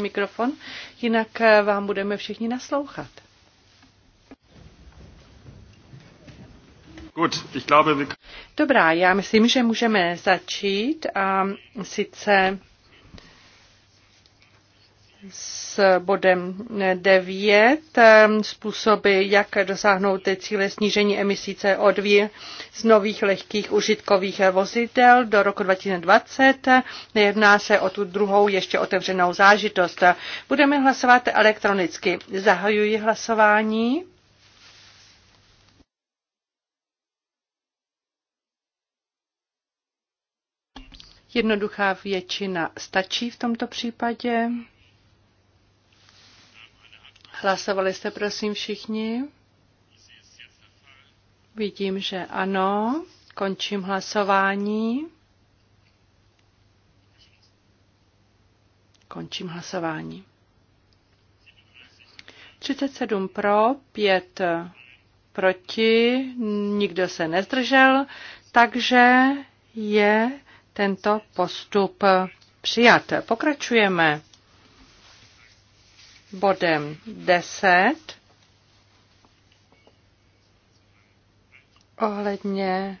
mikrofon, jinak eh, vám budeme všichni naslouchat. Dobrá, já myslím, že můžeme začít a sice s bodem 9 ehm, způsoby, jak dosáhnout cíle snížení emisí CO2 z nových lehkých užitkových vozidel do roku 2020. Nejedná se o tu druhou ještě otevřenou zážitost. Budeme hlasovat elektronicky. Zahajuji hlasování. Jednoduchá většina stačí v tomto případě. Hlasovali jste prosím všichni? Vidím, že ano. Končím hlasování. Končím hlasování. 37 pro, 5 proti, nikdo se nezdržel, takže je tento postup přijat. Pokračujeme bodem 10 ohledně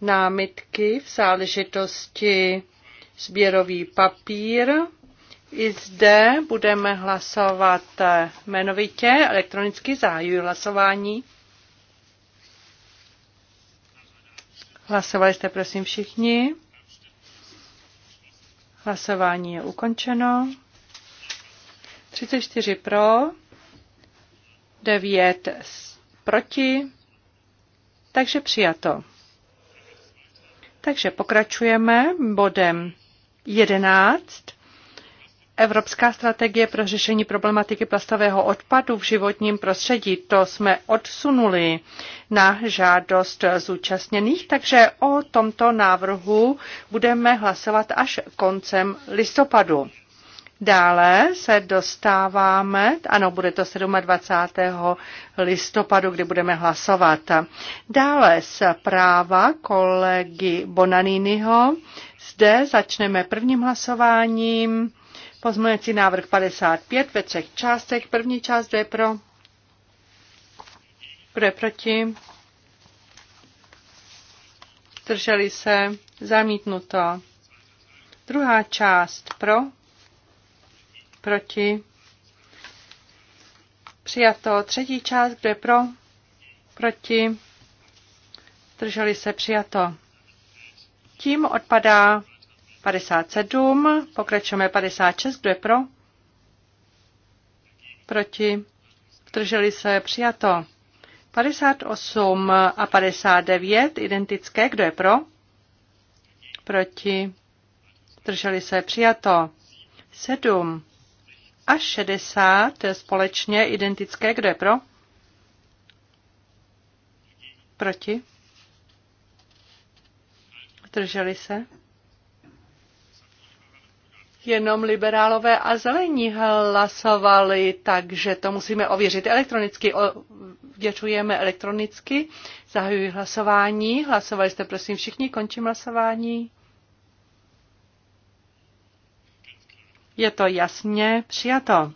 námitky v záležitosti sběrový papír. I zde budeme hlasovat jmenovitě, elektronicky zahajuji hlasování. Hlasovali jste prosím všichni. Hlasování je ukončeno. 34 pro, 9 proti, takže přijato. Takže pokračujeme bodem 11. Evropská strategie pro řešení problematiky plastového odpadu v životním prostředí. To jsme odsunuli na žádost zúčastněných, takže o tomto návrhu budeme hlasovat až koncem listopadu. Dále se dostáváme, ano, bude to 27. listopadu, kdy budeme hlasovat. Dále zpráva kolegy Bonaniniho. Zde začneme prvním hlasováním. Pozměňovací návrh 55 ve třech částech. První část, kdo je pro? Kdo je proti? Drželi se? Zamítnuto. Druhá část pro? Proti? Přijato. Třetí část, kdo je pro? Proti? Drželi se přijato. Tím odpadá 57, pokračujeme 56, kdo je pro? Proti? Drželi se přijato. 58 a 59 identické, kdo je pro? Proti? Drželi se přijato. 7 a 60 společně identické. Kdo je pro? Proti? Drželi se? Jenom liberálové a zelení hlasovali, takže to musíme ověřit elektronicky. Ověřujeme elektronicky. Zahajuji hlasování. Hlasovali jste prosím všichni, končím hlasování. Je to jasně přijato.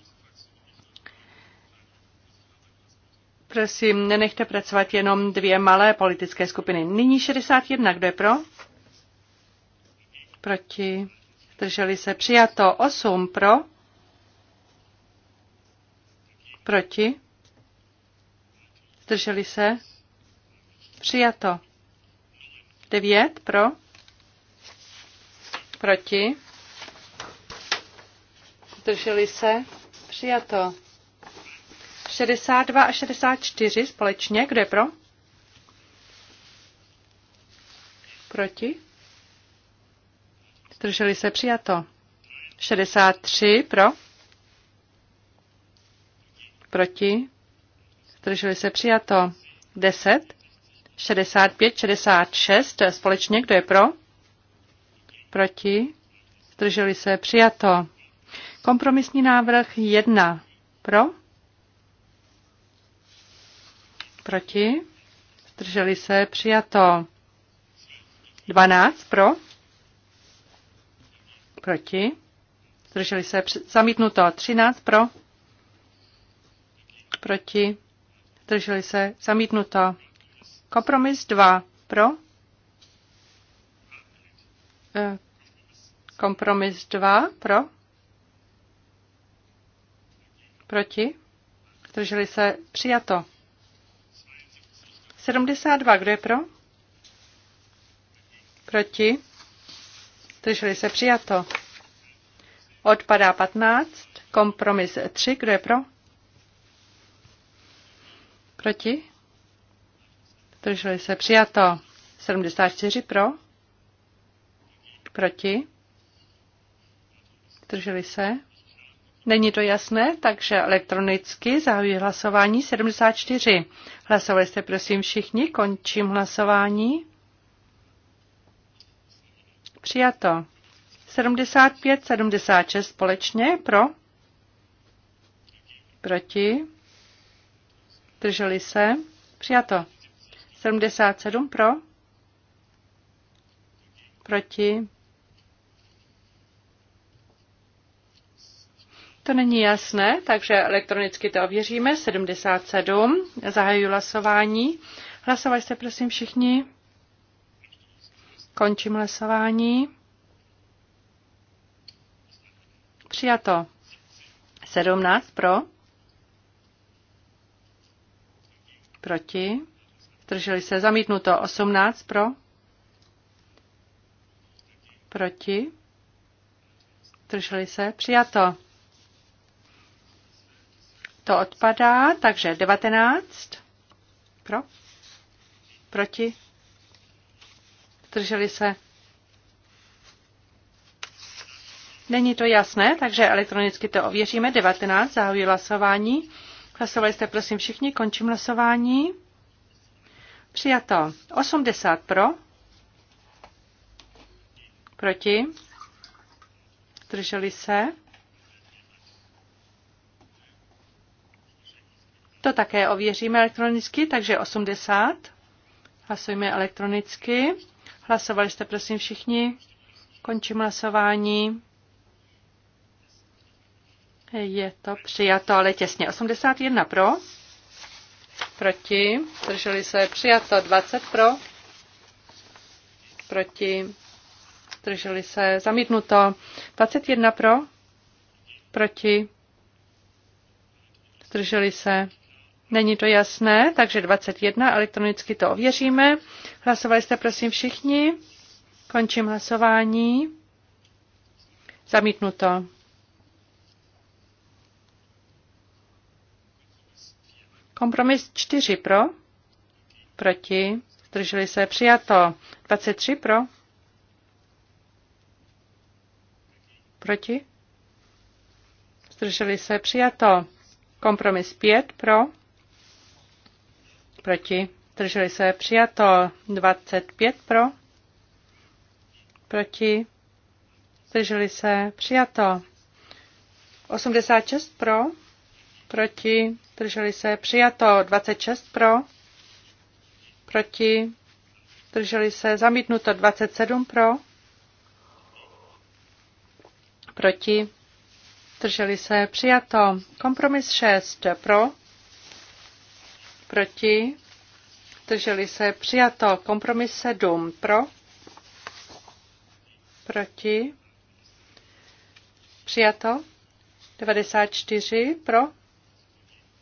Prosím, nenechte pracovat jenom dvě malé politické skupiny. Nyní 61. Kdo je pro? Proti. Drželi se přijato 8 pro. Proti. Zdrželi se. Přijato. 9 pro. Proti zdrželi se, přijato. 62 a 64 společně, kdo je pro? Proti? Zdrželi se, přijato. 63 pro? Proti? Zdrželi se, přijato. 10, 65, 66 společně, kdo je pro? Proti? Zdrželi se, přijato. Kompromisní návrh 1 pro, proti, zdrželi se, přijato 12 pro, proti, zdrželi se, zamítnuto 13 pro, proti, zdrželi se, zamítnuto. Kompromis 2 pro, eh, kompromis 2 pro, Proti? Zdrželi se? Přijato. 72. Kdo je pro? Proti? Zdrželi se? Přijato. Odpadá 15. Kompromis 3. Kdo je pro? Proti? Zdrželi se? Přijato. 74 pro? Proti? Zdrželi se? Není to jasné, takže elektronicky zahajuji hlasování 74. Hlasovali jste prosím všichni, končím hlasování. Přijato. 75, 76 společně pro. Proti. Drželi se. Přijato. 77 pro. Proti. To není jasné, takže elektronicky to ověříme. 77. Zahajuji hlasování. Hlasovali jste prosím všichni. Končím hlasování. Přijato. 17 pro. Proti. Zdrželi se. Zamítnuto. 18 pro. Proti. Zdrželi se. Přijato. To odpadá, takže 19 pro, proti, Drželi se. Není to jasné, takže elektronicky to ověříme. 19, zahajuji hlasování. Hlasovali jste prosím všichni, končím hlasování. Přijato 80 pro, proti, Drželi se. To také ověříme elektronicky, takže 80. Hlasujeme elektronicky. Hlasovali jste prosím všichni. Končím hlasování. Je to přijato, ale těsně. 81 pro. Proti. Drželi se přijato 20 pro. Proti. Drželi se zamítnuto 21 pro. Proti. Zdrželi se Není to jasné, takže 21, elektronicky to ověříme. Hlasovali jste prosím všichni. Končím hlasování. Zamítnuto. Kompromis 4 pro, proti, zdrželi se, přijato. 23 pro, proti, zdrželi se, přijato. Kompromis 5 pro, Proti. Drželi se. Přijato. 25 pro. Proti. Drželi se. Přijato. 86 pro. Proti. Drželi se. Přijato. 26 pro. Proti. Drželi se. Zamítnuto. 27 pro. Proti. Drželi se. Přijato. Kompromis 6 pro proti, drželi se, přijato. Kompromis 7 pro, proti, přijato. 94 pro,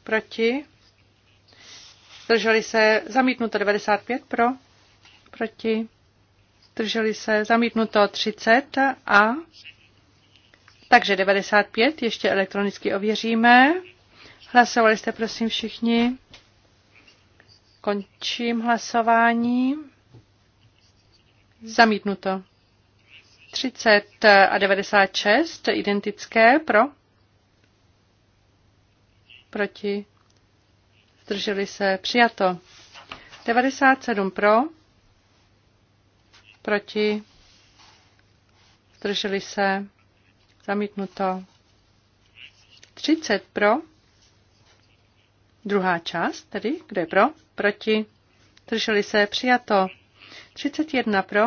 proti, drželi se, zamítnuto 95 pro, proti, drželi se, zamítnuto 30 a takže 95 ještě elektronicky ověříme. Hlasovali jste prosím všichni. Končím hlasování. Zamítnuto. 30 a 96 identické pro. Proti. Zdrželi se. Přijato. 97 pro. Proti. Zdrželi se. Zamítnuto. 30 pro Druhá část tedy, kdo je pro? Proti. Drželi se přijato. 31 pro.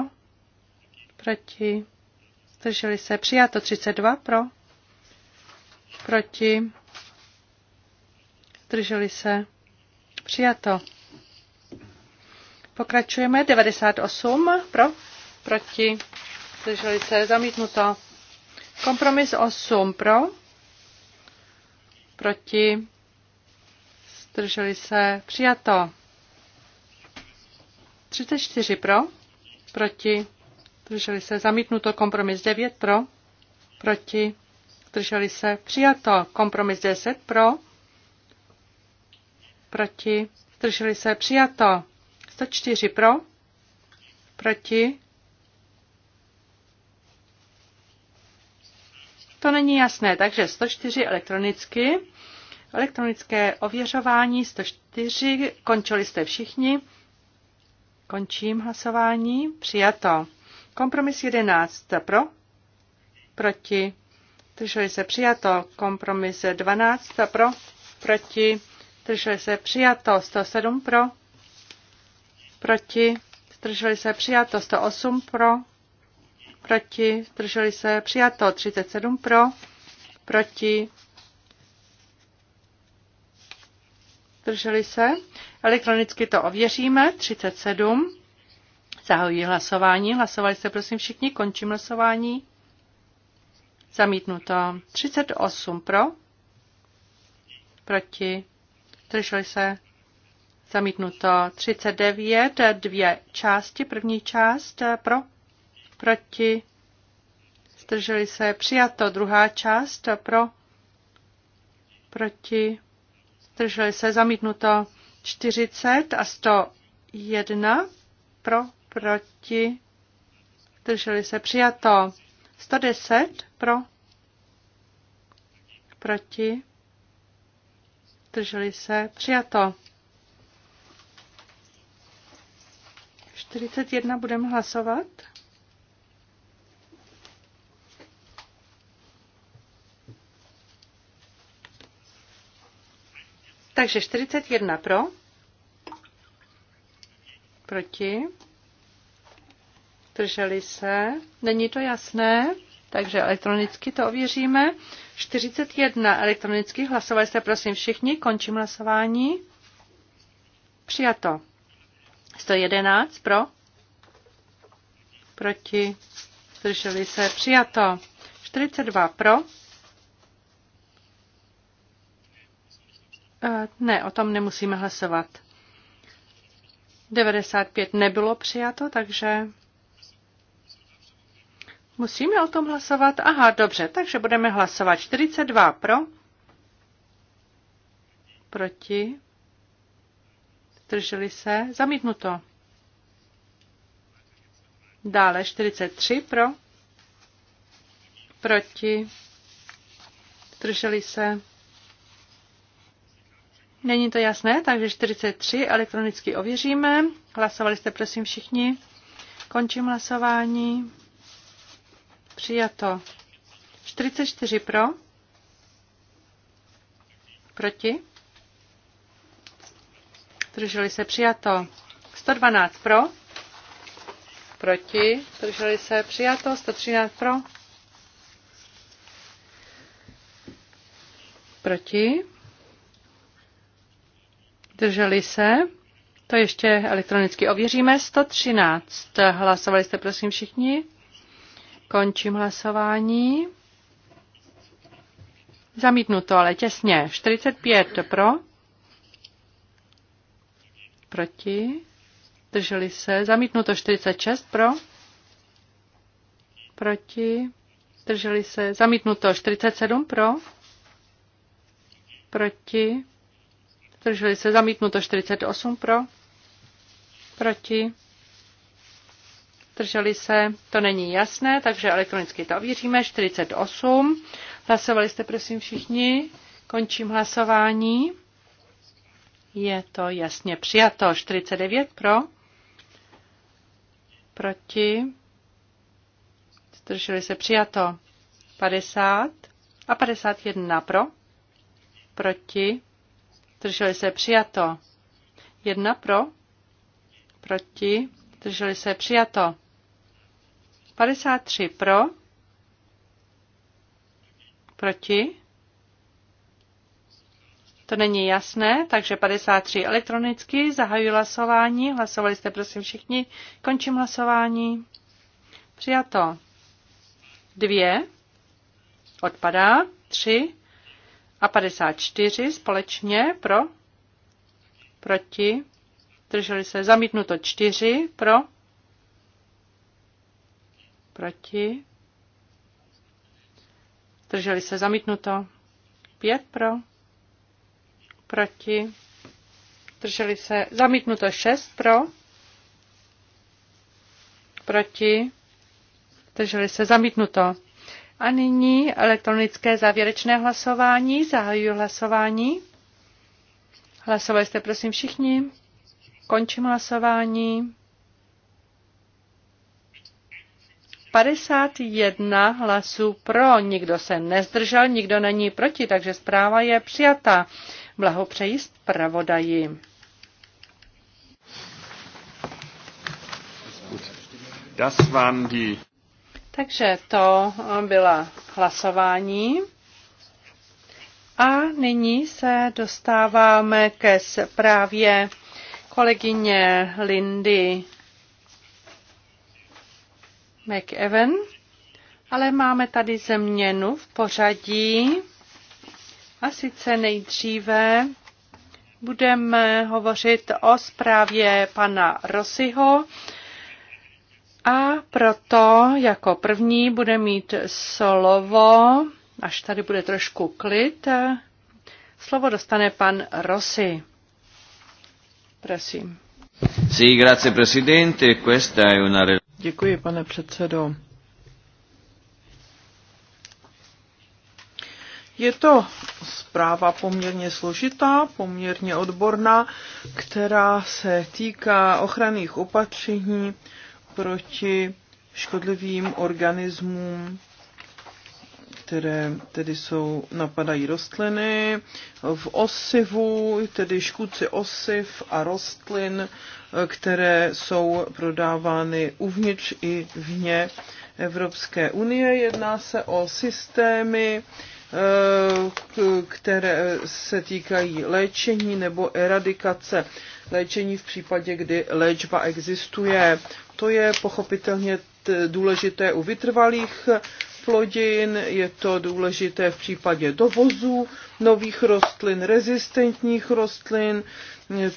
Proti. Drželi se přijato. 32 pro. Proti. Drželi se přijato. Pokračujeme. 98 pro. Proti. Drželi se zamítnuto. Kompromis 8 pro. Proti zdrželi se, přijato. 34 pro, proti, zdrželi se, zamítnuto, kompromis 9 pro, proti, zdrželi se, přijato, kompromis 10 pro, proti, zdrželi se, přijato, 104 pro, proti, To není jasné, takže 104 elektronicky. Elektronické ověřování 104, končili jste všichni. Končím hlasování. Přijato. Kompromis 11 pro, proti, drželi se přijato. Kompromis 12 pro, proti, drželi se přijato. 107 pro, proti, drželi se přijato. 108 pro, proti, drželi se přijato. 37 pro, proti, Drželi se? Elektronicky to ověříme. 37. Zahojí hlasování. Hlasovali jste prosím všichni. Končím hlasování. Zamítnuto. 38 pro. Proti. Drželi se. Zamítnuto. 39. Dvě části. První část pro. Proti. Zdrželi se. Přijato. Druhá část pro. Proti zdrželi se, zamítnuto 40 a 101 pro, proti, zdrželi se, přijato 110 pro, proti, zdrželi se, přijato. 41 budeme hlasovat. Takže 41 pro, proti, drželi se, není to jasné, takže elektronicky to ověříme. 41 elektronicky, hlasovali jste prosím všichni, končím hlasování. Přijato. 111 pro, proti, drželi se, přijato. 42 pro, Eh, ne, o tom nemusíme hlasovat. 95 nebylo přijato, takže musíme o tom hlasovat. Aha, dobře, takže budeme hlasovat 42 pro, proti, drželi se, zamítnuto. Dále 43 pro, proti, drželi se, Není to jasné, takže 43 elektronicky ověříme. Hlasovali jste prosím všichni. Končím hlasování. Přijato. 44 pro. Proti. Drželi se přijato. 112 pro. Proti. Drželi se přijato. 113 pro. Proti. Zdrželi se? To ještě elektronicky ověříme. 113. Hlasovali jste prosím všichni? Končím hlasování. Zamítnuto, ale těsně. 45 pro. Proti. Drželi se. Zamítnuto 46 pro. Proti. Drželi se. Zamítnuto 47 pro. Proti. Zdrželi se zamítnuto 48 pro. Proti. Zdrželi se, to není jasné, takže elektronicky to ověříme. 48. Hlasovali jste prosím všichni. Končím hlasování. Je to jasně přijato. 49 pro. Proti. Zdrželi se přijato. 50 a 51 pro. Proti. Drželi se přijato. Jedna pro. Proti. Drželi se přijato. 53 pro. Proti. To není jasné, takže 53 elektronicky. Zahajuji hlasování. Hlasovali jste prosím všichni. Končím hlasování. Přijato. Dvě. Odpadá. Tři a 54 společně pro, proti, drželi se, zamítnuto 4 pro, proti, drželi se, zamítnuto 5 pro, proti, drželi se, zamítnuto 6 pro, proti, drželi se, zamítnuto a nyní elektronické závěrečné hlasování. Zahajuji hlasování. Hlasovali jste prosím všichni. Končím hlasování. 51 hlasů pro, nikdo se nezdržel, nikdo není proti, takže zpráva je přijata. Blahopřeji zpravodaji. Das waren die takže to byla hlasování. A nyní se dostáváme ke zprávě kolegyně Lindy McEwen, ale máme tady změnu v pořadí. A sice nejdříve budeme hovořit o zprávě pana Rosyho. A proto jako první bude mít slovo, až tady bude trošku klid, slovo dostane pan Rossi. Prosím. Sì, grazie Presidente, questa è una... Děkuji, pane předsedo. Je to zpráva poměrně složitá, poměrně odborná, která se týká ochranných opatření proti škodlivým organismům, které tedy jsou, napadají rostliny, v osivu, tedy škůdci osiv a rostlin, které jsou prodávány uvnitř i vně Evropské unie. Jedná se o systémy, eh, které se týkají léčení nebo eradikace léčení v případě, kdy léčba existuje. To je pochopitelně důležité u vytrvalých plodin, je to důležité v případě dovozu nových rostlin, rezistentních rostlin,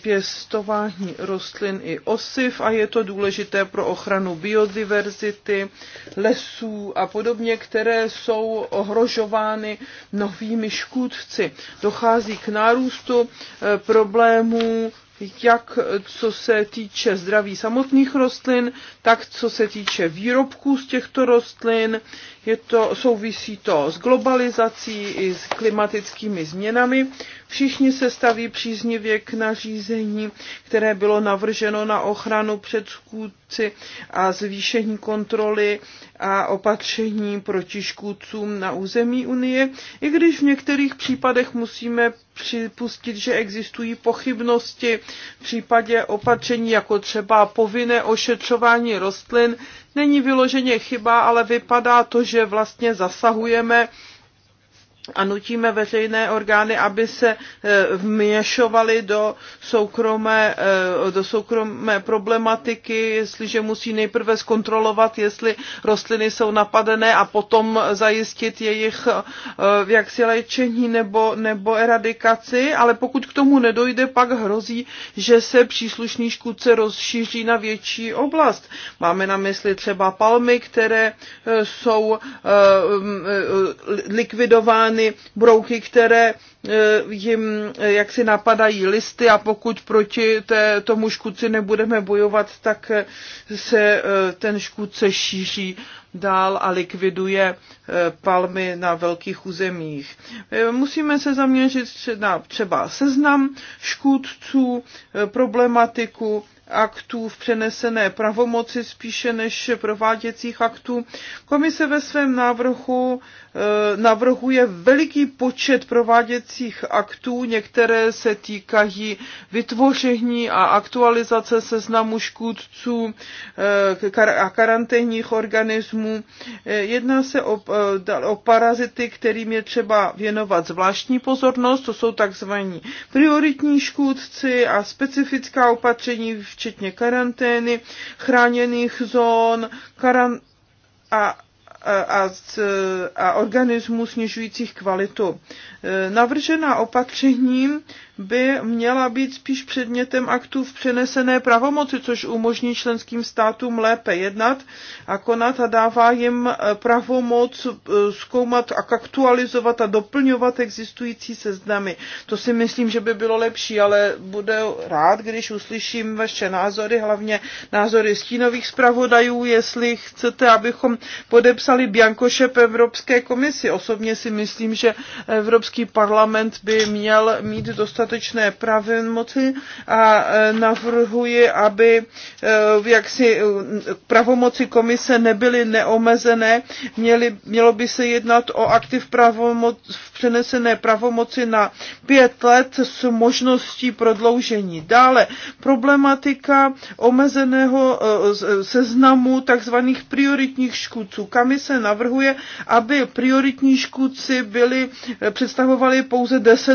pěstování rostlin i osiv a je to důležité pro ochranu biodiverzity, lesů a podobně, které jsou ohrožovány novými škůdci. Dochází k nárůstu eh, problémů jak co se týče zdraví samotných rostlin, tak co se týče výrobků z těchto rostlin. Je to, souvisí to s globalizací i s klimatickými změnami. Všichni se staví příznivě k nařízení, které bylo navrženo na ochranu před škůdci a zvýšení kontroly a opatření proti škůdcům na území Unie, i když v některých případech musíme připustit, že existují pochybnosti v případě opatření jako třeba povinné ošetřování rostlin, není vyloženě chyba, ale vypadá to, že vlastně zasahujeme a nutíme veřejné orgány, aby se eh, vměšovaly do soukromé, eh, do soukromé problematiky, jestliže musí nejprve zkontrolovat, jestli rostliny jsou napadené a potom zajistit jejich eh, jaksi léčení nebo, nebo eradikaci, ale pokud k tomu nedojde, pak hrozí, že se příslušný škůdce rozšíří na větší oblast. Máme na mysli třeba palmy, které jsou likvidovány vystaveny brouky, které eh, jim eh, jaksi napadají listy a pokud proti té, tomu škůdci nebudeme bojovat, tak eh, se ten škůdce šíří dál a likviduje palmy na velkých územích. Musíme se zaměřit na třeba seznam škůdců, problematiku aktů v přenesené pravomoci spíše než prováděcích aktů. Komise ve svém návrhu Eh, navrhuje veliký počet prováděcích aktů, některé se týkají vytvoření a aktualizace seznamu škůdců eh, a karanténních organismů. Eh, jedná se o, o parazity, kterým je třeba věnovat zvláštní pozornost, to jsou takzvaní prioritní škůdci a specifická opatření, včetně karantény, chráněných zón, karan a a, a organismů snižujících kvalitu. E, navržená opatření by měla být spíš předmětem aktů v přenesené pravomoci, což umožní členským státům lépe jednat a konat a dává jim eh, pravomoc eh, zkoumat a aktualizovat a doplňovat existující seznamy. To si myslím, že by bylo lepší, ale bude rád, když uslyším vaše názory, hlavně názory stínových zpravodajů, jestli chcete, abychom podepsali Biankošep Evropské komisi. Osobně si myslím, že Evropský parlament by měl mít dostat dostatečné pravomoci a e, navrhuji, aby e, jaksi e, pravomoci komise nebyly neomezené. Měli, mělo by se jednat o aktiv pravomoc, přenesené pravomoci na pět let s možností prodloužení. Dále problematika omezeného seznamu takzvaných prioritních škůdců. Komise navrhuje, aby prioritní škůdci byli, představovali pouze 10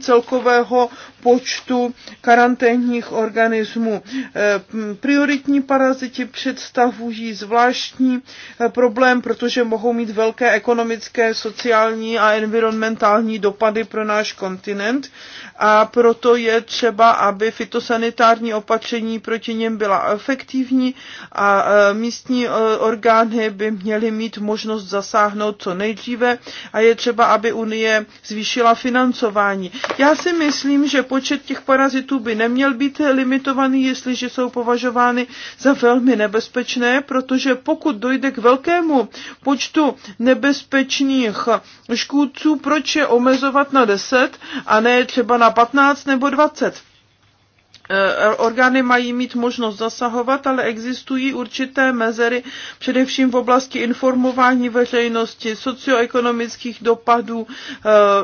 celkové celkového počtu karanténních organismů. Eh, prioritní paraziti představují zvláštní eh, problém, protože mohou mít velké ekonomické, sociální a environmentální dopady pro náš kontinent a proto je třeba, aby fitosanitární opatření proti něm byla efektivní a eh, místní orgány by měly mít možnost zasáhnout co nejdříve a je třeba, aby Unie zvýšila financování. Já si myslím, myslím, že počet těch parazitů by neměl být limitovaný, jestliže jsou považovány za velmi nebezpečné, protože pokud dojde k velkému počtu nebezpečných škůdců, proč je omezovat na 10 a ne třeba na 15 nebo 20? Eh, orgány mají mít možnost zasahovat, ale existují určité mezery, především v oblasti informování veřejnosti, socioekonomických dopadů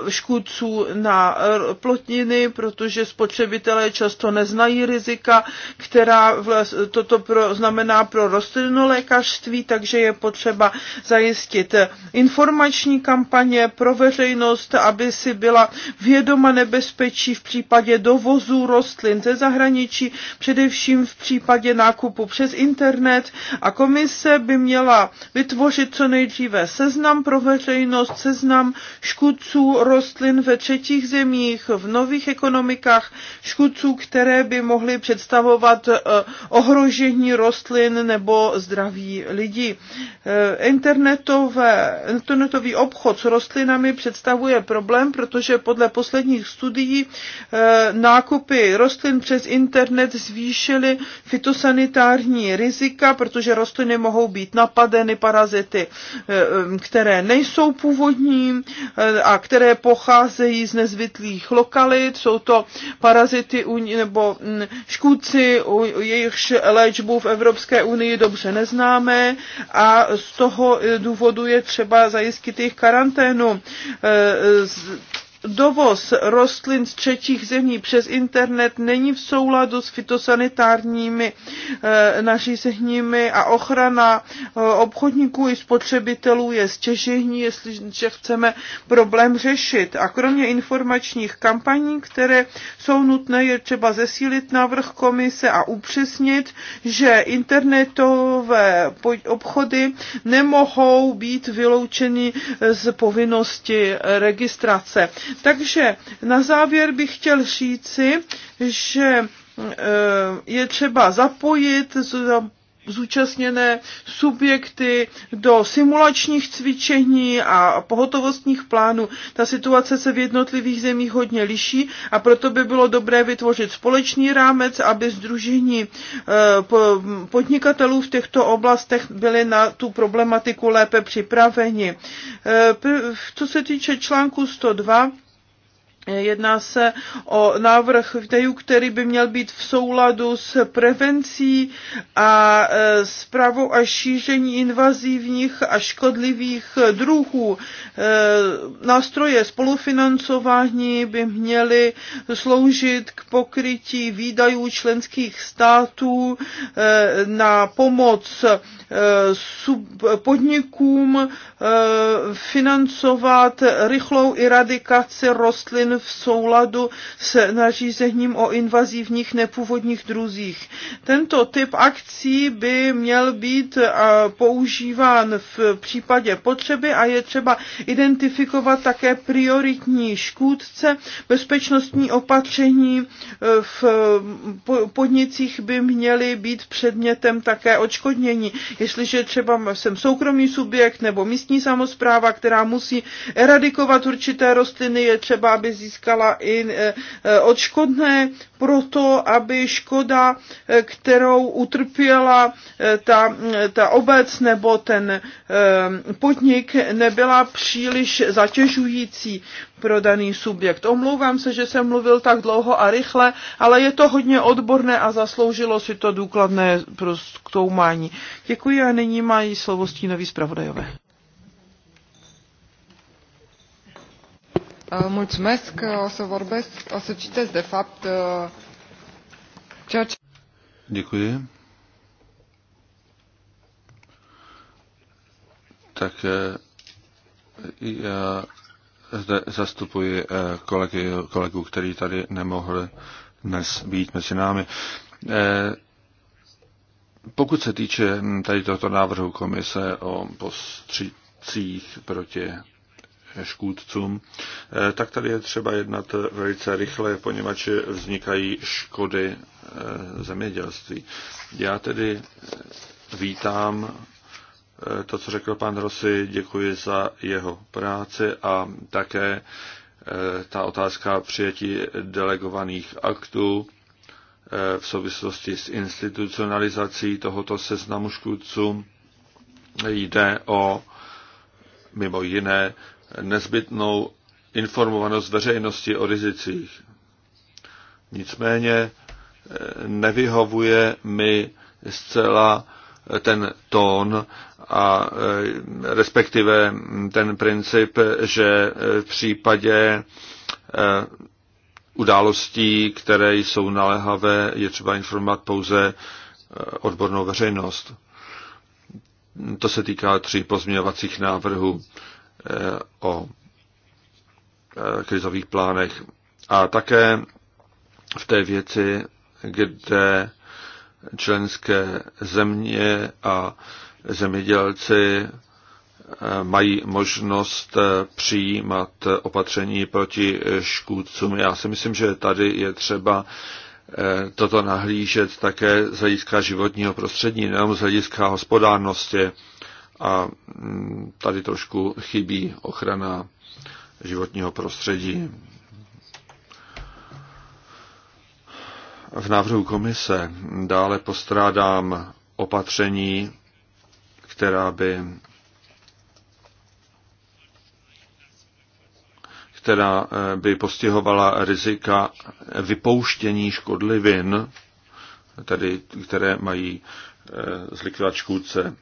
eh, škůdců na eh, plotniny, protože spotřebitelé často neznají rizika, která toto pro, znamená pro rostlinolékařství, takže je potřeba zajistit informační kampaně pro veřejnost, aby si byla vědoma nebezpečí v případě dovozu rostlin ze zahraničí zahraničí, především v případě nákupu přes internet a komise by měla vytvořit co nejdříve seznam pro veřejnost, seznam škůdců rostlin ve třetích zemích, v nových ekonomikách, škůdců, které by mohly představovat eh, ohrožení rostlin nebo zdraví lidí. Eh, internetové, internetový obchod s rostlinami představuje problém, protože podle posledních studií eh, nákupy rostlin přes přes internet zvýšily fitosanitární rizika, protože rostliny mohou být napadeny parazity, eh, eh, které nejsou původní eh, a které pocházejí z nezvytlých lokalit. Jsou to parazity nebo mm, škůdci, jejichž léčbu v Evropské unii dobře neznáme a z toho důvodu je třeba zajistit jejich karanténu dovoz rostlin z třetích zemí přes internet není v souladu s fitosanitárními e, nařízeními a ochrana e, obchodníků i spotřebitelů je stěžení, jestliže chceme problém řešit. A kromě informačních kampaní, které jsou nutné, je třeba zesílit návrh komise a upřesnit, že internetové obchody nemohou být vyloučeny z povinnosti registrace. Takže na závěr bych chtěl říci, že eh, je třeba zapojit, zúčastněné subjekty do simulačních cvičení a pohotovostních plánů. Ta situace se v jednotlivých zemích hodně liší a proto by bylo dobré vytvořit společný rámec, aby združení eh, podnikatelů v těchto oblastech byly na tu problematiku lépe připraveni. Eh, co se týče článku 102, Jedná se o návrh výdajů, který by měl být v souladu s prevencí a e, zprávou a šíření invazivních a škodlivých druhů. E, nástroje spolufinancování by měly sloužit k pokrytí výdajů členských států e, na pomoc podnikům financovat rychlou eradikaci rostlin v souladu s nařízením o invazivních nepůvodních druzích. Tento typ akcí by měl být eh, používán v případě potřeby a je třeba identifikovat také prioritní škůdce. Bezpečnostní opatření eh, v eh, podnicích by měly být předmětem také očkodnění. Jestliže třeba jsem soukromý subjekt nebo místní samozpráva, která musí eradikovat určité rostliny, je třeba, aby získala i e, e, odškodné pro to, aby škoda, e, kterou utrpěla ta, ta obec nebo ten podnik, nebyla příliš zatěžující pro daný subjekt. Omlouvám se, že jsem mluvil tak dlouho a rychle, ale je to hodně odborné a zasloužilo si to důkladné prostoumání. Děkuji a nyní mají slovo stínový zpravodajové. Eh, mulțumesc. Eh, o să vorbesc, o să citesc de fapt eh, ceea ce... Děkuji. Tak já zde zastupuji kolegy, kolegu, který tady nemohl dnes být mezi námi. Pokud se týče tady tohoto návrhu komise o postřicích proti škůdcům, eh, tak tady je třeba jednat velice rychle, poněvadž vznikají škody eh, zemědělství. Já tedy eh, vítám to, co řekl pan Rosy, děkuji za jeho práci a také ta otázka přijetí delegovaných aktů v souvislosti s institucionalizací tohoto seznamu škůdců jde o mimo jiné nezbytnou informovanost veřejnosti o rizicích. Nicméně eh, nevyhovuje mi zcela eh, ten tón a eh, respektive ten princip, že v případě událostí, které jsou naléhavé, je třeba informovat pouze odbornou veřejnost. To se týká tří pozměňovacích návrhů. Eh, o eh, krizových plánech. A také v té věci, kde členské země a zemědělci eh, mají možnost přijímat opatření proti škůdcům. Já si myslím, že tady je třeba toto nahlížet také z hlediska životního prostředí, nejenom z hlediska hospodárnosti a mm, tady trošku chybí ochrana životního prostředí. V návrhu komise dále postrádám opatření, která by která eh, by postihovala rizika vypouštění škodlivin, tedy které mají eh, zlikvidovat škůdce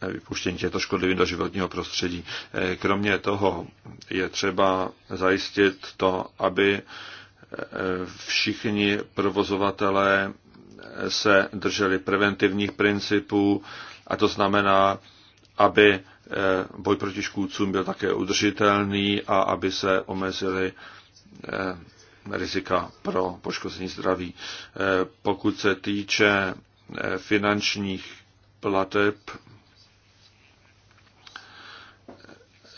Eh, vypuštění těchto škodlivin do životního prostředí. Eh, kromě toho je třeba zajistit to, aby eh, všichni provozovatelé se drželi preventivních principů a to znamená, aby boj proti škůdcům byl také udržitelný a aby se omezily rizika pro poškození zdraví. Pokud se týče finančních plateb,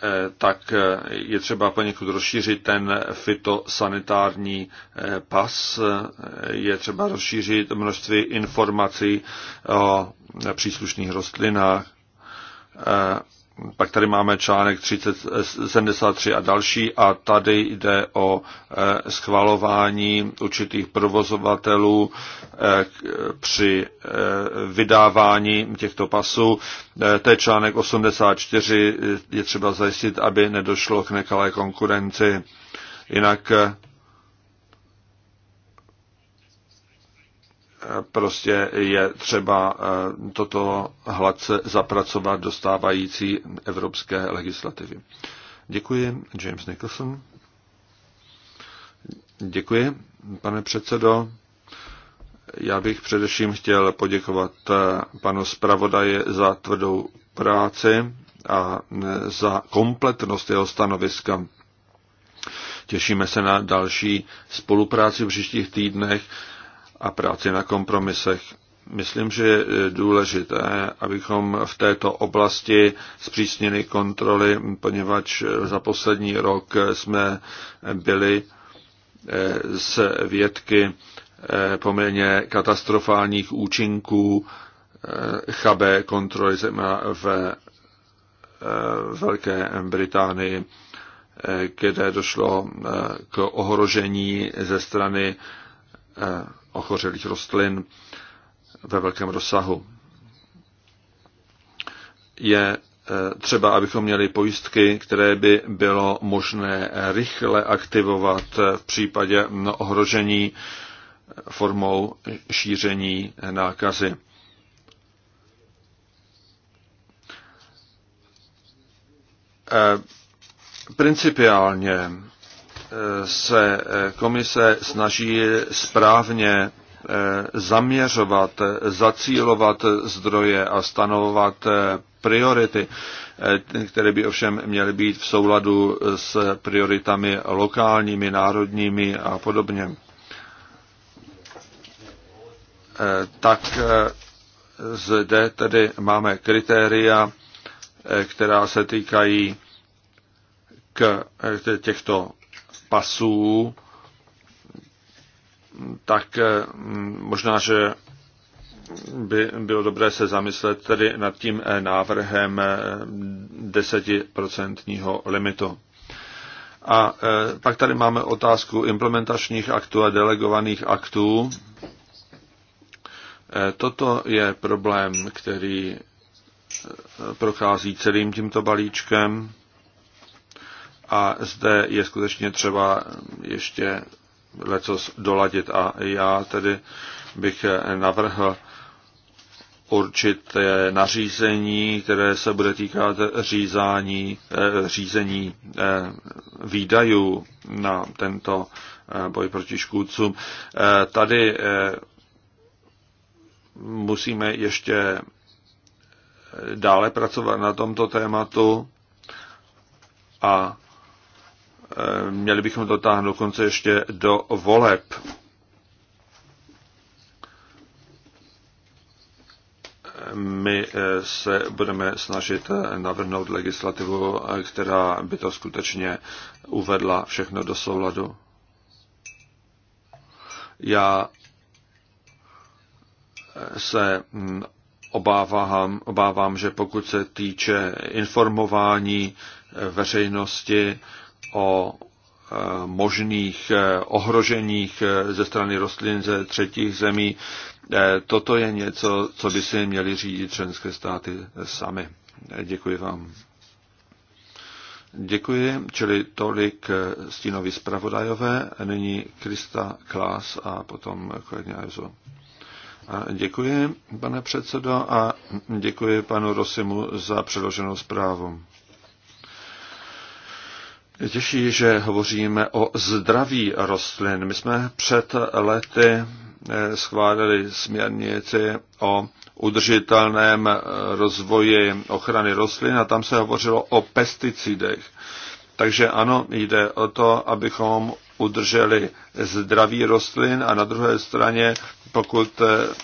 Eh, tak eh, je třeba poněkud rozšířit ten fitosanitární eh, pas, je třeba rozšířit množství informací o příslušných rostlinách pak tady máme článek 373 eh, a další a tady jde o eh, schvalování určitých provozovatelů eh, při vydávání těchto pasů. To je článek 84, je třeba zajistit, aby nedošlo k nekalé konkurenci. Jinak prostě je třeba eh, toto hladce zapracovat do stávající evropské legislativy. Děkuji, James Nicholson. Děkuji, pane předsedo. Já bych především chtěl poděkovat eh, panu zpravodaji za tvrdou práci a eh, za kompletnost jeho stanoviska. Těšíme se na další spolupráci v příštích týdnech a práci na kompromisech. Myslím, že je důležité, abychom v této oblasti zpřísnili kontroly, poněvadž za poslední rok jsme byli eh, s vědky eh, poměrně katastrofálních účinků eh, chabé kontroly zejména v Velké Británii, kde došlo k ohrožení ze strany ochořelých rostlin ve velkém rozsahu. Je e, třeba, abychom měli pojistky, které by bylo možné rychle aktivovat v případě ohrožení formou šíření nákazy. E, principiálně se eh, komise snaží správně eh, zaměřovat, zacílovat zdroje a stanovovat eh, priority, které by ovšem měly být v souladu s prioritami lokálními, národními a podobně. Tak zde tedy máme kritéria, která se týkají k těchto pasů, tak eh, možná, že by bylo dobré se zamyslet tedy nad tím eh, návrhem eh, desetiprocentního limitu. A pak tady máme otázku implementačních aktů a delegovaných aktů. Toto je problém, který prochází celým tímto balíčkem a zde je skutečně třeba ještě lecos doladit a já tedy bych navrhl určité nařízení, které se bude týkat řízání, eh, řízení eh, výdajů na tento eh, boj proti škůdcům. Tady musíme ještě dále pracovat na tomto tématu a Eh, měli bychom to táhnout dokonce ještě do voleb. My eh, se budeme snažit eh, navrhnout legislativu, která by to skutečně uvedla všechno do souladu. Já se hm, obávám, obávám, že pokud se týče informování veřejnosti, o e, možných e, ohroženích e, ze strany rostlin ze třetích zemí. Toto je něco, co by si měly řídit členské státy sami. Děkuji vám. Děkuji, čili tolik stínovi zpravodajové, nyní Krista Klás a potom kolegyně Ajzo. Děkuji, pane předsedo, a děkuji panu Rosimu za předloženou zprávu těší, že hovoříme o zdraví rostlin. My jsme před lety eh, schválili směrnici o udržitelném eh, rozvoji ochrany rostlin a tam se hovořilo o pesticidech. Takže ano, jde o to, abychom udrželi zdraví rostlin a na druhé straně, pokud eh,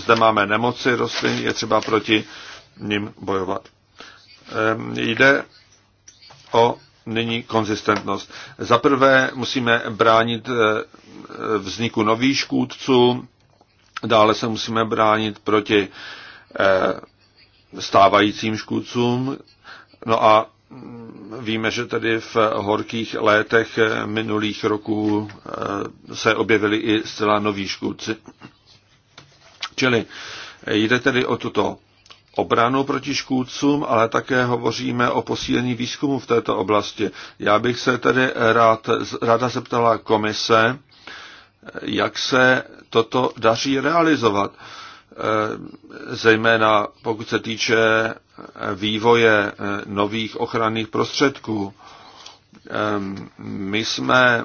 zde máme nemoci rostlin, je třeba proti nim bojovat. Ehm, jde o nyní konzistentnost. Za prvé musíme bránit eh, vzniku nových škůdců, dále se musíme bránit proti eh, stávajícím škůdcům. No a mm, víme, že tedy v horkých létech eh, minulých roků se objevili i zcela noví škůdci. Čili jde tedy o tuto obranu proti škůdcům, ale také hovoříme o posílení výzkumu v této oblasti. Já bych se tedy rád, ráda zeptala komise, jak se toto daří realizovat, eh, zejména pokud se týče vývoje eh, nových ochranných prostředků. Eh, my jsme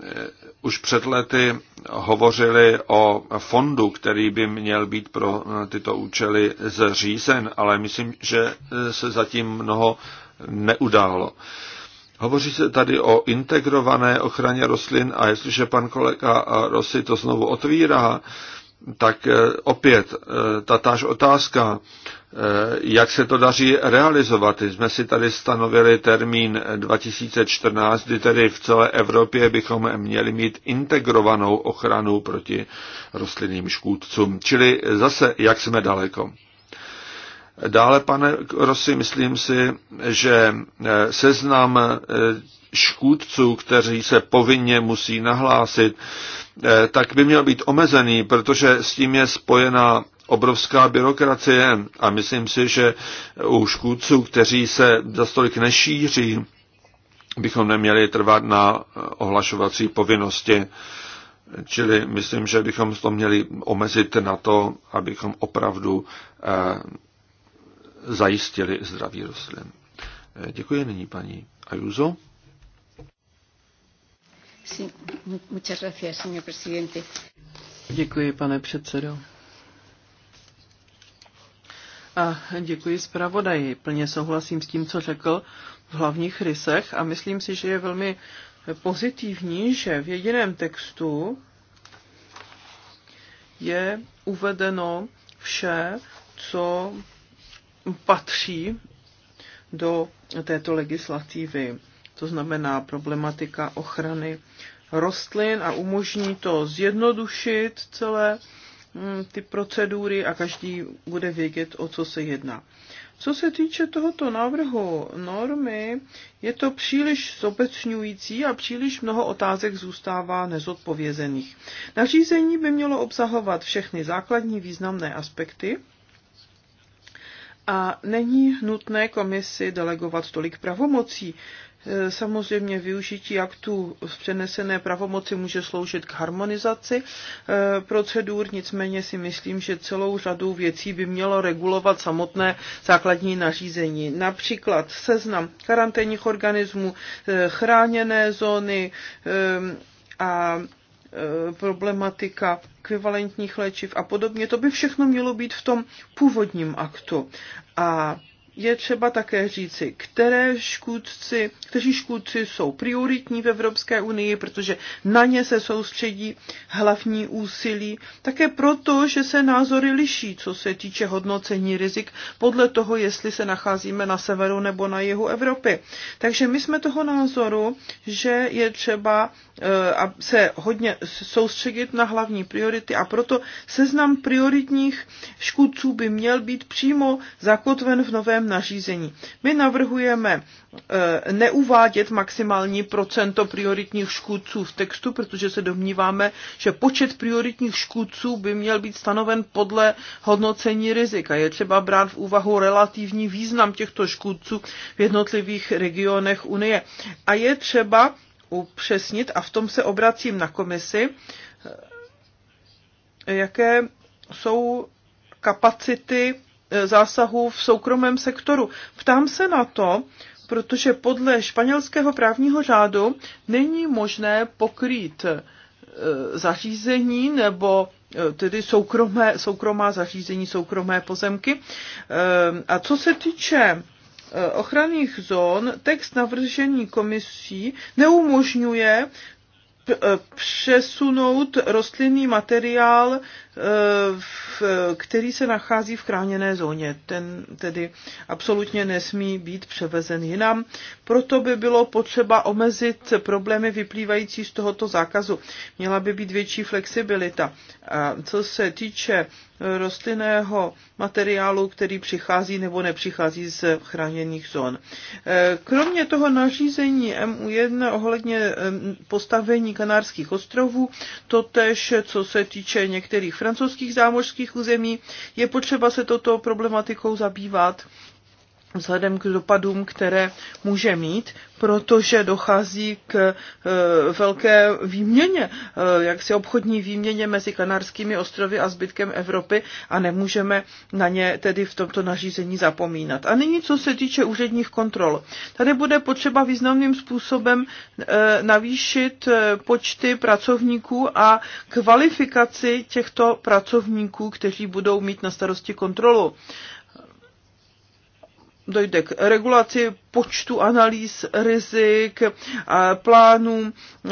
Eh, už před lety hovořili o fondu, který by měl být pro tyto účely zřízen, ale myslím, že se zatím mnoho neudálo. Hovoří se tady o integrované ochraně rostlin a jestliže pan kolega Rossi to znovu otvírá, tak eh, opět eh, táž otázka, eh, jak se to daří realizovat. jsme si tady stanovili termín 2014, kdy tedy v celé Evropě bychom měli mít integrovanou ochranu proti rostlinným škůdcům. Čili zase, jak jsme daleko. Dále, pane Rossi, myslím si, že seznam škůdců, kteří se povinně musí nahlásit, eh, tak by měl být omezený, protože s tím je spojená obrovská byrokracie a myslím si, že u škůdců, kteří se za stolik nešíří, bychom neměli trvat na ohlašovací povinnosti. Čili myslím, že bychom to měli omezit na to, abychom opravdu eh, zajistili zdraví rostlin. Eh, děkuji nyní paní Ajuzo. Děkuji, pane předsedo. A děkuji zpravodaji. Plně souhlasím s tím, co řekl v hlavních rysech a myslím si, že je velmi pozitivní, že v jediném textu je uvedeno vše, co patří do této legislativy. To znamená problematika ochrany rostlin a umožní to zjednodušit celé mm, ty procedury a každý bude vědět, o co se jedná. Co se týče tohoto návrhu normy, je to příliš zobecňující a příliš mnoho otázek zůstává nezodpovězených. Nařízení by mělo obsahovat všechny základní významné aspekty a není nutné komisi delegovat tolik pravomocí. Eh, samozřejmě využití aktů z přenesené pravomoci může sloužit k harmonizaci eh, procedur, nicméně si myslím, že celou řadu věcí by mělo regulovat samotné základní nařízení. Například seznam karanténních organismů, eh, chráněné zóny a problematika ekvivalentních léčiv a podobně. To by všechno mělo být v tom původním aktu. A je třeba také říci, které škůdci, kteří škůdci jsou prioritní v Evropské unii, protože na ně se soustředí hlavní úsilí, také proto, že se názory liší, co se týče hodnocení rizik podle toho, jestli se nacházíme na severu nebo na jihu Evropy. Takže my jsme toho názoru, že je třeba eh, se hodně soustředit na hlavní priority a proto seznam prioritních škůdců by měl být přímo zakotven v novém svém nařízení. My navrhujeme eh, neuvádět maximální procento prioritních škůdců v textu, protože se domníváme, že počet prioritních škůdců by měl být stanoven podle hodnocení rizika. Je třeba brát v úvahu relativní význam těchto škůdců v jednotlivých regionech Unie. A je třeba upřesnit, a v tom se obracím na komisi, eh, jaké jsou kapacity zásahů v soukromém sektoru. Ptám se na to, protože podle španělského právního řádu není možné pokrýt e, zařízení nebo e, tedy soukromé, soukromá zařízení, soukromé pozemky. E, a co se týče ochranných zón, text navržený komisí neumožňuje přesunout rostlinný materiál, eh, který se nachází v chráněné zóně. Ten tedy absolutně nesmí být převezen jinam. Proto by bylo potřeba omezit problémy vyplývající z tohoto zákazu. Měla by být větší flexibilita. A co se týče rostlinného materiálu, který přichází nebo nepřichází z chráněných zón. Eh, kromě toho nařízení MU1 ohledně eh, postavení obsazení Kanárských ostrovů, totež co se týče některých francouzských zámořských území, je potřeba se toto problematikou zabývat vzhledem k dopadům, které může mít, protože dochází k e, velké výměně, e, jaksi obchodní výměně mezi Kanárskými ostrovy a zbytkem Evropy a nemůžeme na ně tedy v tomto nařízení zapomínat. A nyní, co se týče úředních kontrol. Tady bude potřeba významným způsobem e, navýšit počty pracovníků a kvalifikaci těchto pracovníků, kteří budou mít na starosti kontrolu dojde k regulaci počtu analýz rizik, eh, plánů eh,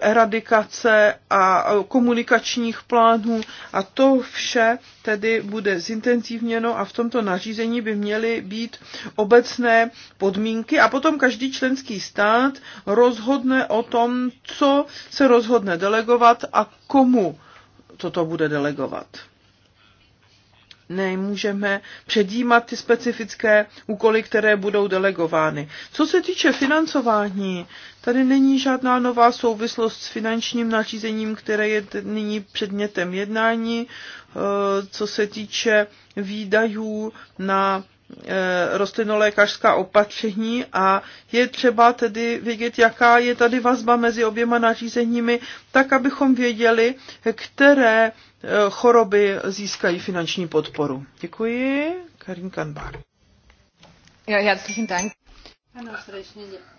eradikace a komunikačních plánů a to vše tedy bude zintenzivněno a v tomto nařízení by měly být obecné podmínky a potom každý členský stát rozhodne o tom, co se rozhodne delegovat a komu toto bude delegovat nemůžeme předjímat ty specifické úkoly, které budou delegovány. Co se týče financování, tady není žádná nová souvislost s finančním nařízením, které je nyní předmětem jednání. Eh, co se týče výdajů na eh, rostlinolékařská opatření a je třeba tedy vědět, jaká je tady vazba mezi oběma nařízeními, tak abychom věděli, které Eh, choroby získají finanční podporu. Děkuji. Karin Kanbar. Ja, herzlichen Dank. Ano, srdečně děkuji.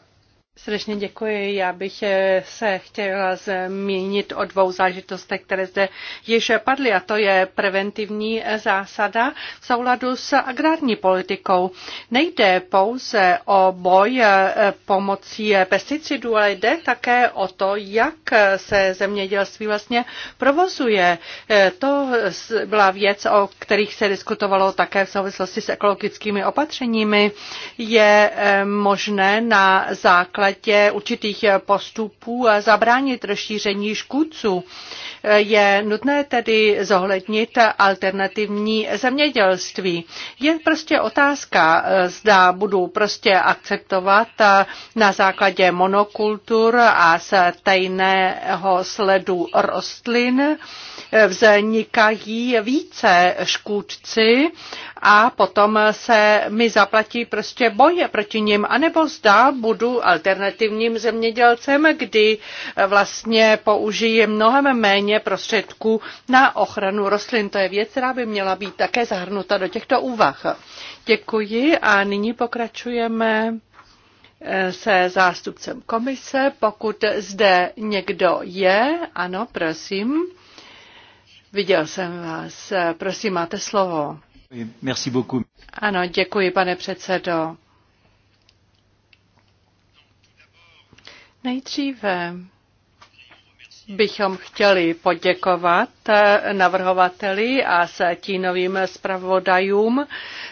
Srdečně děkuji. Já bych eh, se chtěla zmínit o dvou zážitostech, které zde již padly, a to je preventivní eh, zásada v souladu s agrární politikou. Nejde pouze o boj eh, pomocí pesticidů, ale jde také o to, jak se zemědělství vlastně provozuje. To byla věc, o kterých se diskutovalo také v souvislosti s ekologickými opatřeními. Je možné na základě základě určitých postupů zabránit rozšíření škůdců. Je nutné tedy zohlednit alternativní zemědělství. Je prostě otázka, zda budu prostě akceptovat na základě monokultur a stejného sledu rostlin vznikají více škůdci a potom se mi zaplatí prostě boje proti nim, anebo zda budu alternativní alternativním zemědělcem, kdy vlastně použije mnohem méně prostředků na ochranu rostlin. To je věc, která by měla být také zahrnuta do těchto úvah. Děkuji a nyní pokračujeme eh, se zástupcem komise. Pokud zde někdo je, ano, prosím. Viděl jsem vás. Prosím, máte slovo. Merci beaucoup. Ano, děkuji, pane předsedo. Nejdříve bychom chtěli poděkovat eh, navrhovateli a stínovým zpravodajům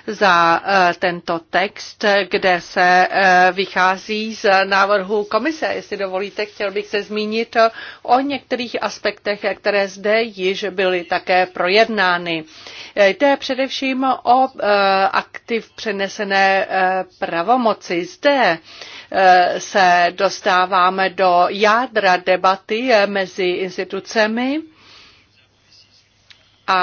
za eh, tento text, kde se eh, vychází z návrhu komise. Jestli dovolíte, chtěl bych se zmínit o některých aspektech, které zde již byly také projednány. Jde především o aktiv přenesené pravomoci. Zde se dostáváme do jádra debaty mezi mezi institucemi a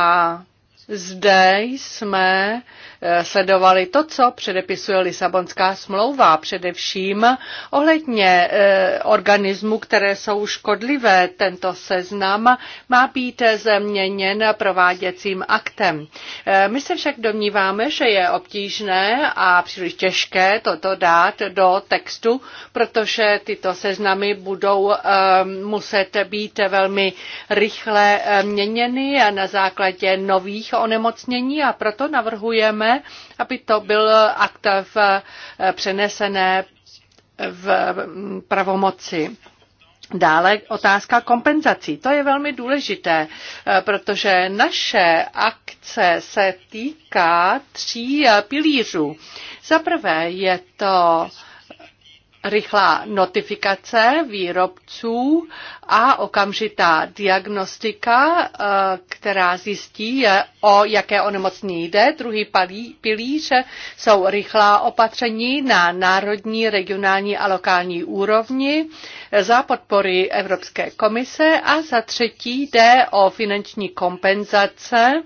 zde jsme eh, sledovali to, co předepisuje Lisabonská smlouva, především ohledně eh, organismů, které jsou škodlivé. Tento seznam má být změněn prováděcím aktem. Eh, my se však domníváme, že je obtížné a příliš těžké toto dát do textu, protože tyto seznamy budou muset být velmi rychle měněny na základě nových onemocnění a proto navrhujeme, aby to byl akt v eh, přenesené v mm, pravomoci. Dále otázka kompenzací. To je velmi důležité, eh, protože naše akce se týká tří eh, pilířů. Za prvé je to uh, rychlá notifikace výrobců a okamžitá diagnostika, eh, která zjistí, o jaké onemocnění jde. Druhý pilíř jsou rychlá opatření na národní, regionální a lokální úrovni za podpory Evropské komise a za třetí jde o finanční kompenzace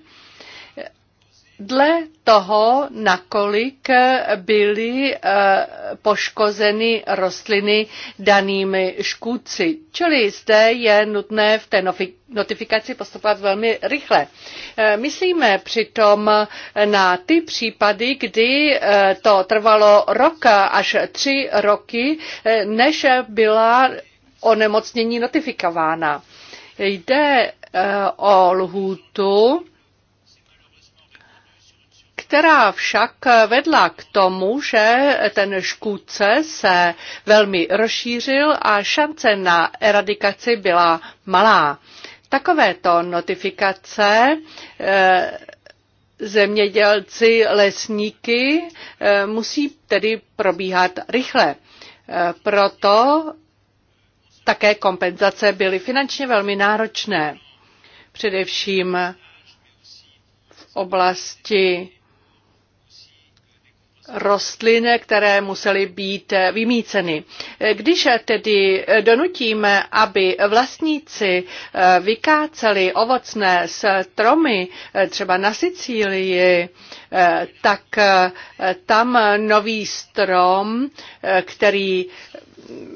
dle toho, nakolik byly eh, poškozeny rostliny danými škůdci. Čili zde je nutné v té notifikaci postupovat velmi rychle. Eh, myslíme přitom na ty případy, kdy eh, to trvalo rok až tři roky, než byla onemocnění notifikována. Jde o lhůtu, která však vedla k tomu, že ten škůdce se velmi rozšířil a šance na eradikaci byla malá. Takovéto notifikace eh, zemědělci, lesníky eh, musí tedy probíhat rychle. Eh, proto také kompenzace byly finančně velmi náročné, především v oblasti rostlin, které musely být eh, vymíceny. Eh, když tedy eh, donutíme, aby vlastníci vykáceli ovocné stromy třeba na Sicílii, tak tam nový strom, který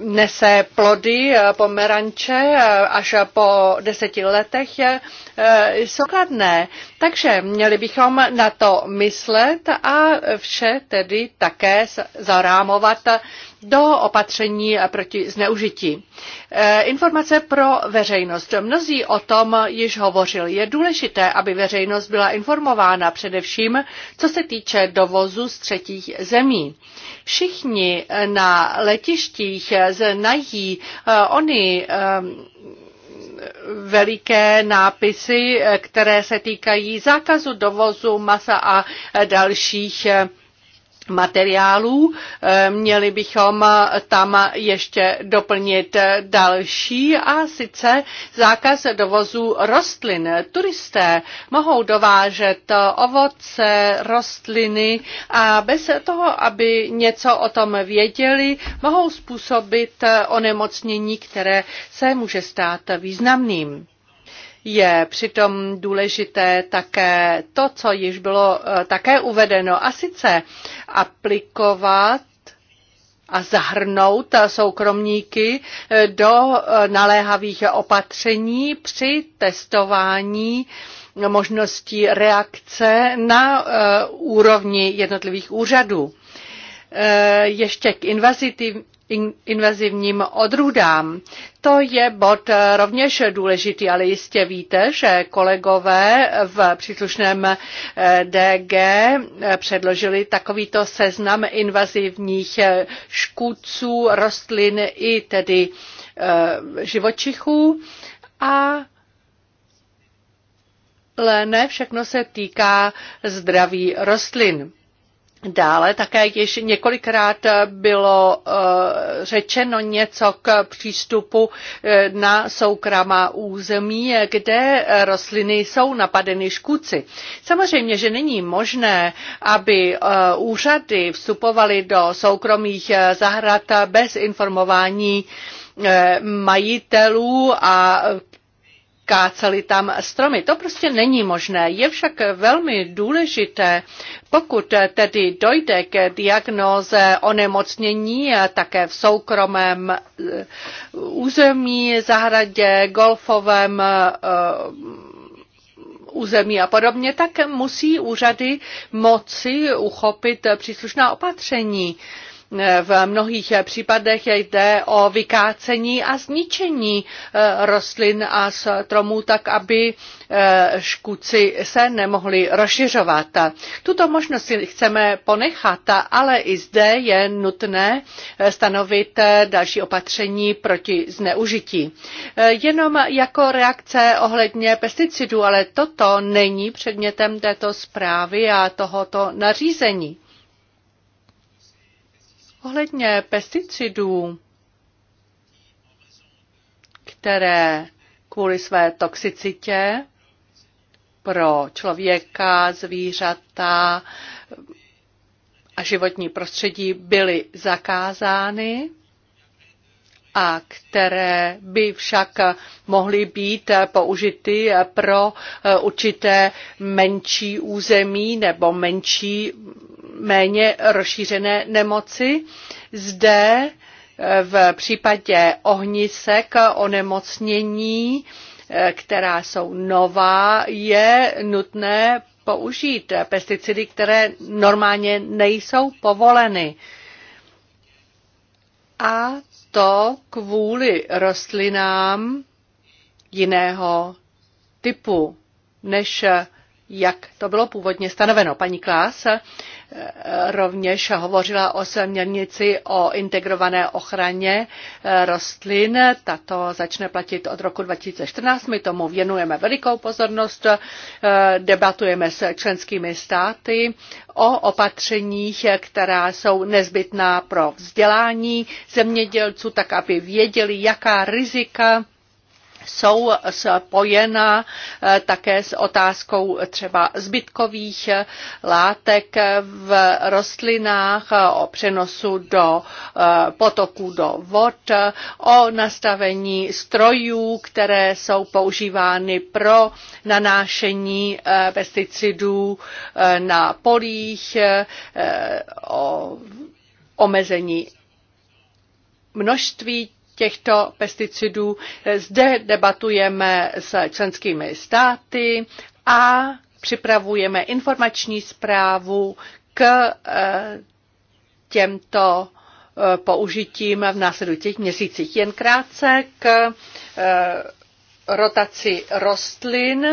nese plody, eh, pomeranče eh, až po deseti letech eh, jsou kladné. Takže měli bychom na to myslet a vše tedy také zarámovat do opatření proti zneužití. E, informace pro veřejnost. Mnozí o tom již hovořili. Je důležité, aby veřejnost byla informována především, co se týče dovozu z třetích zemí. Všichni na letištích znají e, oni e, veliké nápisy, které se týkají zákazu dovozu masa a dalších materiálů. Eh, měli bychom eh, tam ještě doplnit eh, další a sice zákaz dovozu rostlin. Turisté mohou dovážet ovoce, rostliny a bez toho, aby něco o tom věděli, mohou způsobit onemocnění, které se může stát významným. Je přitom důležité také to, co již bylo eh, také uvedeno, a sice aplikovat a zahrnout soukromníky eh, do eh, naléhavých opatření při testování možností reakce na úrovni jednotlivých úřadů. Ještě k invazivním odrůdám. To je bod eh, rovněž důležitý, ale jistě víte, že kolegové v příslušném eh, DG eh, předložili takovýto seznam invazivních škůdců, rostlin i tedy živočichů a ale ne všechno se týká zdraví rostlin. Dále také již několikrát bylo eh, řečeno něco k přístupu eh, na soukromá území, kde rostliny jsou napadeny škůdci. Samozřejmě, že není možné, aby eh, úřady vstupovaly do soukromých zahrad bez informování majitelů a káceli tam stromy. To prostě není možné. Je však velmi důležité, pokud tedy dojde k diagnóze onemocnění také v soukromém e, území, zahradě, golfovém e, území a podobně, tak musí úřady moci uchopit příslušná opatření. Eh, v mnohých eh, případech jde o vykácení a zničení eh, rostlin a stromů tak, aby škůdci se nemohli rozšiřovat. Tuto možnost si chceme ponechat, ale i zde je nutné stanovit další opatření proti zneužití. Jenom jako reakce ohledně pesticidů, ale toto není předmětem této zprávy a tohoto nařízení. Ohledně pesticidů, které kvůli své toxicitě pro člověka, zvířata a životní prostředí byly zakázány a které by však mohly být použity pro určité menší území nebo menší méně rozšířené nemoci. Zde eh, v případě ohnisek onemocnění, eh, která jsou nová, je nutné použít pesticidy, které normálně nejsou povoleny. A to kvůli rostlinám jiného typu, než jak to bylo původně stanoveno. Paní Klás, rovněž hovořila o směrnici o integrované ochraně eh, rostlin. Tato začne platit od roku 2014. My tomu věnujeme velikou pozornost. Eh, debatujeme s členskými státy o opatřeních, která jsou nezbytná pro vzdělání zemědělců, tak aby věděli, jaká rizika jsou spojena eh, také s otázkou třeba zbytkových eh, látek v rostlinách, eh, o přenosu do potoků do vod, o nastavení strojů, které jsou používány pro nanášení pesticidů na polích, o omezení množství těchto pesticidů. Zde debatujeme s členskými státy a připravujeme informační zprávu k eh, těmto eh, použitím v následujících měsících. Jen krátce k eh, rotaci rostlin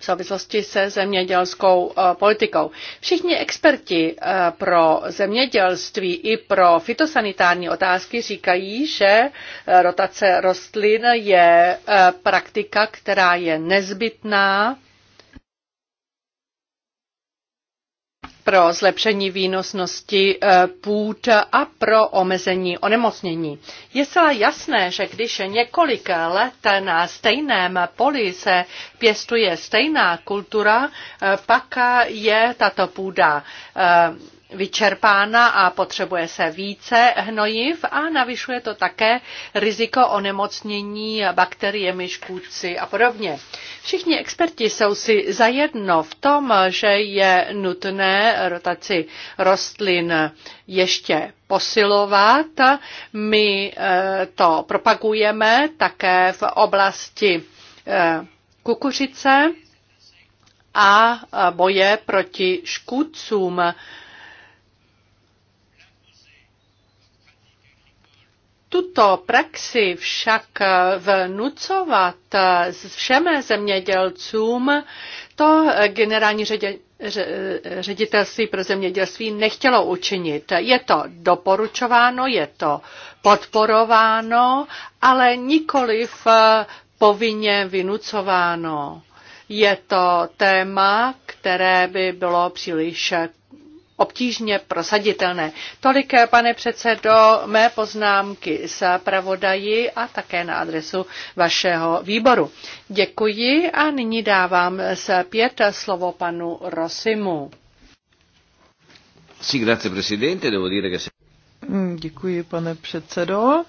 v souvislosti se zemědělskou eh, politikou. Všichni experti eh, pro zemědělství i pro fitosanitární otázky říkají, že eh, rotace rostlin je praktika, která je nezbytná pro zlepšení výnosnosti eh, půd a pro omezení onemocnění. Je zcela jasné, že když několik let na stejném poli se pěstuje stejná kultura, eh, pak je tato půda eh, vyčerpána a potřebuje se více hnojiv a navyšuje to také riziko onemocnění bakteriemi, škůdci a podobně. Všichni experti jsou si zajedno v tom, že je nutné rotaci rostlin ještě posilovat. My eh, to propagujeme také v oblasti eh, kukuřice a eh, boje proti škůdcům Tuto praxi však vnucovat všem zemědělcům, to generální ředitelství pro zemědělství nechtělo učinit. Je to doporučováno, je to podporováno, ale nikoliv povinně vynucováno. Je to téma, které by bylo příliš obtížně prosaditelné. Tolik, pane předsedo, mé poznámky s pravodaji a také na adresu vašeho výboru. Děkuji a nyní dávám se pět slovo panu Rosimu. Mm, děkuji, pane předsedo.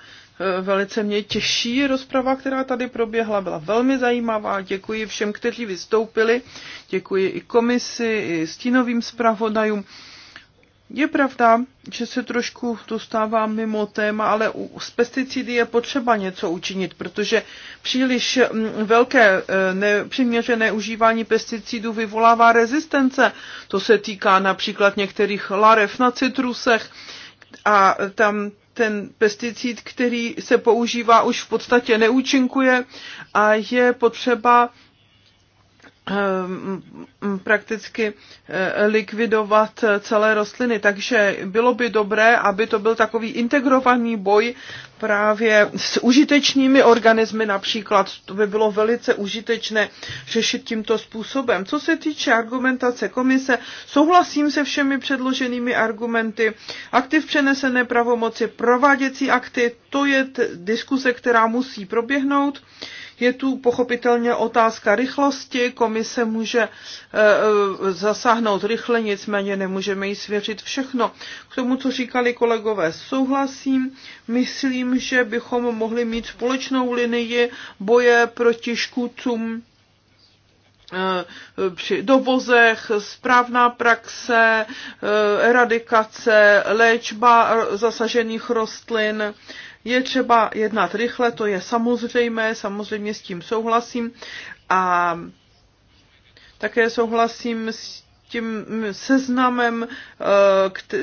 Eh, velice mě těší rozprava, která tady proběhla, byla velmi zajímavá. Děkuji všem, kteří vystoupili, děkuji i komisi, i stínovým zpravodajům. Je pravda, že se trošku dostávám mimo téma, ale u, s pesticidy je potřeba něco učinit, protože příliš mm, velké eh, nepřiměřené užívání pesticidů vyvolává rezistence. To se týká například některých larev na citrusech a tam ten pesticid, který se používá, už v podstatě neúčinkuje a je potřeba Ehm, prakticky eh, likvidovat eh, celé rostliny. Takže bylo by dobré, aby to byl takový integrovaný boj právě s užitečnými organismy například. To by bylo velice užitečné řešit tímto způsobem. Co se týče argumentace komise, souhlasím se všemi předloženými argumenty. Aktiv přenesené pravomoci, prováděcí akty, to je diskuse, která musí proběhnout. Uh, je tu pochopitelně otázka rychlosti, komise může eh, eh, zasáhnout rychle, nicméně nemůžeme jí svěřit všechno. K tomu, co říkali kolegové, souhlasím. Myslím, že bychom mohli mít společnou linii boje proti škůdcům eh, při dovozech, správná praxe, eradikace, léčba zasažených rostlin je třeba jednat rychle, to je samozřejmé, samozřejmě s tím souhlasím a také souhlasím s tím seznamem, eh, eh,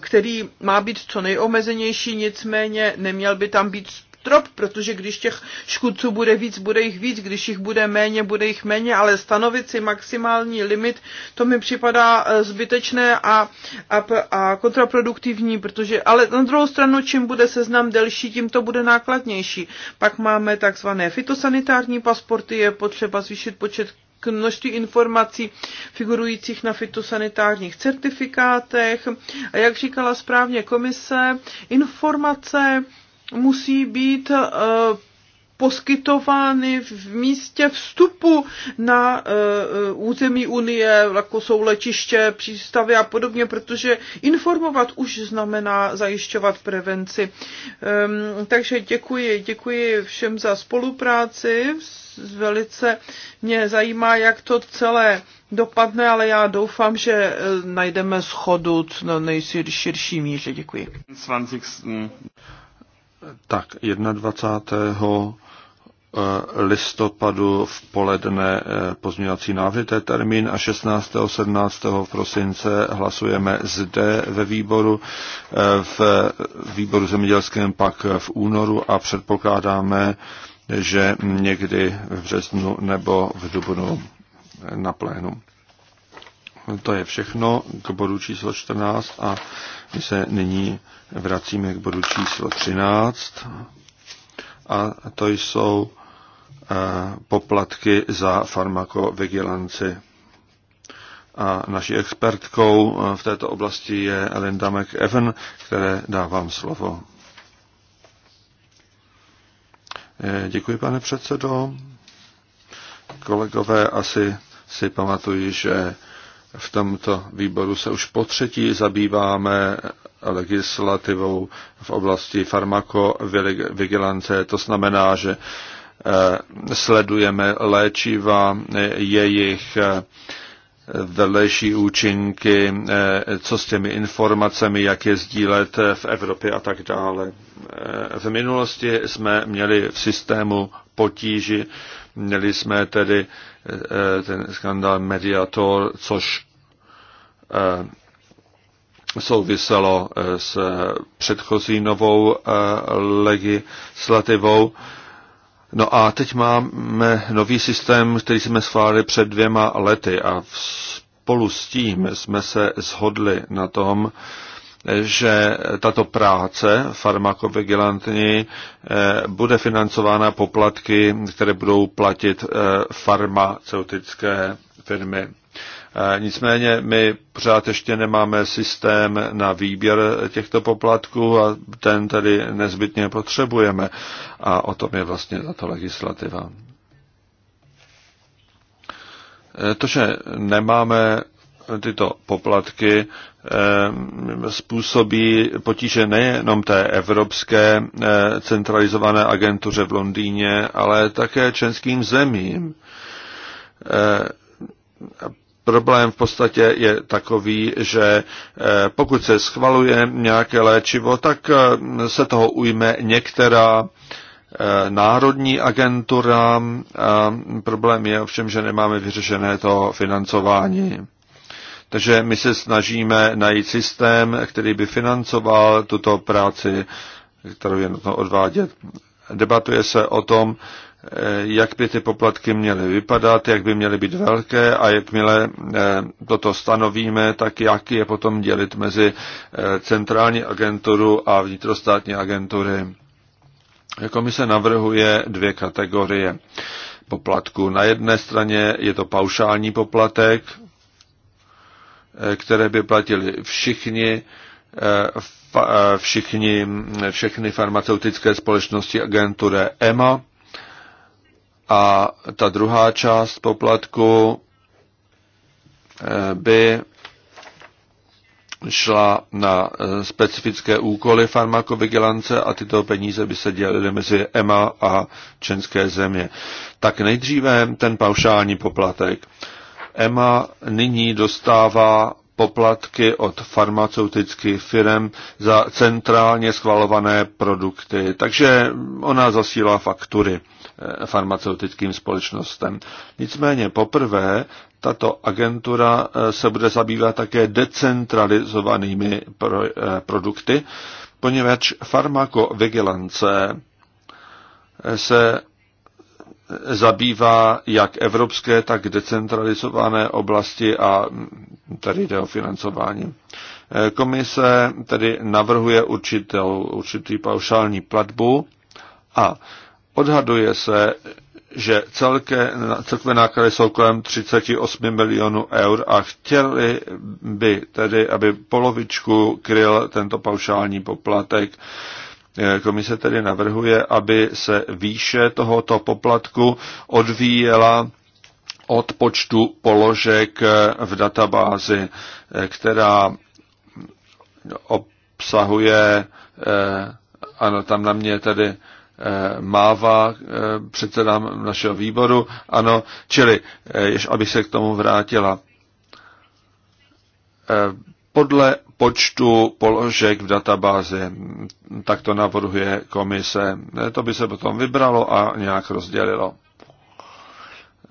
který má být co nejomezenější, nicméně neměl by tam být strop, protože když těch škůdců bude víc, bude jich víc, když jich bude méně, bude jich méně, ale stanovit si maximální limit, to mi připadá eh, zbytečné a, a, a kontraproduktivní, protože, ale na druhou stranu, čím bude seznam delší, tím to bude nákladnější. Pak máme takzvané fitosanitární pasporty, je potřeba zvýšit počet k množství informací figurujících na fitosanitárních certifikátech. A jak říkala správně komise, informace musí být eh, poskytovány v místě vstupu na eh, eh, území Unie, jako jsou letiště, přístavy a podobně, protože informovat už znamená zajišťovat prevenci. Ehm, takže děkuji, děkuji všem za spolupráci. Velice mě zajímá, jak to celé dopadne, ale já doufám, že najdeme schodu na nejširší míře. Děkuji. 20. Tak 21. Eh, listopadu v poledne eh, pozměňovací návrhy, to je termín, a 16. 17. prosince hlasujeme zde ve výboru, eh, v výboru zemědělském pak v únoru a předpokládáme, že někdy v březnu nebo v dubnu na plénu. To je všechno k bodu číslo 14 a my se nyní vracíme k bodu číslo 13 a to jsou eh, poplatky za farmakovigilanci. A naší expertkou eh, v této oblasti je Linda McEwen, které dávám slovo. Eh, děkuji, pane předsedo. Kolegové asi si pamatují, že v tomto výboru se už po třetí zabýváme legislativou v oblasti farmakovigilance. To znamená, že eh, sledujeme léčiva, jejich eh, vedlejší účinky, eh, co s těmi informacemi, jak je sdílet v Evropě a tak dále. V minulosti jsme měli v systému potíži, měli jsme tedy ten skandál Mediator, což eh, souviselo eh, s předchozí novou eh, legislativou. No a teď máme nový systém, který jsme schválili před dvěma lety a spolu s tím jsme se shodli na tom, že tato práce farmakovigilantní eh, bude financována poplatky, které budou platit eh, farmaceutické firmy. Eh, nicméně my pořád ještě nemáme systém na výběr těchto poplatků a ten tedy nezbytně potřebujeme. A o tom je vlastně tato legislativa. To, že nemáme tyto poplatky eh, způsobí potíže nejenom té evropské eh, centralizované agentuře v Londýně, ale také členským zemím. Eh, problém v podstatě je takový, že pokud se schvaluje nějaké léčivo, tak se toho ujme některá národní agentura. Problém je ovšem, že nemáme vyřešené to financování. Takže my se snažíme najít systém, který by financoval tuto práci, kterou je nutno odvádět. Debatuje se o tom, eh, jak by ty poplatky měly vypadat, jak by měly být velké a jakmile eh, toto stanovíme, tak jak je potom dělit mezi eh, centrální agenturu a vnitrostátní agentury. Komise navrhuje dvě kategorie poplatků. Na jedné straně je to paušální poplatek, Eh, které by platili všichni, eh, eh, všichni, všechny farmaceutické společnosti agentury EMA. A ta druhá část poplatku by šla na specifické úkoly farmakovigilance a tyto peníze by se dělily mezi EMA a členské země. Tak nejdříve ten paušální poplatek. EMA nyní dostává poplatky od farmaceutických firm za centrálně schvalované produkty. Takže ona zasílá faktury e, farmaceutickým společnostem. Nicméně poprvé tato agentura e, se bude zabývat také decentralizovanými pro, e, produkty, poněvadž farmakovigilance se zabývá jak evropské, tak decentralizované oblasti a tady jde o financování. Komise tedy navrhuje určitou, určitý paušální platbu a odhaduje se, že celké, celkové náklady jsou kolem 38 milionů eur a chtěli by tedy, aby polovičku kryl tento paušální poplatek Komise tedy navrhuje, aby se výše tohoto poplatku odvíjela od počtu položek v databázi, která obsahuje, eh, ano, tam na mě tedy eh, mává eh, předseda našeho výboru, ano, čili, jež abych se k tomu vrátila podle počtu položek v databázi. Tak to navrhuje komise. To by se potom vybralo a nějak rozdělilo.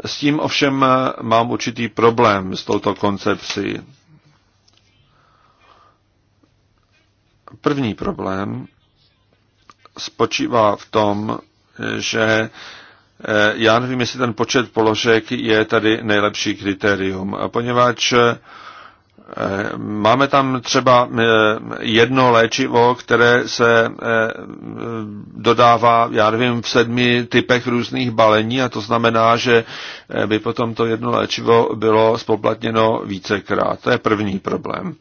S tím ovšem mám určitý problém s touto koncepcí. První problém spočívá v tom, že eh, já nevím, jestli ten počet položek je tady nejlepší kritérium, poněvadž Eh, máme tam třeba eh, jedno léčivo, které se eh, dodává, já nevím, v sedmi typech různých balení a to znamená, že by potom to jedno léčivo bylo spoplatněno vícekrát. To je první problém.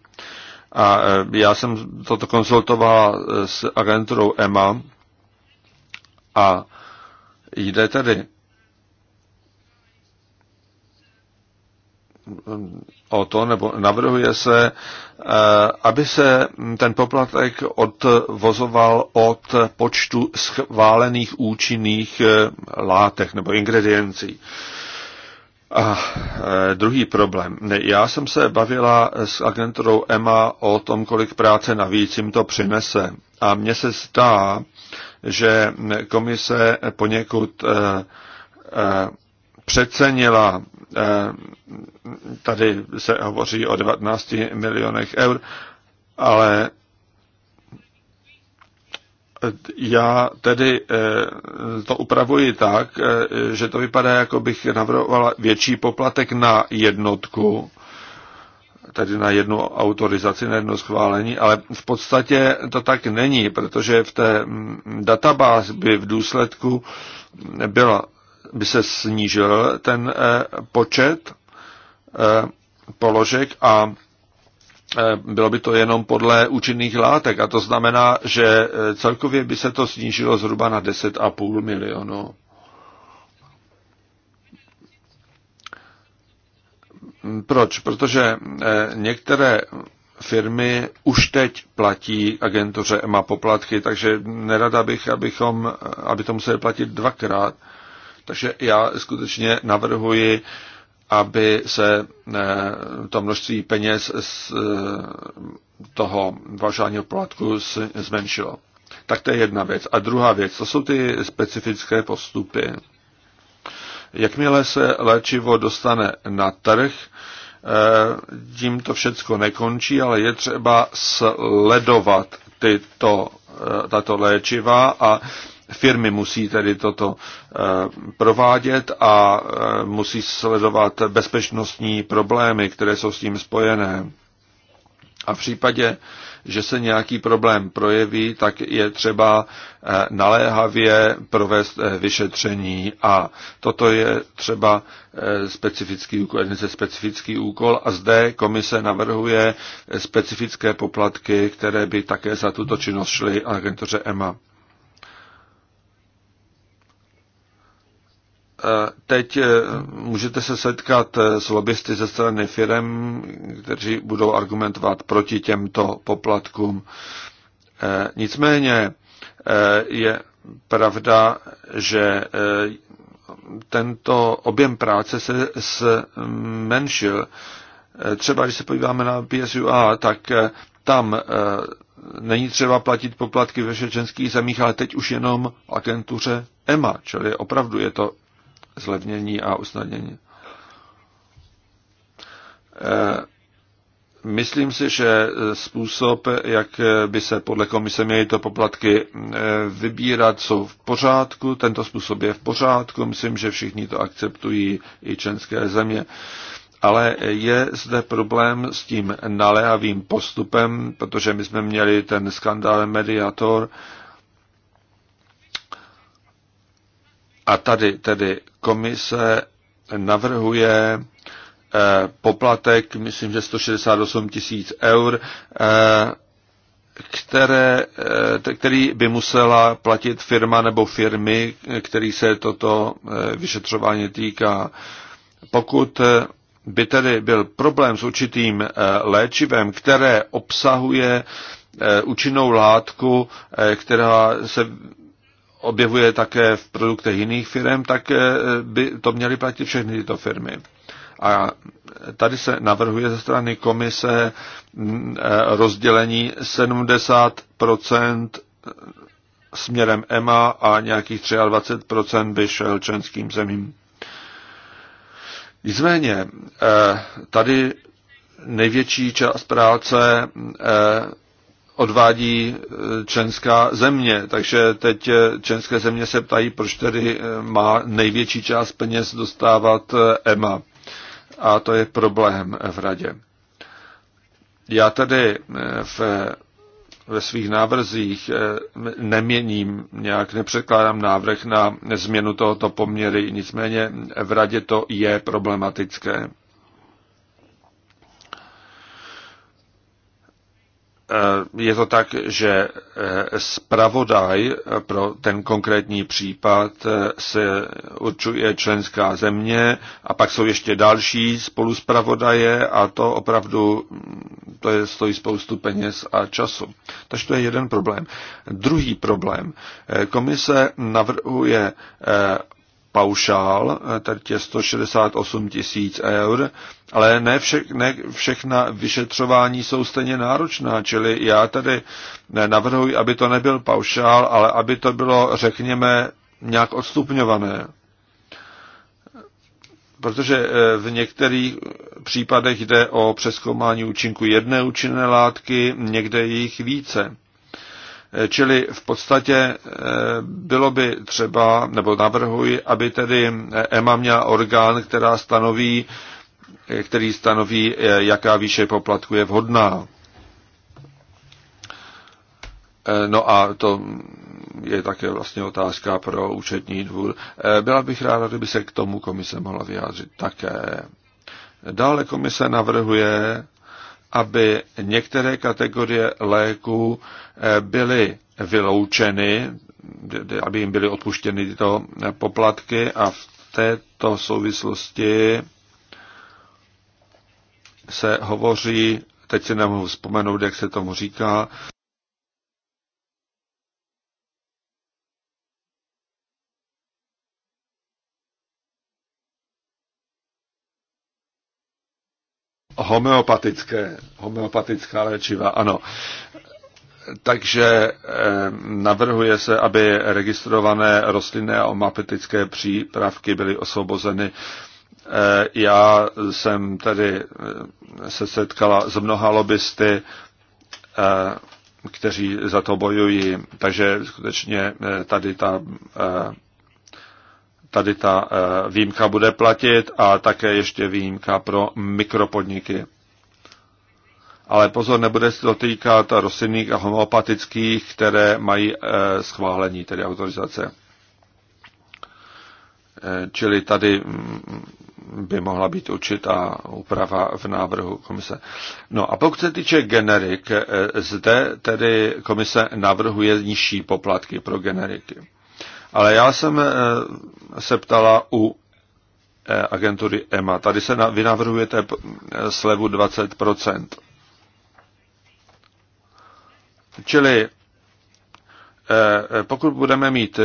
A já jsem toto konzultoval s agenturou EMA a jde tedy o to, nebo navrhuje se, eh, aby se ten poplatek odvozoval od počtu schválených účinných eh, látek nebo ingrediencí. A eh, druhý problém. Já jsem se bavila s agenturou EMA o tom, kolik práce navíc jim to přinese. A mně se zdá, že komise poněkud přecenila Eh, tady se hovoří o 19 milionech eur, ale eh, já tedy eh, to upravuji tak, že to vypadá, jako bych navrhovala větší poplatek na jednotku, tedy na jednu autorizaci, na jedno schválení, ale v podstatě to tak není, protože v té mm, databázi by v důsledku byla by se snížil ten eh, počet eh, položek a eh, bylo by to jenom podle účinných látek a to znamená, že celkově by se to snížilo zhruba na 10,5 milionu. Proč? Protože některé firmy už teď platí agentuře EMA poplatky, takže nerada bych, abychom, aby to museli platit dvakrát. Takže já skutečně navrhuji, aby se eh, to množství peněz z eh, toho paušálního poplatku zmenšilo. Tak to je jedna věc. A druhá věc, to jsou ty specifické postupy. Jakmile se léčivo dostane na trh, eh, tím to všechno nekončí, ale je třeba sledovat tyto, tato léčiva a Firmy musí tedy toto eh, provádět a eh, musí sledovat bezpečnostní problémy, které jsou s tím spojené. A v případě, že se nějaký problém projeví, tak je třeba eh, naléhavě provést vyšetření a toto je třeba specifický úkol, se specifický úkol a zde komise navrhuje specifické poplatky, které by také za tuto činnost šly agentuře EMA. Teď eh, můžete se setkat eh, s lobbysty ze strany firem, kteří budou argumentovat proti těmto poplatkům. Eh, nicméně je pravda, že tento objem práce se zmenšil. Třeba když se podíváme na PSUA, tak tam není třeba platit poplatky ve všech zemích, ale teď už jenom agentuře EMA, čili opravdu je to zlevnění a usnadnění. Eh, myslím si, že způsob, jak by se podle komise měly to poplatky eh, vybírat, jsou v pořádku. Tento způsob je v pořádku. Myslím, že všichni to akceptují i členské země. Ale je zde problém s tím naléhavým postupem, protože my jsme měli ten skandál Mediator A tady tedy komise navrhuje eh, poplatek, myslím, že 168 tisíc eur, eh, které, eh, který by musela platit firma nebo firmy, který se toto vyšetřování týká. Pokud by tedy byl problém s určitým léčivem, které obsahuje účinnou látku, která se objevuje také v produktech jiných firm, tak eh, by to měly platit všechny tyto firmy. A tady se navrhuje ze strany komise mm, eh, rozdělení 70 směrem EMA a nějakých 23 by šel členským zemím. Nicméně, eh, tady největší část práce odvádí e, členská země. Takže teď e, členské země se ptají, proč tedy e, má největší část peněz dostávat EMA. A to je problém v radě. Já tedy v, ve svých návrzích neměním, nějak nepřekládám návrh na změnu tohoto poměry, nicméně v radě to je problematické. Eh, je to tak, že eh, zpravodaj pro ten konkrétní případ eh, se určuje členská země a pak jsou ještě další spolu zpravodaje a to opravdu mm, to je, stojí spoustu peněz a času. Takže to je jeden problém. Druhý problém. Komise navrhuje paušál, tedy je 168 tisíc eur, ale ne, vše, ne všechna vyšetřování jsou stejně náročná, čili já tady navrhuji, aby to nebyl paušál, ale aby to bylo, řekněme, nějak odstupňované. Protože eh, v některých případech jde o přeskoumání účinku jedné účinné látky, někde jich více. Čili v podstatě eh, bylo by třeba, nebo navrhuji, aby tedy EMA měla orgán, která stanoví, eh, který stanoví, eh, jaká výše poplatku je vhodná. No a to je také vlastně otázka pro účetní dvůr. Byla bych ráda, kdyby se k tomu komise mohla vyjádřit také. Dále komise navrhuje aby některé kategorie léků eh, byly vyloučeny, aby jim byly odpuštěny tyto eh, poplatky a v této souvislosti se hovoří, teď si nemohu vzpomenout, jak se tomu říká, homeopatické, homeopatická léčiva, ano. Takže eh, navrhuje se, aby registrované rostlinné a homeopatické přípravky byly osvobozeny. Eh, já jsem tedy eh, se setkala s mnoha lobbysty, kteří za to bojují, takže skutečně tady ta tady ta eh, výjimka bude platit a také ještě výjimka pro mikropodniky. Ale pozor, nebude se to týkat rostlinných a homeopatických, které mají eh, schválení, tedy autorizace. Eh, čili tady mm, by mohla být určitá úprava v návrhu komise. No a pokud se týče generik, zde tedy komise navrhuje nižší poplatky pro generiky. Ale já jsem eh, se ptala u eh, agentury EMA. Tady se na, vy navrhujete eh, slevu 20%. Čili pokud budeme mít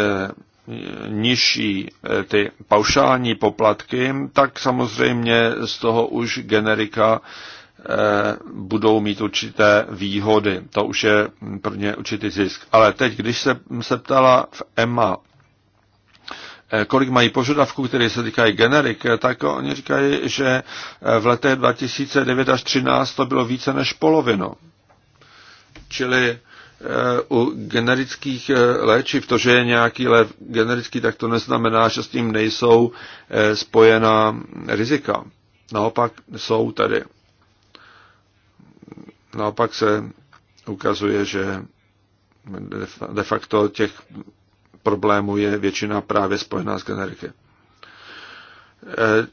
nižší ty paušální poplatky, tak samozřejmě z toho už generika budou mít určité výhody. To už je pro ně určitý zisk. Ale teď, když se, se ptala v EMA Eh, kolik mají požadavků, které se týkají generik, eh, tak oni říkají, že eh, v letech 2009 až 2013 to bylo více než polovinu. Čili u generických léčiv, to, že je nějaký lék generický, tak to neznamená, že s tím nejsou spojená rizika. Naopak jsou tady. Naopak se ukazuje, že de facto těch problémů je většina právě spojená s generiky. Eh,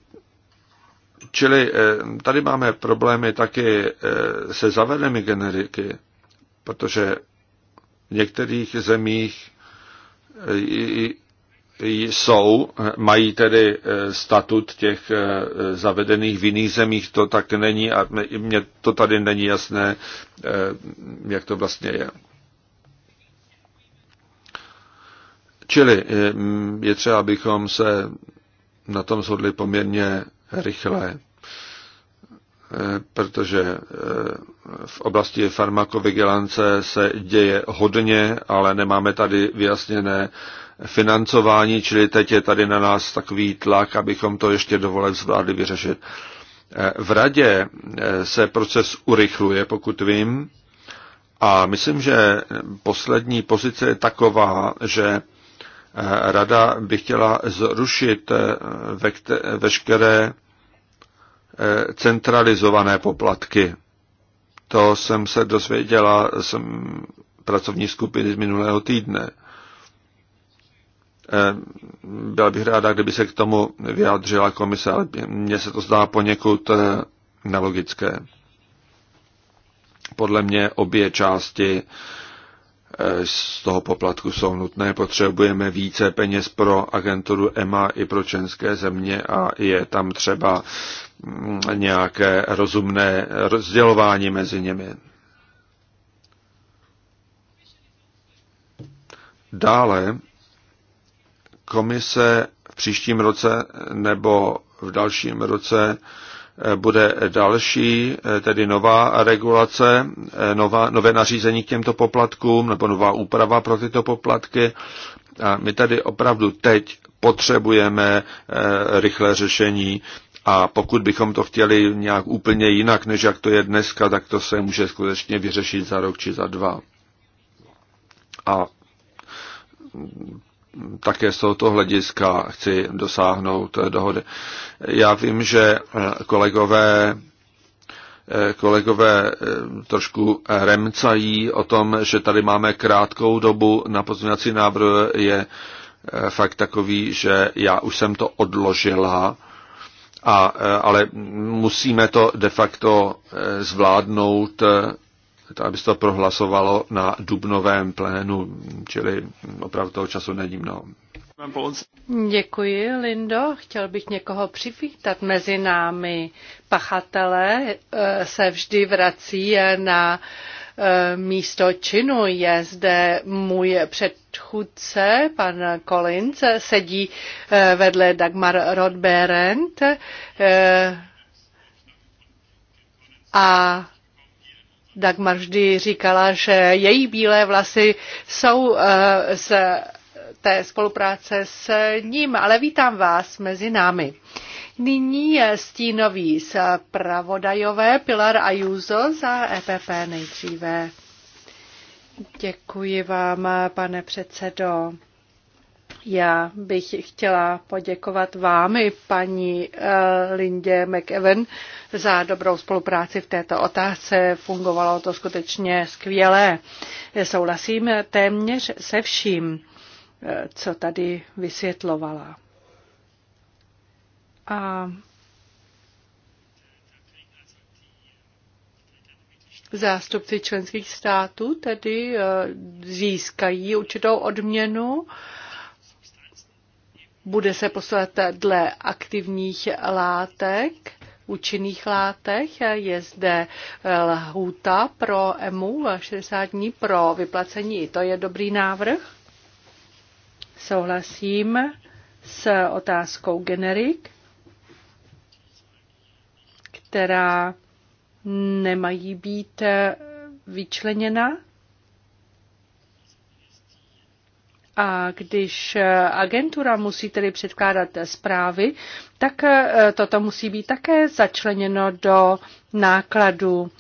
čili eh, tady máme problémy taky eh, se zavedenými generiky, protože v některých zemích jsou, mají tedy statut těch zavedených v jiných zemích, to tak není a mně to tady není jasné, jak to vlastně je. Čili eh, je třeba, abychom se na tom shodli poměrně rychle, eh, protože eh, v oblasti farmakovigilance se děje hodně, ale nemáme tady vyjasněné financování, čili teď je tady na nás takový tlak, abychom to ještě dovolili zvládli vyřešit. V radě se proces urychluje, pokud vím, a myslím, že poslední pozice je taková, že Rada by chtěla zrušit eh, veškeré eh, centralizované poplatky. To jsem se dozvěděla z pracovní skupiny z minulého týdne. Eh, byla bych ráda, kdyby se k tomu vyjádřila komise, ale mně se to zdá poněkud nelogické. Podle mě obě části z toho poplatku jsou nutné. Potřebujeme více peněz pro agenturu EMA i pro členské země a je tam třeba mm, nějaké rozumné rozdělování mezi nimi. Dále komise v příštím roce nebo v dalším roce bude další, eh, tedy nová regulace, eh, nová, nové nařízení k těmto poplatkům nebo nová úprava pro tyto poplatky. A my tady opravdu teď potřebujeme eh, rychlé řešení a pokud bychom to chtěli nějak úplně jinak, než jak to je dneska, tak to se může skutečně vyřešit za rok či za dva. A také z tohoto hlediska chci dosáhnout eh, dohody. Já vím, že eh, kolegové eh, kolegové trošku remcají o tom, že tady máme krátkou dobu na pozměňovací návrh, je fakt takový, že já už jsem to odložila, a, ale musíme to de facto zvládnout to, aby se to prohlasovalo na dubnovém plénu, čili opravdu toho času není mnoho. Děkuji, Lindo. Chtěl bych někoho přivítat mezi námi. Pachatele eh, se vždy vrací na eh, místo činu. Je zde můj předchůdce, pan Collins, sedí eh, vedle Dagmar Rodberent a Dagmar vždy říkala, že její bílé vlasy jsou eh, z té spolupráce s ním, ale vítám vás mezi námi. Nyní je stínový z pravodajové Pilar Ayuso za EPP nejdříve. Děkuji vám, pane předsedo. Já bych chtěla poděkovat vám i paní eh, Lindě McEwen za dobrou spolupráci v této otázce. Fungovalo to skutečně skvěle. Souhlasím téměř se vším, eh, co tady vysvětlovala. A zástupci členských států tedy eh, získají určitou odměnu bude se posouvat dle aktivních látek, účinných látek. Je zde eh, lhůta pro EMU 60 dní pro vyplacení. To je dobrý návrh. Souhlasím s otázkou generik, která nemají být eh, vyčleněna A když eh, agentura musí tedy předkládat zprávy, tak eh, toto musí být také začleněno do nákladu.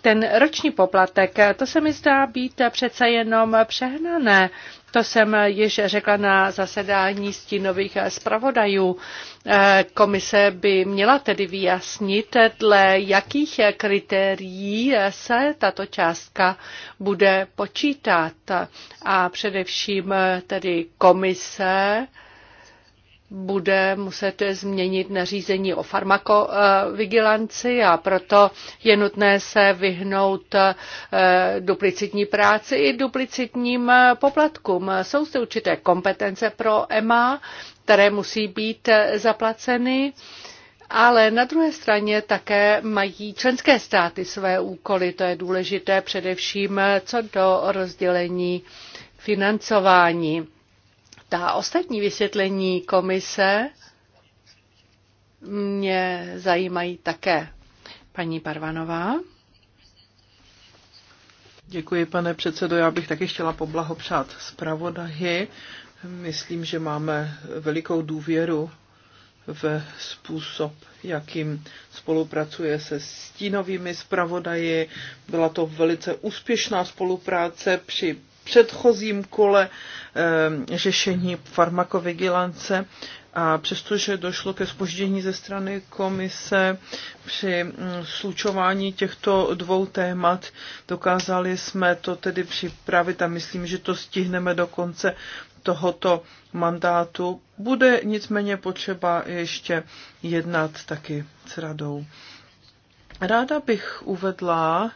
Ten roční poplatek, eh, to se mi zdá být přece jenom přehnané. To jsem již řekla na zasedání stínových zpravodajů. Eh, komise by měla tedy vyjasnit, dle jakých kritérií se tato částka bude počítat. A především tedy komise bude muset změnit nařízení o farmakovigilanci a proto je nutné se vyhnout eh, duplicitní práci i duplicitním eh, poplatkům. Jsou zde určité kompetence pro EMA, které musí být eh, zaplaceny. Ale na druhé straně také mají členské státy své úkoly. To je důležité především co do rozdělení financování. Ta ostatní vysvětlení komise mě zajímají také. Paní Parvanová. Děkuji, pane předsedo. Já bych taky chtěla poblahopřát zpravodahy. Myslím, že máme velikou důvěru v způsob, jakým spolupracuje se stínovými zpravodaji. Byla to velice úspěšná spolupráce při předchozím kole eh, řešení farmakovigilance a přestože došlo ke spoždění ze strany komise při mm, slučování těchto dvou témat, dokázali jsme to tedy připravit a myslím, že to stihneme do konce tohoto mandátu. Bude nicméně potřeba ještě jednat taky s radou. Ráda bych uvedla,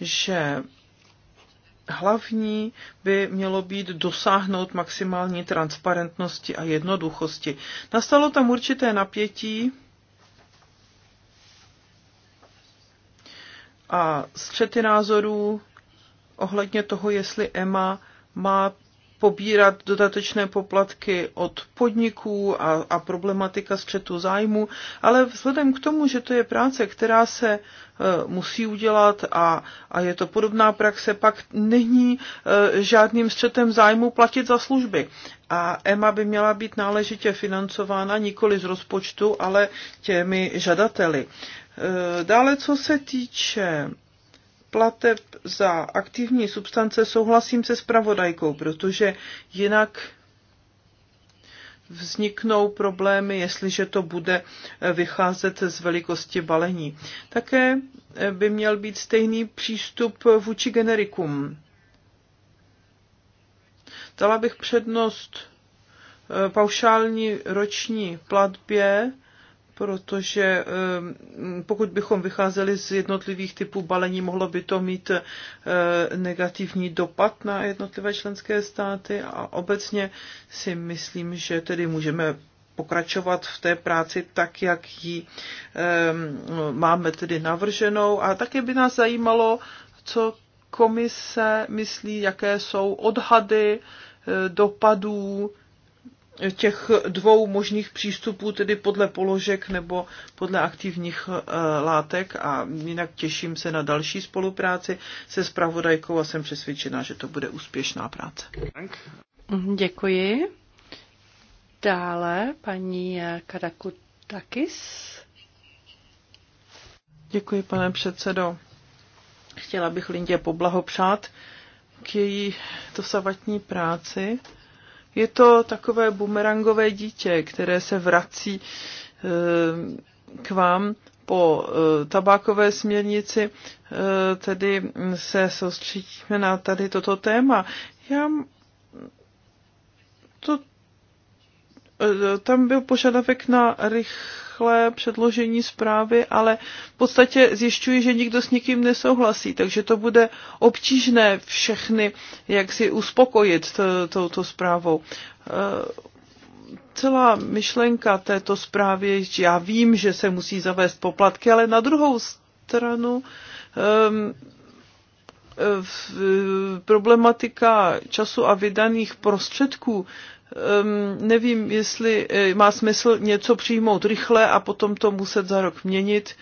že hlavní by mělo být dosáhnout maximální transparentnosti a jednoduchosti. Nastalo tam určité napětí a střety názorů ohledně toho, jestli EMA má pobírat dodatečné poplatky od podniků a, a problematika střetu zájmu, ale vzhledem k tomu, že to je práce, která se e, musí udělat a, a je to podobná praxe, pak není e, žádným střetem zájmu platit za služby. A EMA by měla být náležitě financována nikoli z rozpočtu, ale těmi žadateli. E, dále, co se týče plateb za aktivní substance souhlasím se spravodajkou, protože jinak vzniknou problémy, jestliže to bude vycházet z velikosti balení. Také by měl být stejný přístup vůči generikum. Dala bych přednost eh, paušální roční platbě protože eh, pokud bychom vycházeli z jednotlivých typů balení, mohlo by to mít eh, negativní dopad na jednotlivé členské státy a obecně si myslím, že tedy můžeme pokračovat v té práci tak, jak ji eh, máme tedy navrženou. A také by nás zajímalo, co komise myslí, jaké jsou odhady dopadů těch dvou možných přístupů, tedy podle položek nebo podle aktivních eh, látek a jinak těším se na další spolupráci se spravodajkou a jsem přesvědčená, že to bude úspěšná práce. Děkuji. Dále paní Karakutakis. Děkuji, pane předsedo. Chtěla bych Lindě poblahopřát k její dosavatní práci je to takové bumerangové dítě, které se vrací eh, k vám po eh, tabákové směrnici, eh, tedy se soustředíme na tady toto téma. Já to tam byl požadavek na rychlé předložení zprávy, ale v podstatě zjišťuji, že nikdo s nikým nesouhlasí, takže to bude obtížné všechny, jak si uspokojit touto zprávou e, celá myšlenka této zprávy, že já vím, že se musí zavést poplatky, ale na druhou stranu um, problematika času a vydaných prostředků Ehm, nevím, jestli eh, má smysl něco přijmout rychle a potom to muset za rok měnit.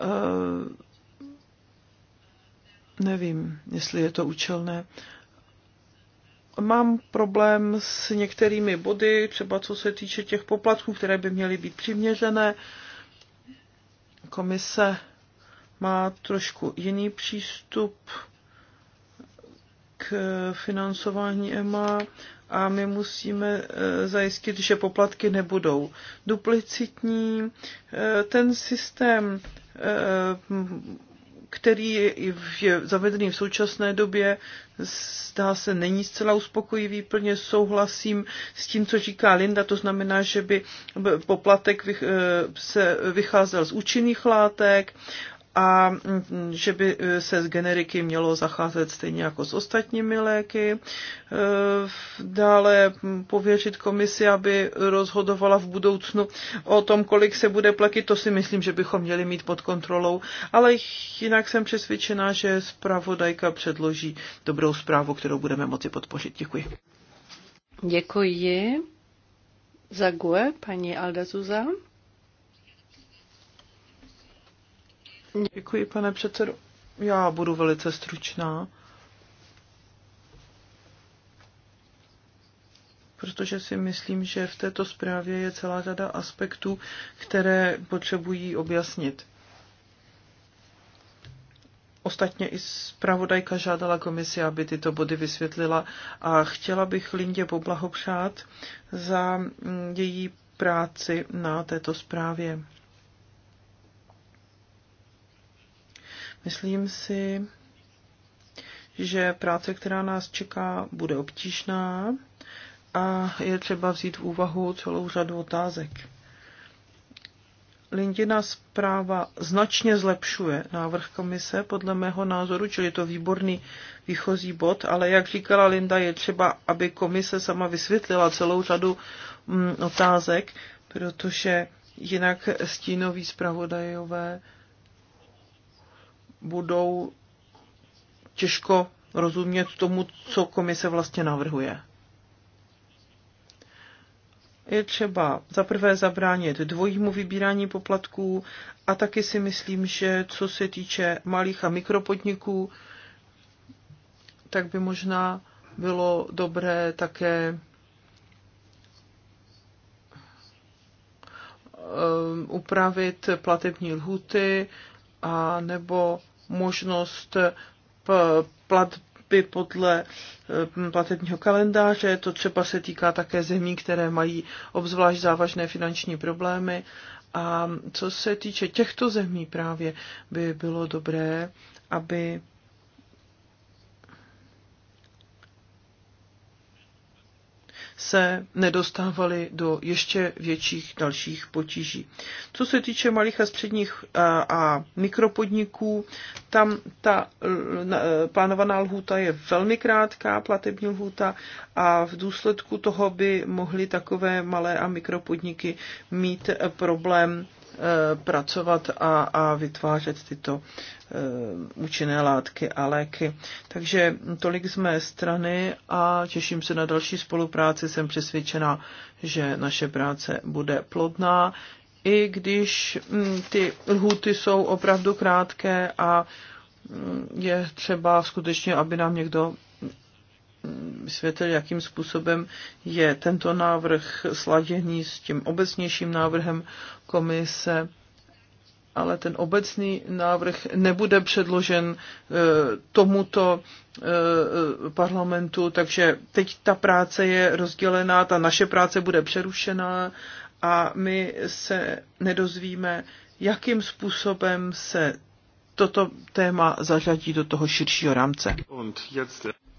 Ehm, nevím, jestli je to účelné. Mám problém s některými body, třeba co se týče těch poplatků, které by měly být přiměřené. Komise má trošku jiný přístup k financování EMA a my musíme eh, zajistit, že poplatky nebudou duplicitní. Eh, ten systém eh, který je zavedený v současné době, zdá se, není zcela uspokojivý, plně souhlasím s tím, co říká Linda, to znamená, že by poplatek se vycházel z účinných látek a mm, že by e, se s generiky mělo zacházet stejně jako s ostatními léky. E, dále mm, pověřit komisi, aby rozhodovala v budoucnu o tom, kolik se bude platit, to si myslím, že bychom měli mít pod kontrolou, ale jinak jsem přesvědčená, že zpravodajka předloží dobrou zprávu, kterou budeme moci podpořit. Děkuji. Děkuji. Zague, paní Alda Zuzan. Děkuji, pane předsedo. Já budu velice stručná. protože si myslím, že v této zprávě je celá řada aspektů, které potřebují objasnit. Ostatně i zpravodajka žádala komisi, aby tyto body vysvětlila a chtěla bych Lindě poblahopřát za její práci na této zprávě. Myslím si, že práce, která nás čeká, bude obtížná a je třeba vzít v úvahu celou řadu otázek. Lindina zpráva značně zlepšuje návrh komise, podle mého názoru, čili je to výborný výchozí bod, ale jak říkala Linda, je třeba, aby komise sama vysvětlila celou řadu mm, otázek, protože jinak stínoví zpravodajové budou těžko rozumět tomu, co komise vlastně navrhuje. Je třeba za prvé zabránit dvojímu vybírání poplatků a taky si myslím, že co se týče malých a mikropodniků, tak by možná bylo dobré také eh, upravit platební lhuty a nebo možnost eh, platby podle eh, platebního kalendáře. To třeba se týká také zemí, které mají obzvlášť závažné finanční problémy. A co se týče těchto zemí právě, by bylo dobré, aby se nedostávali do ještě větších dalších potíží. Co se týče malých a středních a, a mikropodniků, tam ta plánovaná lhůta je velmi krátká, platební lhůta, a v důsledku toho by mohly takové malé a mikropodniky mít problém Eh, pracovat a, a vytvářet tyto eh, účinné látky a léky. Takže tolik z mé strany a těším se na další spolupráci. Jsem přesvědčena, že naše práce bude plodná, i když hm, ty lhuty jsou opravdu krátké a hm, je třeba skutečně, aby nám někdo vysvětlil, jakým způsobem je tento návrh sladěný s tím obecnějším návrhem komise, ale ten obecný návrh nebude předložen e, tomuto e, parlamentu, takže teď ta práce je rozdělená, ta naše práce bude přerušená a my se nedozvíme, jakým způsobem se toto téma zařadí do toho širšího rámce.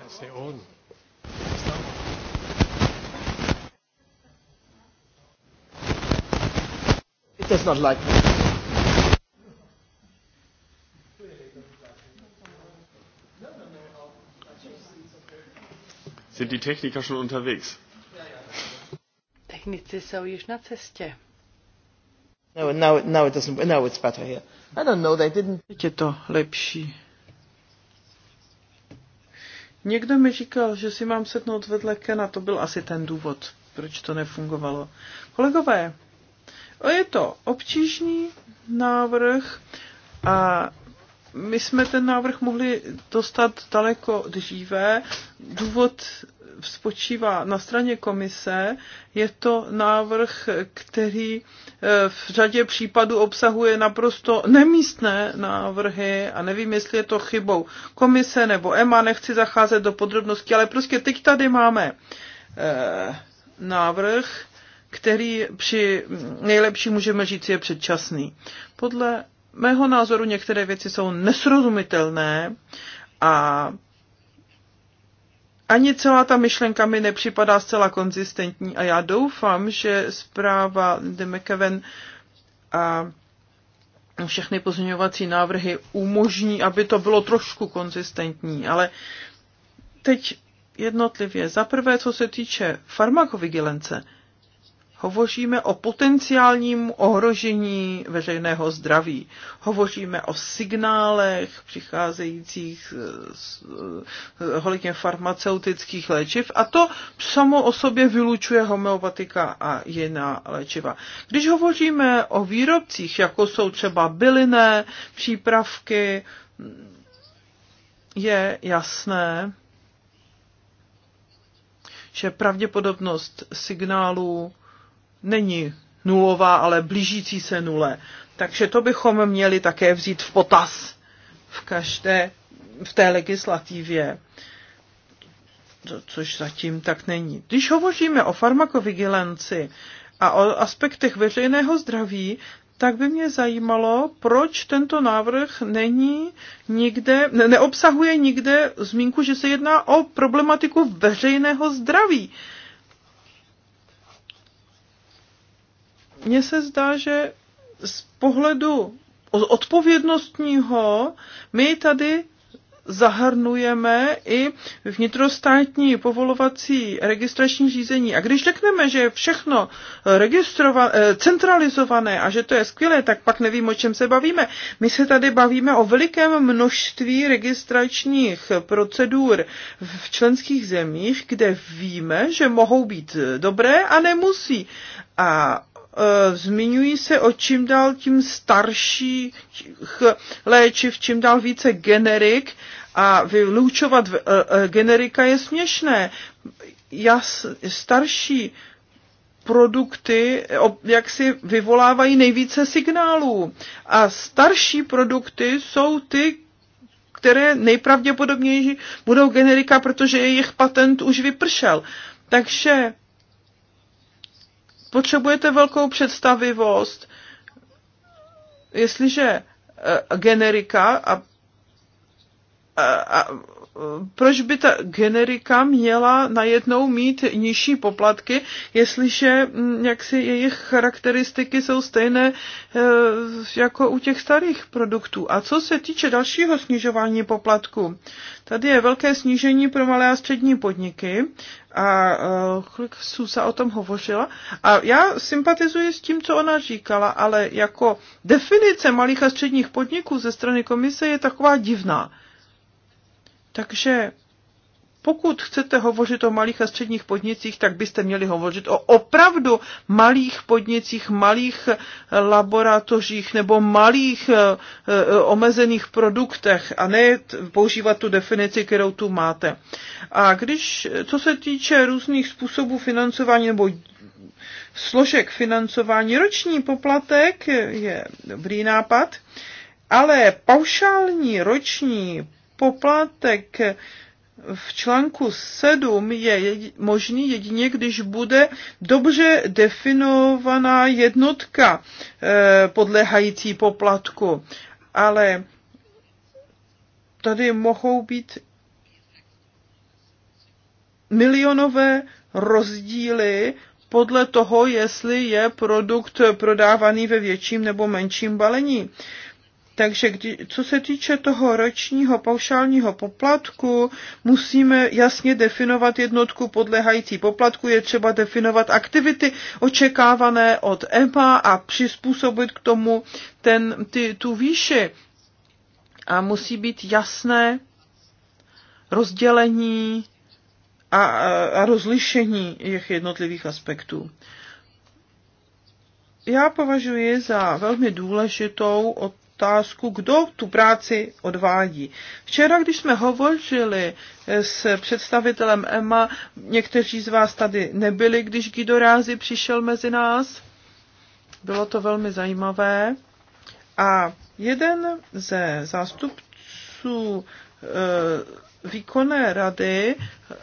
That's their It does not like me. Sind die Techniker schon unterwegs? Technici jsou již na cestě. No, now, now it doesn't, now it's better here. I don't know, they didn't. Je to lepší. Někdo mi říkal, že si mám sednout vedle Kena, to byl asi ten důvod, proč to nefungovalo. Kolegové, je to obtížný návrh a my jsme ten návrh mohli dostat daleko dříve. Důvod spočívá na straně komise. Je to návrh, který eh, v řadě případů obsahuje naprosto nemístné návrhy a nevím, jestli je to chybou komise nebo EMA, nechci zacházet do podrobností, ale prostě teď tady máme eh, návrh, který při mm, nejlepší můžeme říct je předčasný. Podle mého názoru některé věci jsou nesrozumitelné a ani celá ta myšlenka mi nepřipadá zcela konzistentní a já doufám, že zpráva de McEwen a všechny pozměňovací návrhy umožní, aby to bylo trošku konzistentní, ale teď jednotlivě. Za prvé, co se týče farmakovigilence, Hovoříme o potenciálním ohrožení veřejného zdraví. Hovoříme o signálech přicházejících z, hodně farmaceutických léčiv a to samo o sobě vylučuje homeopatika a jiná léčiva. Když hovoříme o výrobcích, jako jsou třeba byliné přípravky, je jasné, že pravděpodobnost signálů není nulová, ale blížící se nule. Takže to bychom měli také vzít v potaz v každé, v té legislativě, což zatím tak není. Když hovoříme o farmakovigilanci a o aspektech veřejného zdraví, tak by mě zajímalo, proč tento návrh není nikde, ne, neobsahuje nikde zmínku, že se jedná o problematiku veřejného zdraví. Uh, mně se zdá, že z pohledu odpovědnostního my tady zahrnujeme i vnitrostátní povolovací registrační řízení. A když řekneme, že je všechno eh, centralizované a že to je skvělé, tak pak nevím, o čem se bavíme. My se tady bavíme o velikém množství registračních procedur v členských zemích, kde víme, že mohou být dobré a nemusí. A Eh, zmiňují se o čím dál tím starších léčiv, čím dál více generik a vylučovat eh, eh, generika je směšné. Jas, starší produkty jak si vyvolávají nejvíce signálů. A starší produkty jsou ty, které nejpravděpodobněji budou generika, protože jejich patent už vypršel. Takže potřebujete velkou představivost. Jestliže eh, generika a, a, a proč by ta generika měla najednou mít nižší poplatky, jestliže mm, jaksi jejich charakteristiky jsou stejné e, jako u těch starých produktů. A co se týče dalšího snižování poplatku, tady je velké snížení pro malé a střední podniky a e, kolik Susa o tom hovořila. A já sympatizuji s tím, co ona říkala, ale jako definice malých a středních podniků ze strany komise je taková divná. Takže pokud chcete hovořit o malých a středních podnicích, tak byste měli hovořit o opravdu malých podnicích, malých eh, laboratořích nebo malých eh, eh, omezených produktech a ne používat tu definici, kterou tu máte. A když, co se týče různých způsobů financování nebo složek financování, roční poplatek je dobrý nápad, ale paušální roční poplatek v článku 7 je možný jedině, když bude dobře definovaná jednotka eh, podléhající poplatku. Ale tady mohou být milionové rozdíly podle toho, jestli je produkt prodávaný ve větším nebo menším balení. Takže kdy, co se týče toho ročního paušálního poplatku, musíme jasně definovat jednotku podléhající poplatku, je třeba definovat aktivity očekávané od EMA a přizpůsobit k tomu ten, ty, tu výši. A musí být jasné rozdělení a, a rozlišení jejich jednotlivých aspektů. Já považuji za velmi důležitou od otázku, kdo tu práci odvádí. Včera, když jsme hovořili s představitelem EMA, někteří z vás tady nebyli, když Guido Rázi přišel mezi nás. Bylo to velmi zajímavé. A jeden ze zástupců e, výkonné rady eh,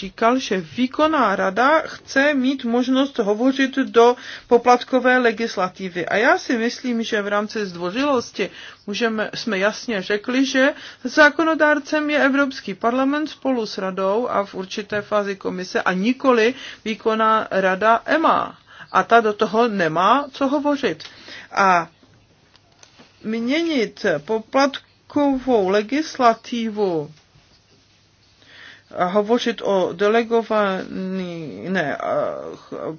říkal, že výkonná rada chce mít možnost hovořit do poplatkové legislativy. A já si myslím, že v rámci zdvořilosti můžeme, jsme jasně řekli, že zákonodárcem je Evropský parlament spolu s radou a v určité fázi komise a nikoli výkonná rada EMA. A ta do toho nemá co hovořit. A měnit poplatkovou legislativu hovořit o delegovaných ne,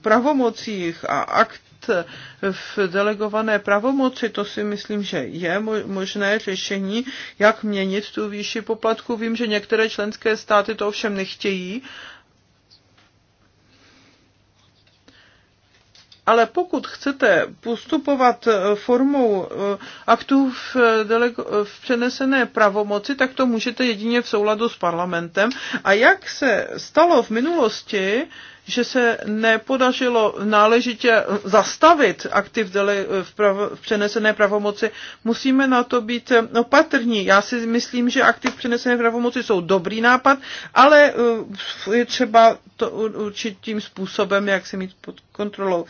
pravomocích a akt v delegované pravomoci, to si myslím, že je možné řešení, jak měnit tu výši poplatku. Vím, že některé členské státy to ovšem nechtějí Ale pokud chcete postupovat eh, formou eh, aktů v, eh, delego, v přenesené pravomoci, tak to můžete jedině v souladu s parlamentem. A jak se stalo v minulosti, že se nepodařilo náležitě zastavit aktiv v, pravo, v přenesené pravomoci, musíme na to být opatrní. Já si myslím, že aktiv přenesené pravomoci jsou dobrý nápad, ale eh, je třeba to určitým způsobem, jak se mít pod kontrolou.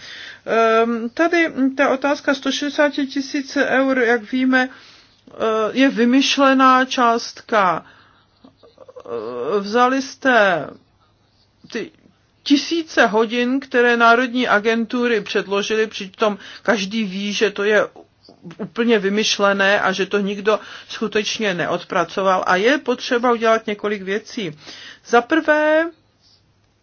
Ehm, tady ta otázka 160 tisíc eur, jak víme, eh, je vymyšlená částka. Eh, vzali jste ty tisíce hodin, které národní agentury předložily, přitom každý ví, že to je úplně vymyšlené a že to nikdo skutečně neodpracoval. A je potřeba udělat několik věcí. Za prvé,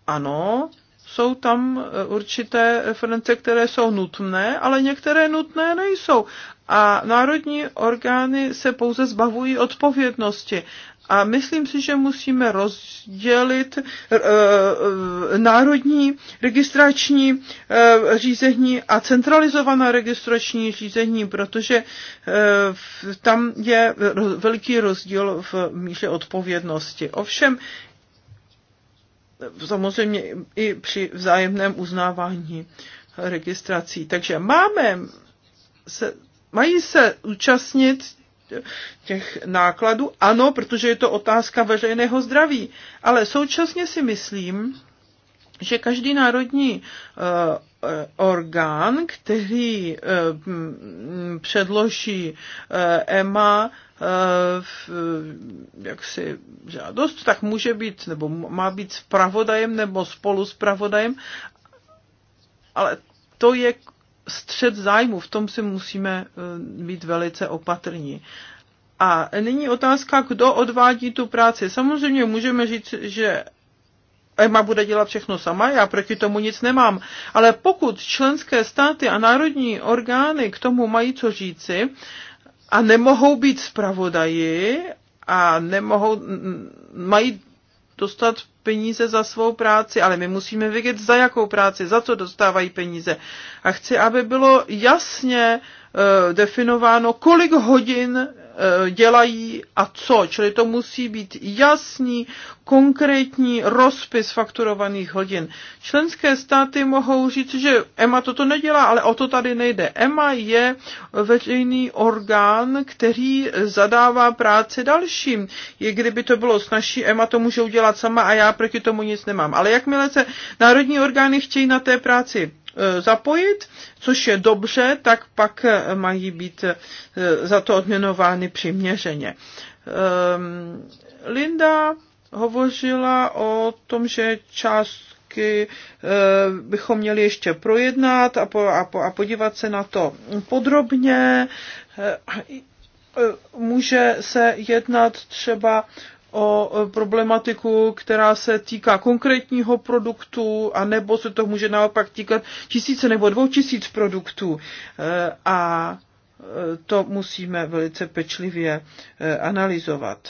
ano, jsou tam eh, určité reference, které jsou nutné, ale některé nutné nejsou. A národní orgány se pouze zbavují odpovědnosti. A myslím si, že musíme rozdělit eh, eh, národní registrační eh, řízení a centralizované registrační řízení, protože tam je veliký rozdíl v míře odpovědnosti. Ovšem, samozřejmě i při vzájemném uznávání registrací. Takže máme se, mají se účastnit těch nákladů. Ano, protože je to otázka veřejného zdraví. Ale současně si myslím, že každý národní eh, eh, orgán, který eh, předloží EMA e jaksi žádost, tak může být, nebo má být spravodajem nebo spolu spravodajem, ale to je střed zájmu, v tom si musíme eh, být velice opatrní. A nyní otázka, kdo odvádí tu práci. Samozřejmě můžeme říct, že EMA bude dělat všechno sama, já proti tomu nic nemám. Ale pokud členské státy a národní orgány k tomu mají co říci a nemohou být zpravodaji a nemohou, mají dostat peníze za svou práci, ale my musíme vědět, za jakou práci, za co dostávají peníze. A chci, aby bylo jasně eh, definováno, kolik hodin Eh, dělají a co. Čili to musí být jasný, konkrétní rozpis fakturovaných hodin. Členské státy mohou říct, že EMA toto nedělá, ale o to tady nejde. EMA je veřejný orgán, který zadává práci dalším. Je, kdyby to bylo snažší, EMA to může udělat sama a já proti tomu nic nemám. Ale jakmile se národní orgány chtějí na té práci Eh, zapojit, což je dobře, tak pak eh, mají být eh, za to odměnovány přiměřeně. Ehm, Linda hovořila o tom, že částky bychom měli ještě projednat a, po, a, po, a podívat se na to podrobně. Může se jednat třeba o problematiku, která se týká konkrétního produktu, anebo se to může naopak týkat tisíce nebo dvou tisíc produktů. E, a e, to musíme velice pečlivě e, analyzovat.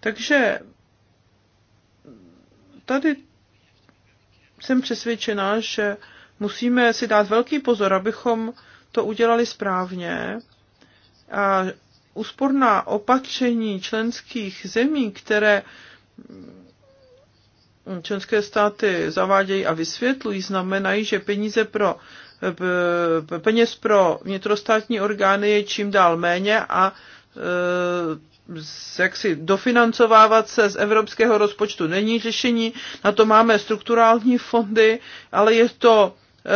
Takže tady jsem přesvědčená, že musíme si dát velký pozor, abychom to udělali správně a úsporná opatření členských zemí, které členské státy zavádějí a vysvětlují, znamenají, že peníze pro peněz pro vnitrostátní orgány je čím dál méně a e, jak si dofinancovávat se z evropského rozpočtu není řešení. Na to máme strukturální fondy, ale je to e,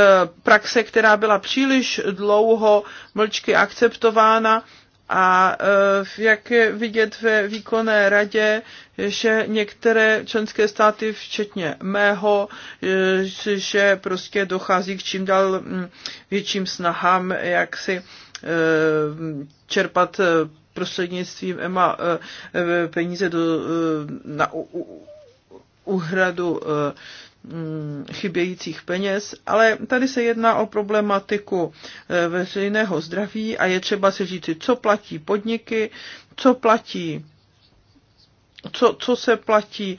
praxe, která byla příliš dlouho mlčky akceptována a eh, jak je vidět ve výkonné radě, že některé členské státy, včetně mého, eh, že prostě dochází k čím dál mm, větším snahám, jak si eh, čerpat prostřednictvím EMA peníze do, na úhradu Mm, chybějících peněz, ale tady se jedná o problematiku eh, veřejného zdraví a je třeba si říci, co platí podniky, co platí co, co se platí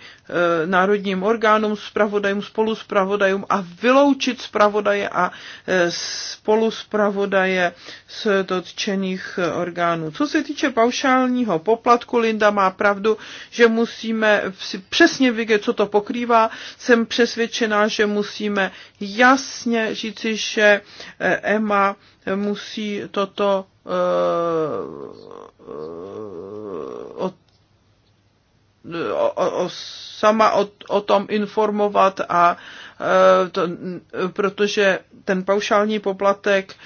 e, národním orgánům, spravodajům, spoluspravodajům a vyloučit spravodaje a e, spoluspravodaje z dotčených e, orgánů. Co se týče paušálního poplatku, Linda má pravdu, že musíme si přesně vidět, co to pokrývá. Jsem přesvědčená, že musíme jasně říci, že e, EMA musí toto e, e, od o, o, sama o, o tom informovat a e, to, protože ten paušální poplatek e,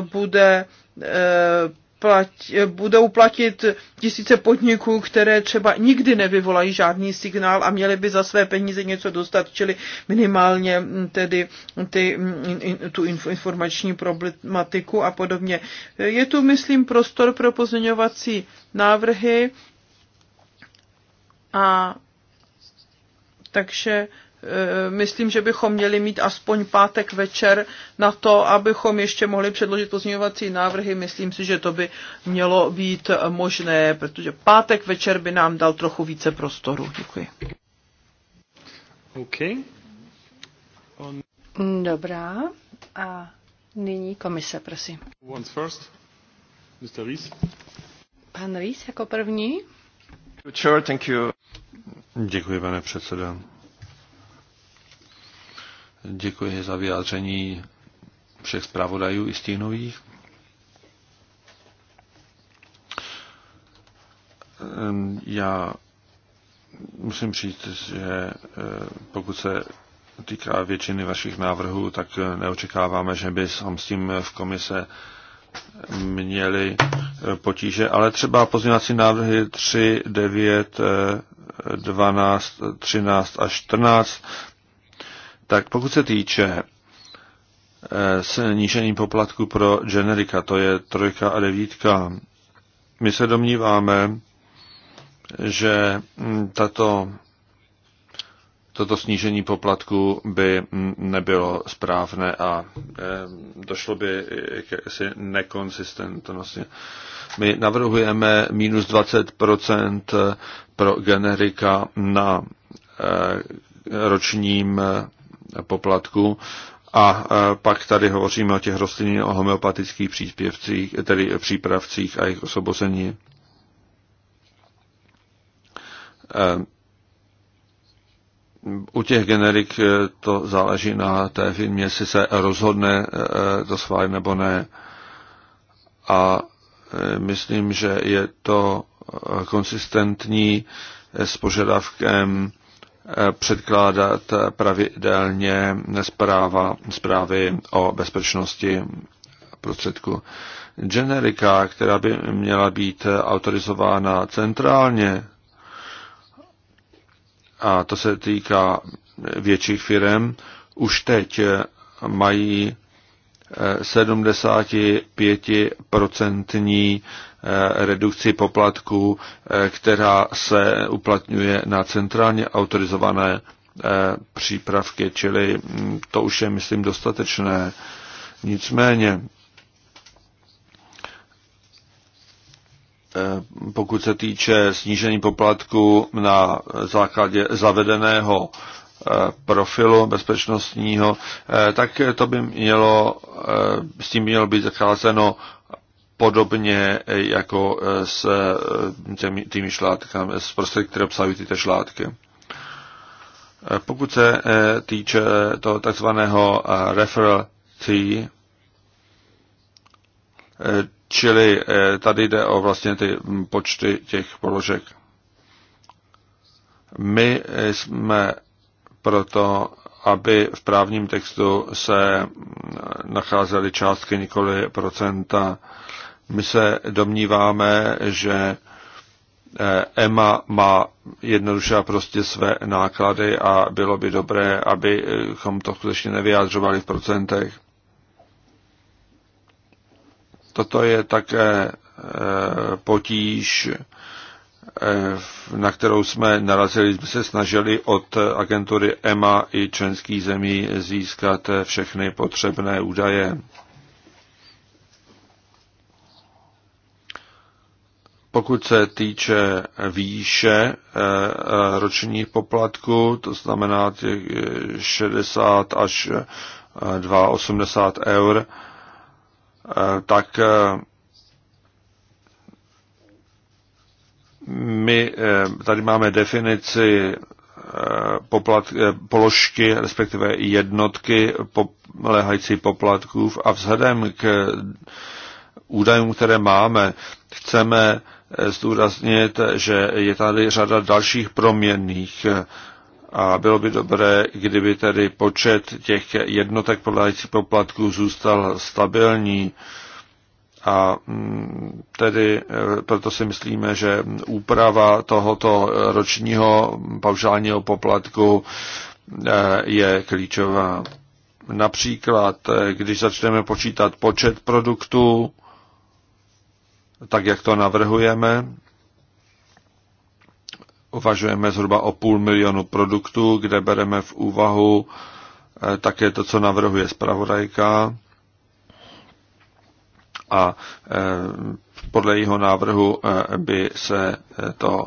bude e, plati, budou platit tisíce podniků, které třeba nikdy nevyvolají žádný signál a měly by za své peníze něco dostat, čili minimálně tedy ty, tu informační problematiku a podobně. Je tu, myslím, prostor pro pozměňovací návrhy. A takže eh, myslím, že bychom měli mít aspoň pátek večer na to, abychom ještě mohli předložit pozměňovací návrhy. Myslím si, že to by mělo být možné, protože pátek večer by nám dal trochu více prostoru. Děkuji. Okay. On... Dobrá. A nyní komise, prosím. Once first. Mr. Rees. Pan Rees jako první. Sure, thank you. Děkuji, pane předsedo. Děkuji za vyjádření všech zpravodajů i stínových. Já musím říct, že e, pokud se týká většiny vašich návrhů, tak neočekáváme, že by s tím v komise měli eh, potíže, ale třeba pozměňovací návrhy 3, 9, 12, 13 a 14, tak pokud se týče eh, snížení poplatku pro generika, to je trojka a devítka, my se domníváme, že mm, tato toto snížení poplatku by nebylo správné a eh, došlo by k jakési nekonsistentnosti. My navrhujeme minus 20% pro generika na eh, ročním eh, poplatku a pak tady hovoříme o těch rostlinných o homeopatických příspěvcích, tedy přípravcích a jejich osobození u těch generik eh, to záleží na té firmě, jestli se rozhodne eh, eh, to schválit nebo ne. A myslím, že je to konsistentní s požadavkem předkládat pravidelně zpráva, zprávy o bezpečnosti prostředku. Generika, která by měla být autorizována centrálně, a to se týká větších firm, už teď mají 75% eh, eh, redukci poplatků, eh, která se uplatňuje na centrálně autorizované přípravky, čili mm, to už je, myslím, dostatečné. Nicméně Eh, pokud se týče snížení poplatku na základě zavedeného eh, profilu bezpečnostního, eh, tak to by mělo, s tím mělo být zacházeno podobně jako s těmi, těmi šlátkami, s prostředky, které obsahují tyto šlátky. Pokud se týče toho takzvaného referral fee, Eh, čili eh, tady jde o vlastně ty počty těch položek. My eh, jsme proto, aby v právním textu se nacházely částky nikoli procenta. My se domníváme, že EMA má jednoduše a prostě své náklady a bylo by dobré, abychom to skutečně nevyjádřovali v procentech. Toto je také e, potíž, e, na kterou jsme narazili. Jsme se snažili od agentury EMA i členských zemí získat všechny potřebné údaje. Pokud se týče výše e, ročních poplatků, to znamená těch 60 až 2,80 eur, Eh, tak eh, my eh, tady máme definici poplat, položky, respektive jednotky lehající poplatků a vzhledem k údajům, které máme, chceme zdůraznit, že je tady řada dalších proměnných, a bylo by dobré, kdyby tedy počet těch jednotek podléhajících poplatků zůstal stabilní. A mm, tedy eh, proto si myslíme, že úprava tohoto ročního paušálního poplatku eh, je klíčová. Například, eh, když začneme počítat počet produktů, tak jak to navrhujeme, uvažujeme zhruba o půl milionu produktů, kde bereme v úvahu eh, také to, co navrhuje zpravodajka. A eh, podle jeho návrhu eh, by se to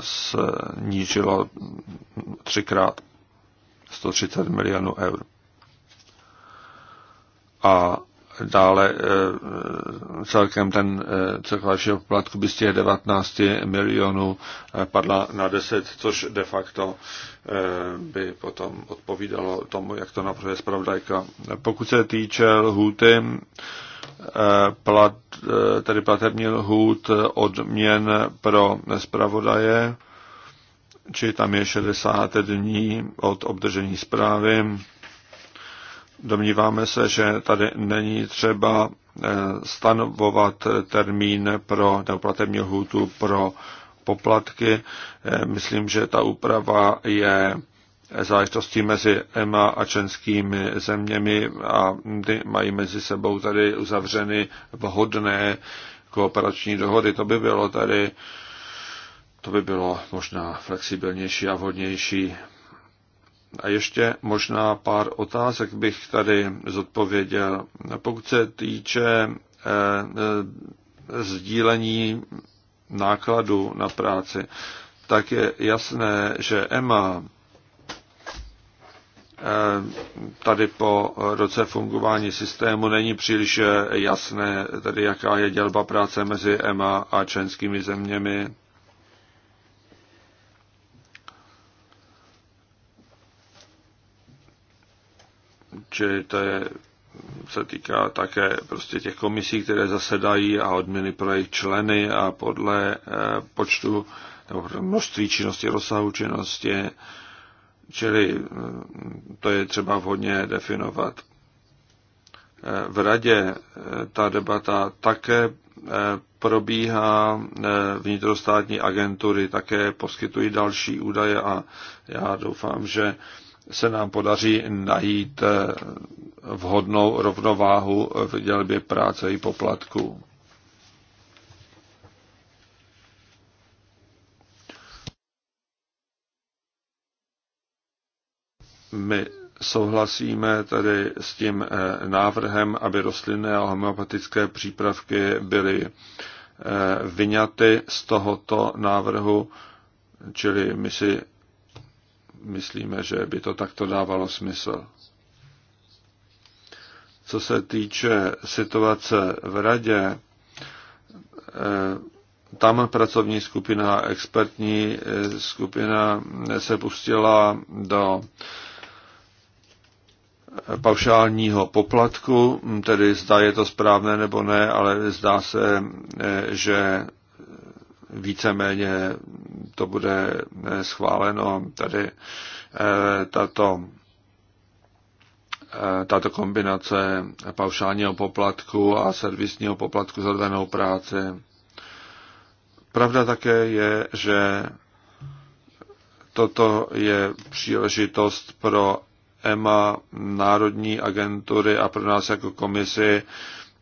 snížilo třikrát 130 milionů eur. A dále eh, celkem ten eh, celková poplatku by z těch 19 milionů eh, padla na 10, což de facto by potom odpovídalo tomu, jak to navrhuje zpravodajka. Pokud se týče lhůty, plat, tedy platební lhůt odměn pro zpravodaje, či tam je 60 dní od obdržení zprávy, Domníváme se, že tady není třeba eh, stanovovat termín pro neoplatební hůtu pro poplatky. Eh, myslím, že ta úprava je záležitostí mezi EMA a členskými zeměmi a ty mají mezi sebou tady uzavřeny vhodné kooperační dohody. To by bylo tady to by bylo možná flexibilnější a vhodnější a ještě možná pár otázek bych tady zodpověděl. Pokud se týče eh, eh, sdílení nákladu na práci, tak je jasné, že EMA eh, tady po roce fungování systému není příliš jasné, tedy jaká je dělba práce mezi EMA a členskými zeměmi. Čili to je, se týká také prostě těch komisí, které zasedají a odměny pro jejich členy a podle eh, počtu nebo množství činnosti, rozsahu činnosti, čili mm, to je třeba vhodně definovat. Eh, v radě eh, ta debata také probíhá, vnitrostátní agentury také poskytují další údaje a já doufám, že se nám podaří najít eh, vhodnou rovnováhu v dělbě práce i poplatků. My souhlasíme tedy s tím eh, návrhem, aby rostlinné a homeopatické přípravky byly eh, vyňaty z tohoto návrhu, čili my si myslíme, že by to takto dávalo smysl. Co se týče situace v radě, eh, tam pracovní skupina, expertní eh, skupina se pustila do paušálního poplatku, tedy zda je to správné nebo ne, ale zdá se, eh, že víceméně to bude eh, schváleno tady eh, tato eh, tato kombinace paušálního poplatku a servisního poplatku za odvedenou práci. Pravda také je, že toto je příležitost pro EMA, národní agentury a pro nás jako komisi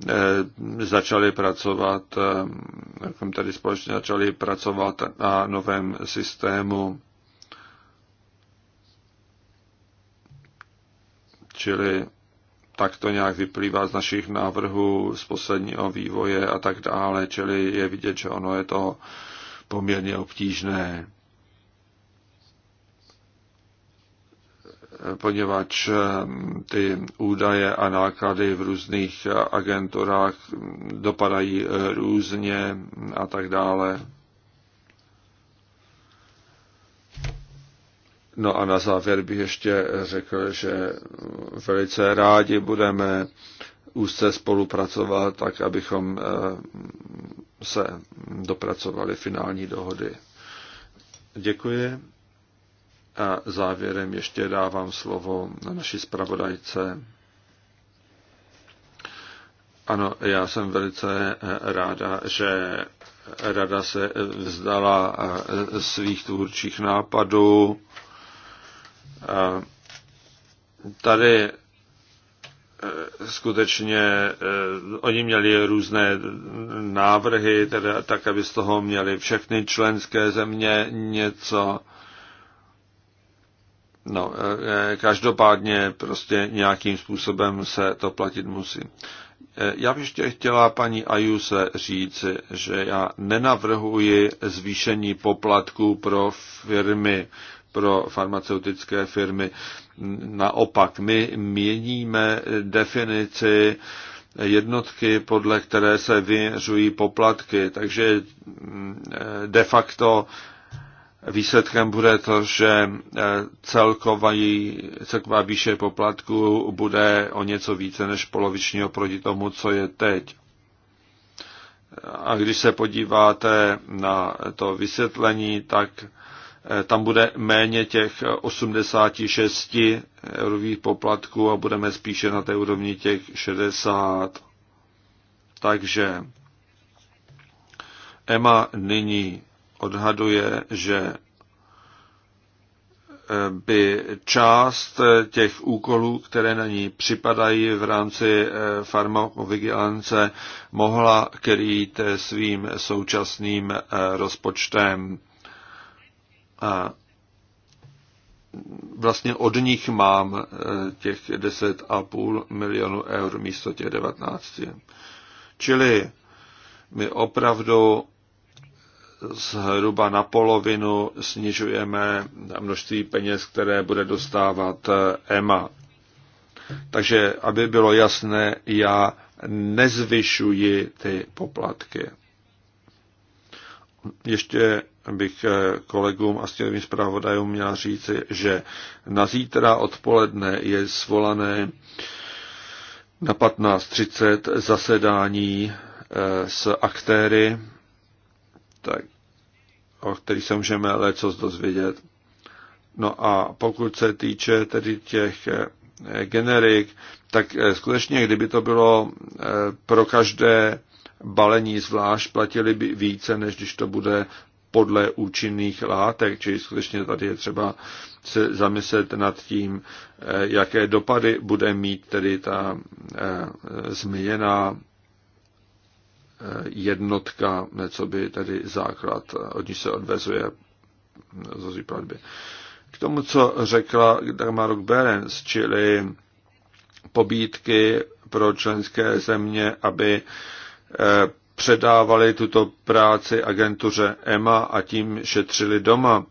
Eh, začali pracovat, eh, jakom tady společně začali pracovat na novém systému, čili tak to nějak vyplývá z našich návrhů z posledního vývoje a tak dále, čili je vidět, že ono je to poměrně obtížné. poněvadž eh, ty údaje a náklady v různých eh, agenturách hm, dopadají eh, různě a tak dále. No a na závěr bych ještě řekl, že velice rádi budeme úzce spolupracovat, tak abychom se dopracovali finální dohody. Děkuji. A závěrem ještě dávám slovo na naší zpravodajce. Ano, já jsem velice eh, ráda, že rada se vzdala eh, svých tvůrčích nápadů. Tady eh, skutečně oni měli různé návrhy, teda tak, aby z toho měli všechny členské země něco No, e, e, každopádně prostě nějakým způsobem se to platit musí. E, já bych ještě chtěla paní Ajuse říct, že já nenavrhuji zvýšení poplatků pro firmy, pro farmaceutické firmy. Naopak, my měníme definici jednotky, podle které se vyřují poplatky. Takže mm, de facto Výsledkem bude to, že eh, celková, celková výše poplatku bude o něco více než polovičního oproti tomu, co je teď. A když se podíváte na to vysvětlení, tak eh, tam bude méně těch 86 eurových poplatků a budeme spíše na té úrovni těch 60. Takže EMA nyní odhaduje, že eh, by část eh, těch úkolů, které na ní připadají v rámci eh, farmakovigilance, mohla krýt svým současným rozpočtem. A vlastně od nich mám těch 10,5 milionů eur místo těch 19. Čili my opravdu zhruba na polovinu snižujeme množství peněz, které bude dostávat eh, EMA. Takže, aby bylo jasné, já nezvyšuji ty poplatky. Ještě bych eh, kolegům a stělovým zpravodajům měla říci, že na zítra odpoledne je svolané na 15.30 zasedání eh, s aktéry tak, o kterých se můžeme leco dozvědět. No a pokud se týče tedy těch eh, generik, tak eh, skutečně, kdyby to bylo eh, pro každé balení zvlášť, platili by více, než když to bude podle účinných látek, čili skutečně tady je třeba se zamyslet nad tím, jaké dopady bude mít tedy ta změna jednotka, co by tedy základ, od níž se odvezuje zozí platby. K tomu, co řekla Dagmar Berens, čili pobídky pro členské země, aby eh, předávali tuto práci agentuře EMA a tím šetřili doma.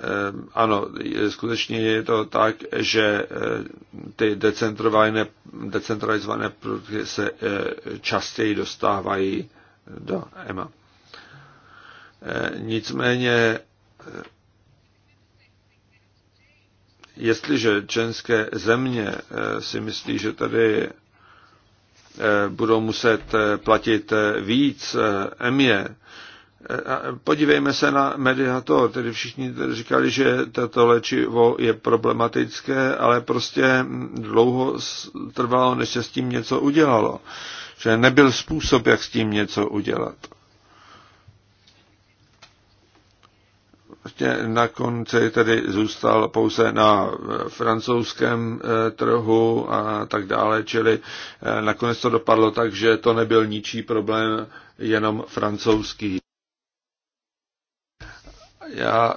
Ehm, ano, skutečně je to tak, že eh, ty decentralizované, decentralizované produkty se eh, častěji dostávají do EMA. Ehm, nicméně, eh, jestliže členské země si myslí, že tady budou muset platit víc EMIE, Podívejme se na mediator, tedy všichni říkali, že toto léčivo je problematické, ale prostě dlouho trvalo, než se s tím něco udělalo. Že nebyl způsob, jak s tím něco udělat. Vlastně na konci tedy zůstal pouze na francouzském eh, trhu a tak dále, čili eh, nakonec to dopadlo tak, že to nebyl ničí problém, jenom francouzský. Já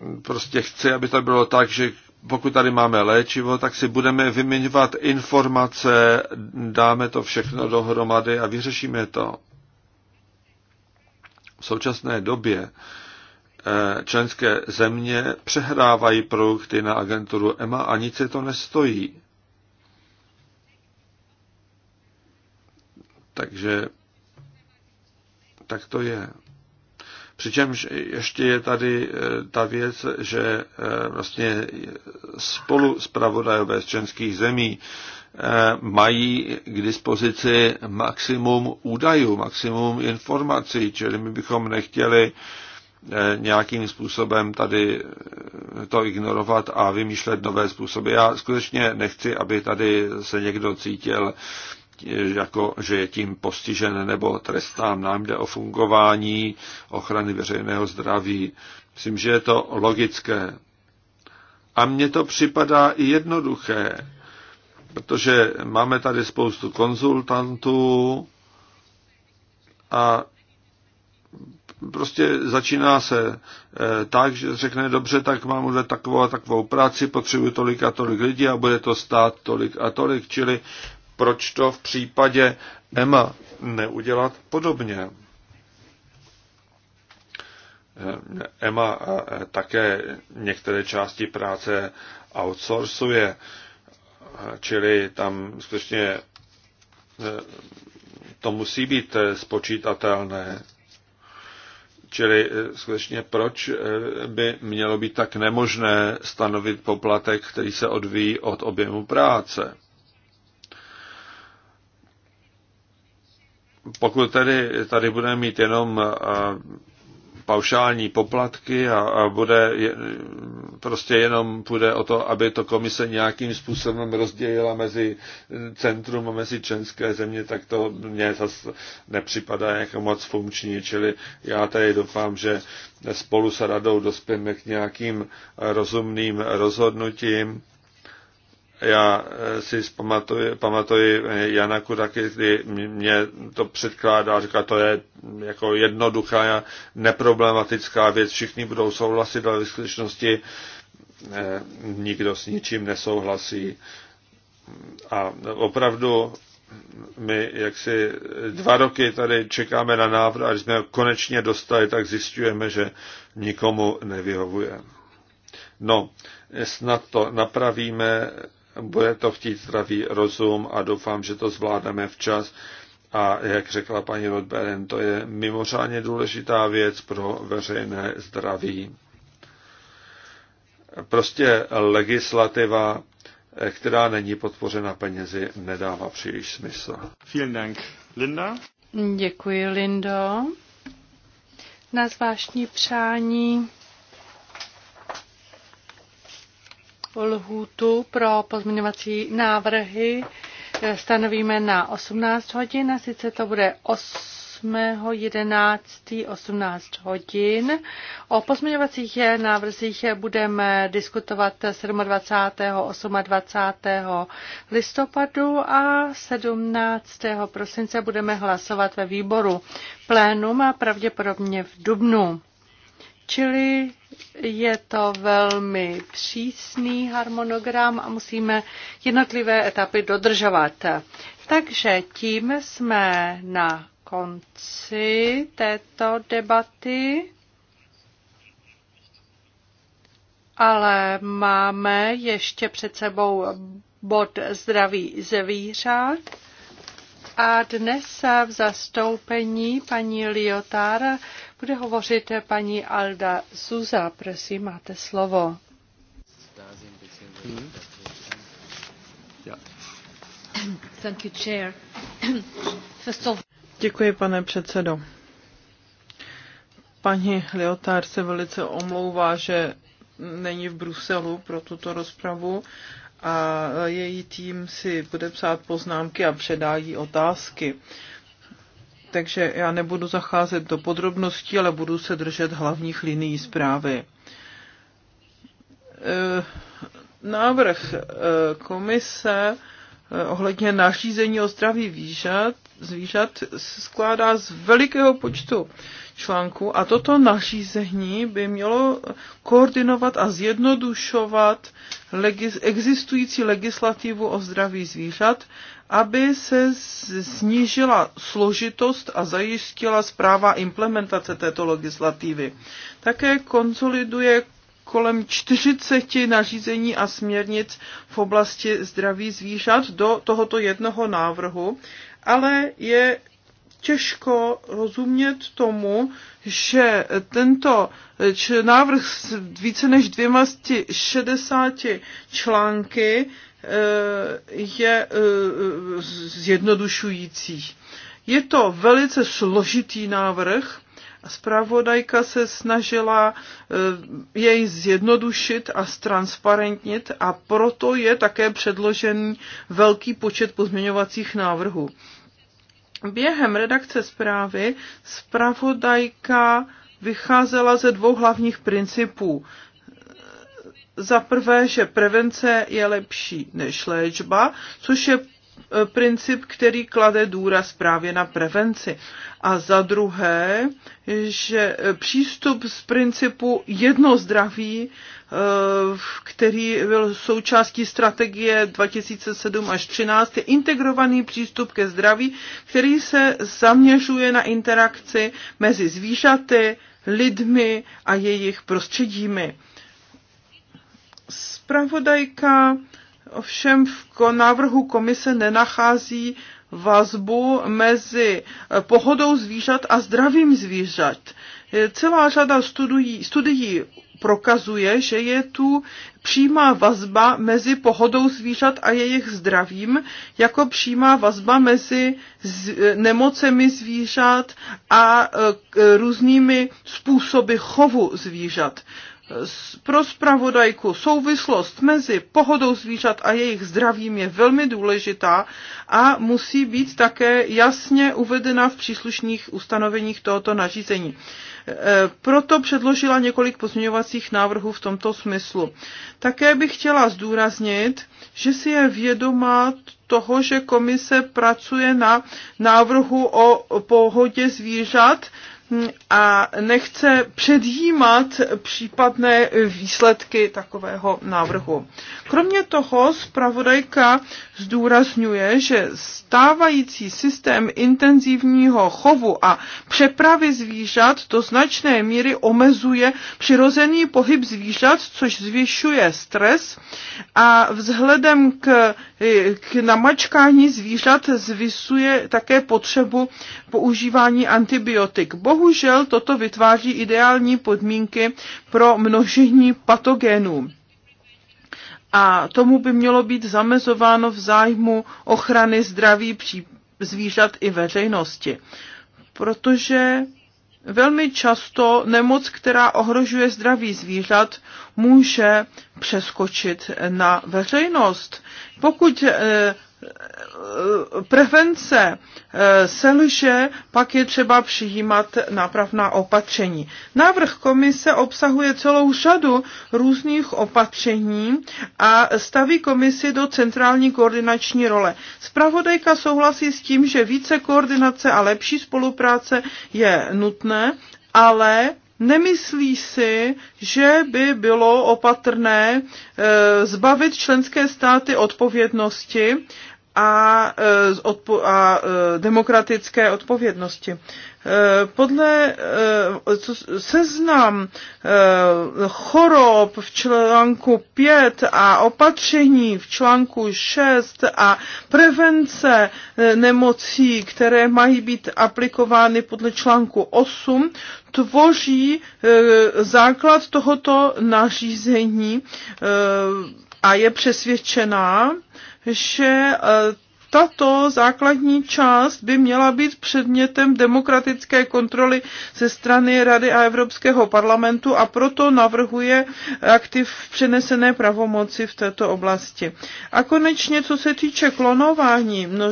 mm, prostě chci, aby to bylo tak, že pokud tady máme léčivo, tak si budeme vyměňovat informace, dáme to všechno dohromady a vyřešíme to. V současné době eh, členské země přehrávají produkty na agenturu EMA a nic je to nestojí. Takže tak to je. Přičemž ještě je tady eh, ta věc, že eh, vlastně spolu zpravodajové z členských zemí eh, mají k dispozici maximum údajů, maximum informací, čili my bychom nechtěli nějakým způsobem tady to ignorovat a vymýšlet nové způsoby. Já skutečně nechci, aby tady se někdo cítil jako že je tím postižen nebo trestán. Nám jde o fungování ochrany veřejného zdraví. Myslím, že je to logické. A mně to připadá i jednoduché, protože máme tady spoustu konzultantů a prostě začíná se eh, tak, že řekne, dobře, tak mám už takovou a takovou práci, potřebuji tolik a tolik lidí a bude to stát tolik a tolik, čili proč to v případě Emma neudělat podobně. Emma e, také některé části práce outsourcuje, e, čili tam skutečně e, to musí být spočítatelné. Čili skutečně proč by mělo být tak nemožné stanovit poplatek, který se odvíjí od objemu práce? pokud tady, tady budeme mít jenom paušální poplatky a, a bude prostě jenom půjde o to, aby to komise nějakým způsobem rozdělila mezi centrum a mezi členské země, tak to mně zase nepřipadá jako moc funkční, čili já tady doufám, že spolu s radou dospějeme k nějakým rozumným rozhodnutím já eh, si pamatuji, pamatuji eh, Jana Kuraky, kdy mě to předkládá, říká, to je mm, jako jednoduchá, neproblematická věc, všichni budou souhlasit, ale v skutečnosti eh, nikdo s ničím nesouhlasí. A opravdu my jaksi dva roky tady čekáme na návrh a když jsme ho konečně dostali, tak zjišťujeme, že nikomu nevyhovuje. No, snad to napravíme bude to chtít zdravý rozum a doufám, že to zvládneme včas. A jak řekla paní Rodberen, to je mimořádně důležitá věc pro veřejné zdraví. Prostě legislativa, která není podpořena penězi, nedává příliš smysl. Vielen Dank, Linda. Děkuji, Lindo. Na zvláštní přání lhůtu pro pozměňovací návrhy eh, stanovíme na 18 hodin, a sice to bude 8. 11. 18 hodin. O pozměňovacích návrzích budeme diskutovat 27. 28. listopadu a 17. prosince budeme hlasovat ve výboru plénum a pravděpodobně v Dubnu. Čili je to velmi přísný harmonogram a musíme jednotlivé etapy dodržovat. Takže tím jsme na konci této debaty, ale máme ještě před sebou bod zdraví zvířat. A dnes v zastoupení paní Liotár bude hovořit paní Alda Suza. Prosím, máte slovo. Hmm? Děkuji, pane předsedo. Paní Leotár se velice omlouvá, že není v Bruselu pro tuto rozpravu a její tým si bude psát poznámky a předá jí otázky takže já nebudu zacházet do podrobností, ale budu se držet hlavních linií zprávy. Eh, návrh eh, komise eh, ohledně nařízení o zdraví výžat, zvířat se skládá z velikého počtu článků a toto nařízení by mělo koordinovat a zjednodušovat legis- existující legislativu o zdraví zvířat aby se snížila složitost a zajistila zpráva implementace této legislativy. Také konsoliduje kolem 40 nařízení a směrnic v oblasti zdraví zvířat do tohoto jednoho návrhu, ale je těžko rozumět tomu, že tento návrh s více než 260 články je eh, zjednodušující. Je to velice složitý návrh, a zpravodajka se snažila eh, jej zjednodušit a transparentnit a proto je také předložen velký počet pozměňovacích návrhů. Během redakce zprávy zpravodajka vycházela ze dvou hlavních principů za prvé, že prevence je lepší než léčba, což je e, princip, který klade důraz právě na prevenci. A za druhé, že e, přístup z principu jedno zdraví, e, který byl součástí strategie 2007 až 13, je integrovaný přístup ke zdraví, který se zaměřuje na interakci mezi zvířaty, lidmi a jejich prostředími. Spravodajka ovšem v návrhu komise nenachází vazbu mezi pohodou zvířat a zdravím zvířat. Celá řada studií, studií prokazuje, že je tu přímá vazba mezi pohodou zvířat a jejich zdravím, jako přímá vazba mezi z, nemocemi zvířat a e, e, různými způsoby chovu zvířat pro zpravodajku souvislost mezi pohodou zvířat a jejich zdravím je velmi důležitá a musí být také jasně uvedena v příslušných ustanoveních tohoto nařízení. E, proto předložila několik pozměňovacích návrhů v tomto smyslu. Také bych chtěla zdůraznit, že si je vědomá toho, že komise pracuje na návrhu o pohodě zvířat, a nechce předjímat případné výsledky takového návrhu. Kromě toho zpravodajka zdůrazňuje, že stávající systém intenzivního chovu a přepravy zvířat do značné míry omezuje přirozený pohyb zvířat, což zvyšuje stres a vzhledem k, k namačkání zvířat zvisuje také potřebu používání antibiotik. Bohužel toto vytváří ideální podmínky pro množení patogenů a tomu by mělo být zamezováno v zájmu ochrany zdraví při zvířat i veřejnosti. Protože velmi často nemoc, která ohrožuje zdraví zvířat, může přeskočit na veřejnost. Pokud eh, prevence eh, selže, pak je třeba přijímat nápravná opatření. Návrh komise obsahuje celou řadu různých opatření a staví komisi do centrální koordinační role. Spravodajka souhlasí s tím, že více koordinace a lepší spolupráce je nutné, ale Nemyslí si, že by bylo opatrné eh, zbavit členské státy odpovědnosti a, eh, a eh, demokratické odpovědnosti. Eh, podle eh, seznam eh, chorob v článku 5 a opatření v článku 6 a prevence nemocí, které mají být aplikovány podle článku 8, tvoří základ tohoto nařízení a je přesvědčená, že tato základní část by měla být předmětem demokratické kontroly ze strany Rady a Evropského parlamentu a proto navrhuje aktiv přenesené pravomoci v této oblasti. A konečně, co se týče klonování, no,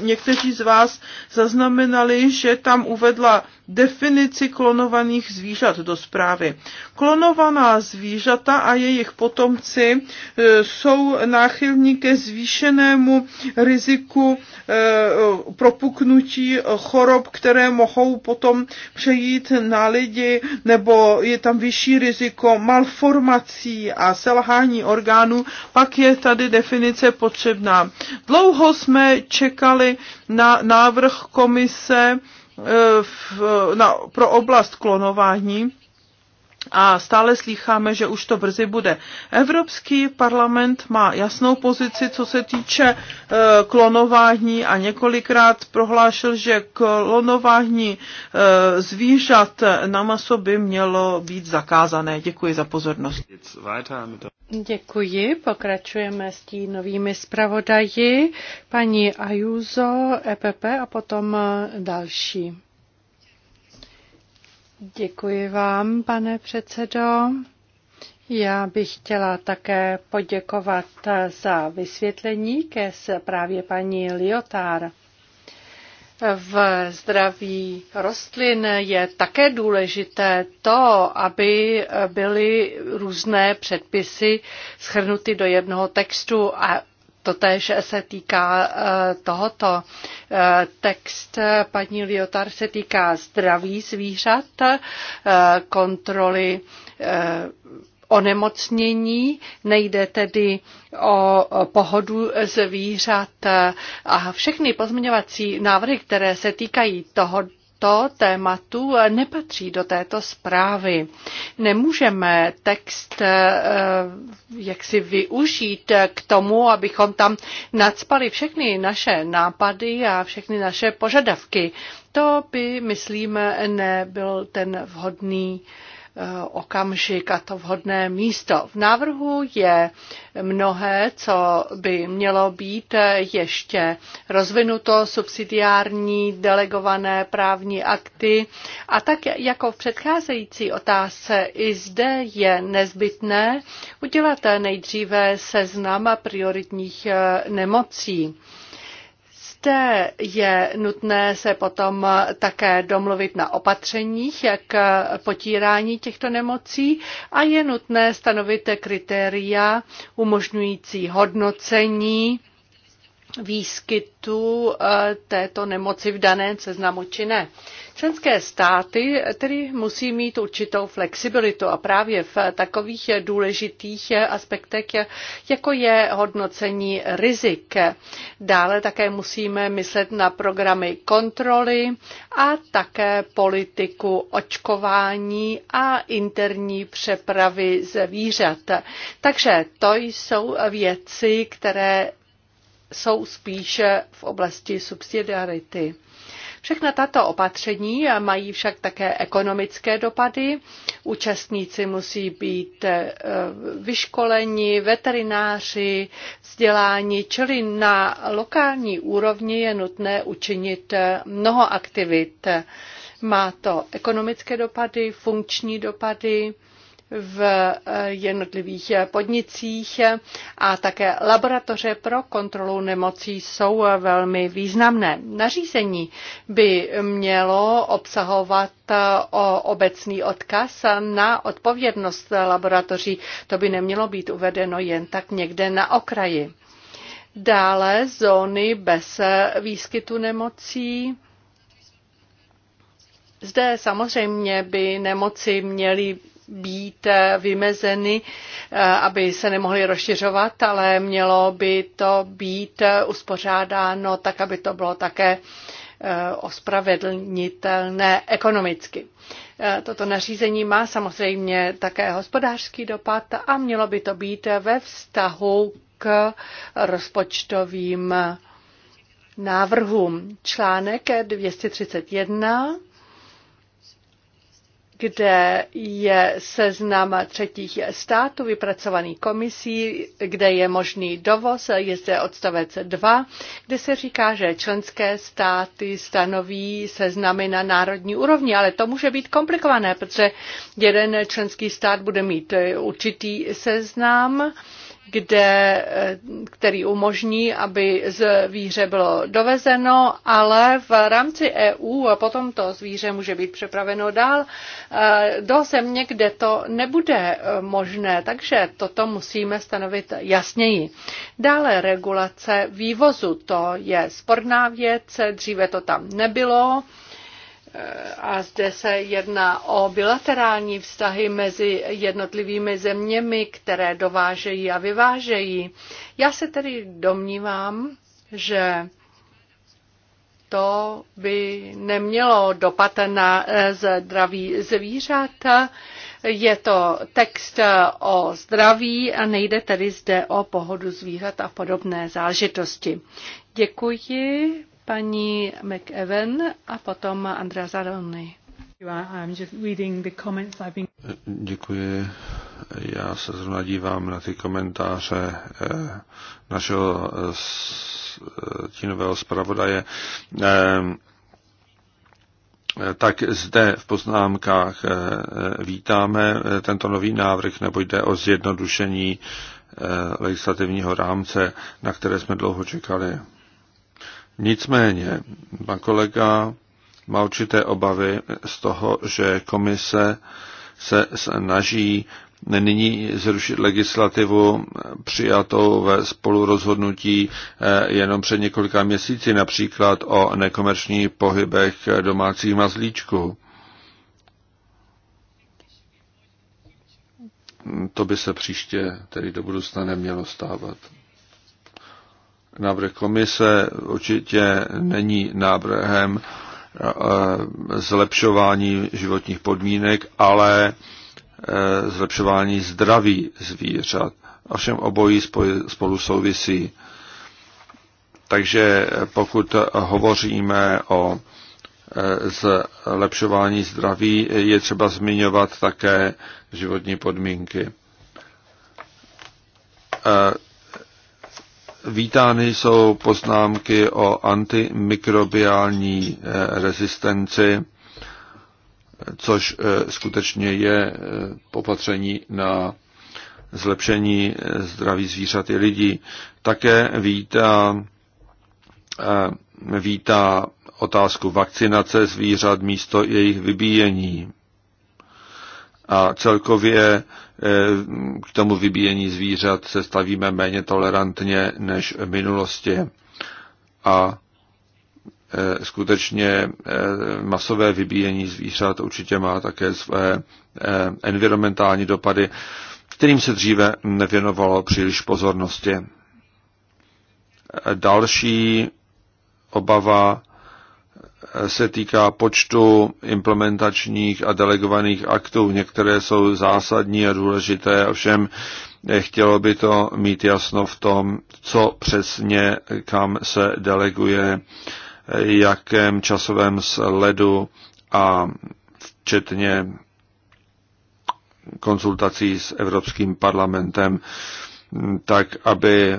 někteří z vás zaznamenali, že tam uvedla definici klonovaných zvířat do zprávy. Klonovaná zvířata a jejich potomci e, jsou náchylní ke zvýšenému riziku e, propuknutí chorob, které mohou potom přejít na lidi, nebo je tam vyšší riziko malformací a selhání orgánů, pak je tady definice potřebná. Dlouho jsme čekali na návrh komise, E, v, na, pro oblast klonování a stále slýcháme, že už to brzy bude. Evropský parlament má jasnou pozici, co se týče e, klonování a několikrát prohlášil, že klonování e, zvířat na maso by mělo být zakázané. Děkuji za pozornost. Děkuji. Pokračujeme s tím novými zpravodaji. Paní Ajuzo, EPP a potom e, další. Děkuji vám, pane předsedo. Já bych chtěla také poděkovat e, za vysvětlení ke zprávě paní Liotár v zdraví rostlin je také důležité to, aby byly různé předpisy schrnuty do jednoho textu a to též se týká eh, tohoto. Eh, text eh, paní Liotar se týká zdraví zvířat, kontroly onemocnění, nejde tedy o pohodu zvířat a všechny pozměňovací návrhy, které se týkají toho, to tématu nepatří do této zprávy. Nemůžeme text eh, jak si využít k tomu, abychom tam nadspali všechny naše nápady a všechny naše požadavky. To by, myslím, nebyl ten vhodný Eh, okamžik a to vhodné místo. V návrhu je mnohé, co by mělo být ještě rozvinuto, subsidiární, delegované právní akty a tak jako v předcházející otázce i zde je nezbytné udělat nejdříve seznam prioritních eh, nemocí. Zde je nutné se potom také domluvit na opatřeních, jak potírání těchto nemocí a je nutné stanovit kritéria umožňující hodnocení výskytu eh, této nemoci v daném seznamu či ne. Členské státy tedy musí mít určitou flexibilitu a právě v takových důležitých aspektech, jako je hodnocení rizik. Dále také musíme myslet na programy kontroly a také politiku očkování a interní přepravy zvířat. Takže to jsou věci, které jsou spíše v oblasti subsidiarity. Všechna tato opatření mají však také ekonomické dopady. Účastníci musí být eh, vyškoleni, veterináři, vzdělání, čili na lokální úrovni je nutné učinit eh, mnoho aktivit. Má to ekonomické dopady, funkční dopady, v eh, jednotlivých podnicích a také laboratoře pro kontrolu nemocí jsou velmi významné. Nařízení by mělo obsahovat eh, obecný odkaz na odpovědnost laboratoří. To by nemělo být uvedeno jen tak někde na okraji. Dále zóny bez eh, výskytu nemocí. Zde samozřejmě by nemoci měly být eh, vymezeny, eh, aby se nemohly rozšiřovat, ale mělo by to být eh, uspořádáno tak, aby to bylo také ospravedlnitelné ekonomicky. Toto nařízení má samozřejmě také hospodářský dopad a mělo by to být ve vztahu k rozpočtovým návrhům. Článek 231 kde je seznam třetích států vypracovaný komisí, kde je možný dovoz, je zde odstavec 2, kde se říká, že členské státy stanoví seznamy na národní úrovni, ale to může být komplikované, protože jeden členský stát bude mít určitý seznam, kde, eh, který umožní, aby zvíře bylo dovezeno, ale v rámci EU a potom to zvíře může být přepraveno dál eh, do země, kde to nebude eh, možné, takže toto musíme stanovit jasněji. Dále regulace vývozu, to je sporná věc, dříve to tam nebylo. Eh, a zde se jedná o bilaterální vztahy mezi jednotlivými zeměmi, které dovážejí a vyvážejí. Já se tedy domnívám, že to by nemělo dopad na eh, zdraví zvířat. Je to text eh, o zdraví a nejde tedy zde o pohodu zvířat a podobné záležitosti. Děkuji paní McEwen a potom Andrea Zaroni. Děkuji. Já se zrovna dívám na ty komentáře eh, našeho eh, eh, tínového zpravodaje. Tak zde v poznámkách vítáme tento nový návrh, nebo jde o zjednodušení legislativního rámce, na které jsme dlouho čekali. Nicméně, pan kolega má určité obavy z toho, že komise se snaží nyní zrušit legislativu přijatou ve spolurozhodnutí eh, jenom před několika měsíci, například o nekomerčních pohybech domácích mazlíčků. To by se příště, tedy do budoucna, nemělo stávat návrh komise určitě není návrhem eh, zlepšování životních podmínek, ale eh, zlepšování zdraví zvířat. Ovšem obojí spolu souvisí. Takže pokud hovoříme o eh, zlepšování zdraví, je třeba zmiňovat také životní podmínky Vítány jsou poznámky o antimikrobiální eh, rezistenci, což eh, skutečně je eh, popatření na zlepšení zdraví zvířat i lidí. Také vítá, vítá otázku vakcinace zvířat místo jejich vybíjení a celkově eh, k tomu vybíjení zvířat se stavíme méně tolerantně než v minulosti. A eh, skutečně eh, masové vybíjení zvířat určitě má také své environmentální dopady, kterým se dříve nevěnovalo příliš pozornosti. Další obava se týká počtu implementačních a delegovaných aktů. Některé jsou zásadní a důležité, ovšem chtělo by to mít jasno v tom, co přesně kam se deleguje, jakém časovém sledu a včetně konzultací s Evropským parlamentem, tak aby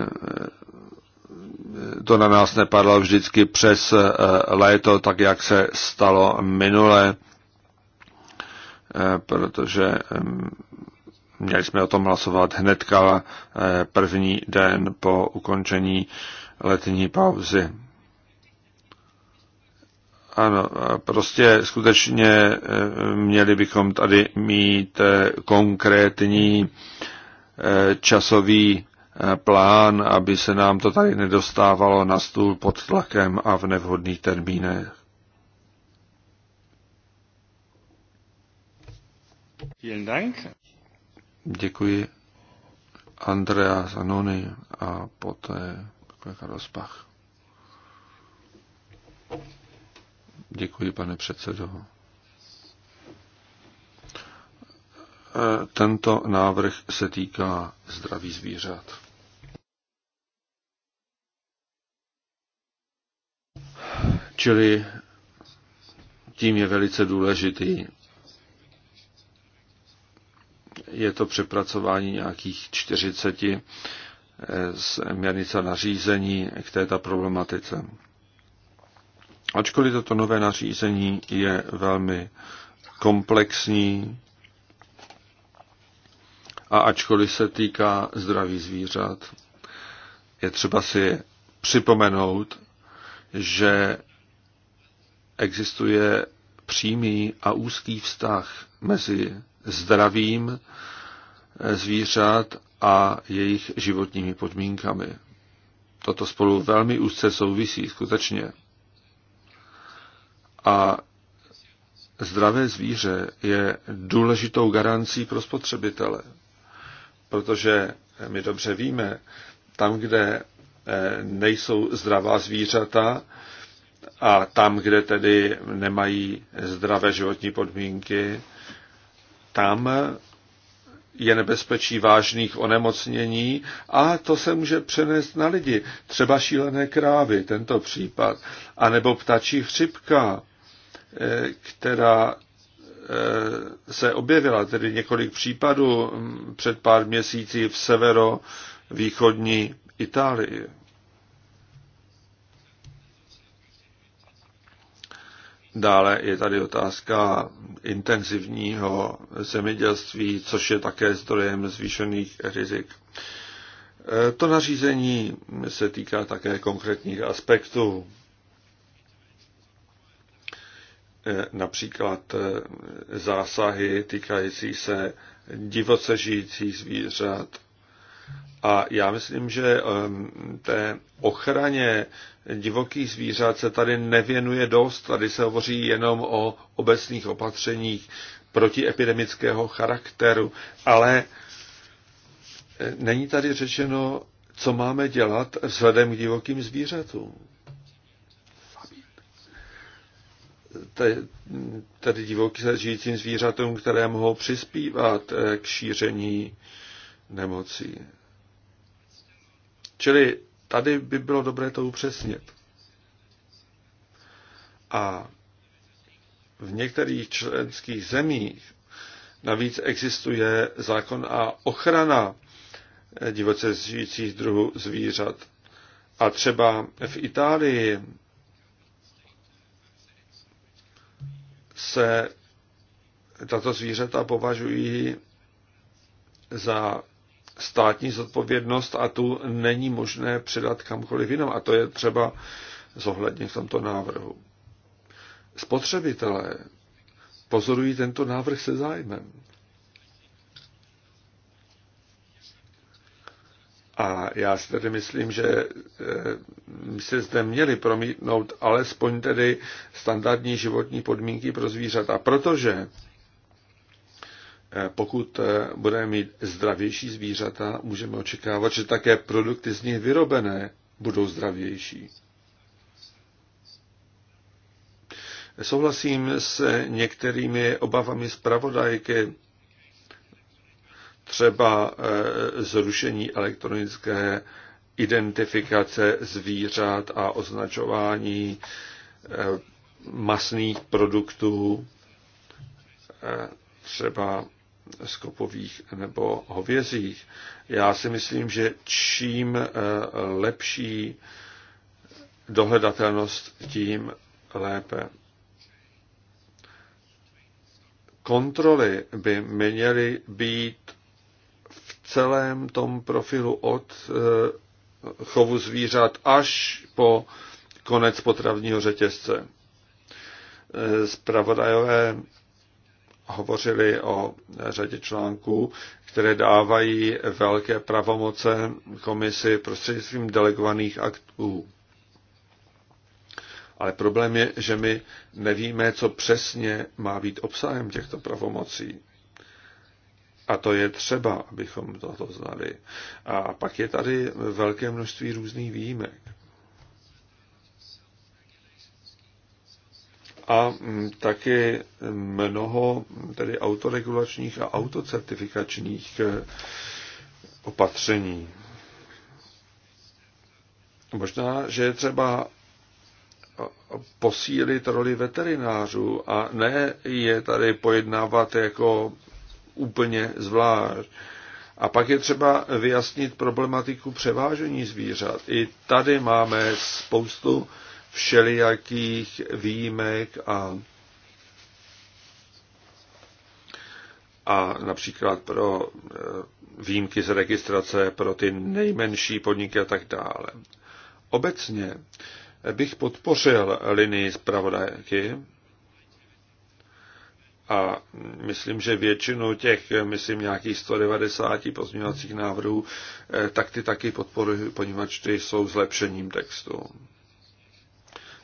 to na nás nepadlo vždycky přes eh, léto, tak jak se stalo minule, eh, protože eh, měli jsme o tom hlasovat hnedka první den po ukončení letní pauzy. Ano, prostě skutečně měli bychom tady mít konkrétní časový Eh, plán, aby se nám to tady nedostávalo na stůl pod tlakem a v nevhodných termínech. Děkuji. Andrea Zanoni a poté kolega Rozpach. Děkuji, pane předsedo. Eh, tento návrh se týká zdraví zvířat. Čili tím je velice důležitý. Je to přepracování nějakých 40 eh, směrnice nařízení k této problematice. Ačkoliv toto nové nařízení je velmi komplexní a ačkoliv se týká zdraví zvířat, je třeba si připomenout, že existuje přímý a úzký vztah mezi zdravím eh, zvířat a jejich životními podmínkami. Toto spolu velmi úzce souvisí, skutečně. A zdravé zvíře je důležitou garancí pro spotřebitele, protože my dobře víme, tam, kde eh, nejsou zdravá zvířata, a tam, kde tedy nemají zdravé životní podmínky, tam je nebezpečí vážných onemocnění a to se může přenést na lidi. Třeba šílené krávy, tento případ, anebo ptačí chřipka, e, která e, se objevila, tedy několik případů před pár měsíci v severovýchodní Itálii. Dále je tady otázka intenzivního zemědělství, což je také zdrojem zvýšených rizik. E, to nařízení se týká také konkrétních aspektů. E, například e, zásahy týkající se divoce žijících zvířat. A já myslím, že té ochraně divokých zvířat se tady nevěnuje dost. Tady se hovoří jenom o obecných opatřeních protiepidemického charakteru, ale e, není tady řečeno, co máme dělat vzhledem k divokým zvířatům. Tady se žijícím zvířatům, které mohou přispívat e, k šíření nemocí. Čili Tady by bylo dobré to upřesnit. A v některých členských zemích navíc existuje zákon a ochrana divoce žijících druhů zvířat. A třeba v Itálii se tato zvířata považují za státní zodpovědnost a tu není možné předat kamkoliv jinam. A to je třeba zohlednit v tomto návrhu. Spotřebitelé pozorují tento návrh se zájmem. A já si tedy myslím, že eh, my se zde měli promítnout alespoň tedy standardní životní podmínky pro zvířata, protože Eh, pokud eh, budeme mít zdravější zvířata, můžeme očekávat, že také produkty z nich vyrobené budou zdravější. Souhlasím s některými obavami zpravodajky, třeba eh, zrušení elektronické identifikace zvířat a označování masných produktů, třeba skopových nebo hovězích. Já si myslím, že čím eh, lepší dohledatelnost, tím lépe. Kontroly by měly být v celém tom profilu od eh, chovu zvířat až po konec potravního řetězce. Spravodajové eh, hovořili o řadě článků, které dávají velké pravomoce komisi prostřednictvím delegovaných aktů. Ale problém je, že my nevíme, co přesně má být obsahem těchto pravomocí. A to je třeba, abychom toto znali. A pak je tady velké množství různých výjimek. a mm, taky mnoho tedy autoregulačních a autocertifikačních eh, opatření. Možná, že je třeba posílit roli veterinářů a ne je tady pojednávat jako úplně zvlášť. A pak je třeba vyjasnit problematiku převážení zvířat. I tady máme spoustu všelijakých výjimek a, a například pro eh, výjimky z registrace pro ty nejmenší podniky a tak dále. Obecně bych podpořil linii zpravodajky a myslím, že většinu těch, myslím, nějakých 190 pozměňovacích návrhů, eh, tak ty taky podporuji, poněvadž ty jsou zlepšením textu.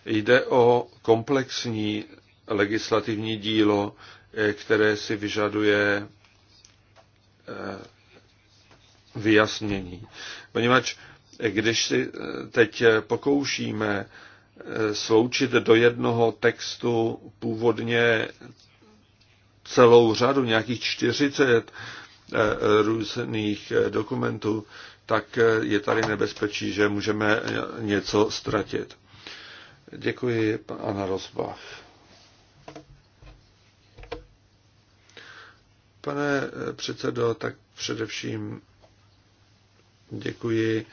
Jde o komplexní legislativní dílo, eh, které si vyžaduje eh, vyjasnění. Poněvadž eh, když si teď pokoušíme sloučit do jednoho textu původně celou řadu, nějakých 40 různých dokumentů, tak je tady nebezpečí, že můžeme něco ztratit. Děkuji, pana Rozbach. Pane předsedo, tak především děkuji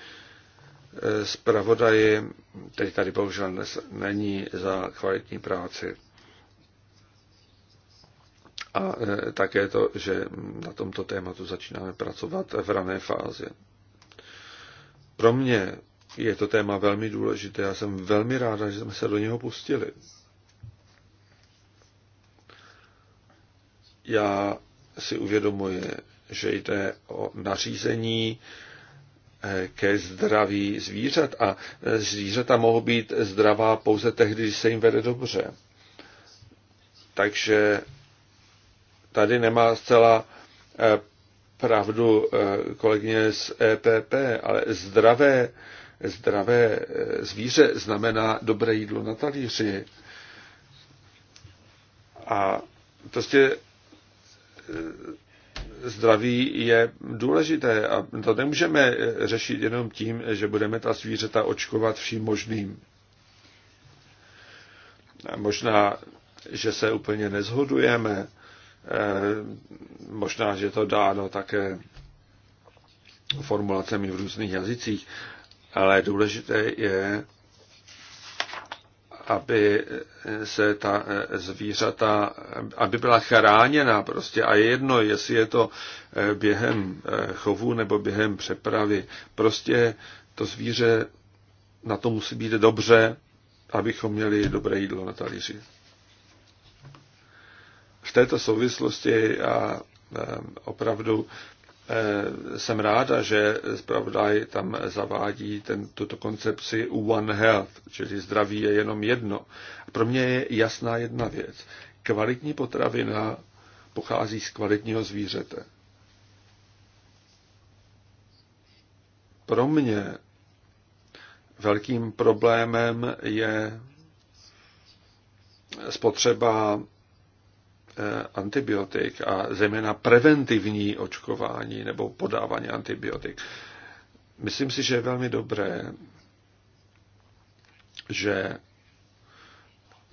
eh, zpravodaji, teď tady bohužel není za kvalitní práci. A eh, také to, že na tomto tématu začínáme pracovat v rané fázi. Pro mě je to téma velmi důležité. Já jsem velmi ráda, že jsme se do něho pustili. Já si uvědomuji, že jde o nařízení eh, ke zdraví zvířat a eh, zvířata mohou být zdravá pouze tehdy, když se jim vede dobře. Takže tady nemá zcela eh, pravdu kolegyně z EPP, ale zdravé zdravé eh, zvíře znamená dobré jídlo na talíři. A prostě eh, zdraví je důležité a to nemůžeme eh, řešit jenom tím, že budeme ta zvířata očkovat vším možným. A možná, že se úplně nezhodujeme, možná, že to dáno také formulacemi v různých jazycích, ale důležité je, aby se ta zvířata, aby byla chráněna prostě a je jedno, jestli je to během chovu nebo během přepravy. Prostě to zvíře na to musí být dobře, abychom měli dobré jídlo na talíři. V této souvislosti a eh, opravdu Eh, jsem ráda, že zpravodaj tam zavádí ten, tuto koncepci One Health, čili zdraví je jenom jedno. Pro mě je jasná jedna věc. Kvalitní potravina pochází z kvalitního zvířete. Pro mě velkým problémem je spotřeba Eh, antibiotik a zejména preventivní očkování nebo podávání antibiotik. Myslím si, že je velmi dobré, že,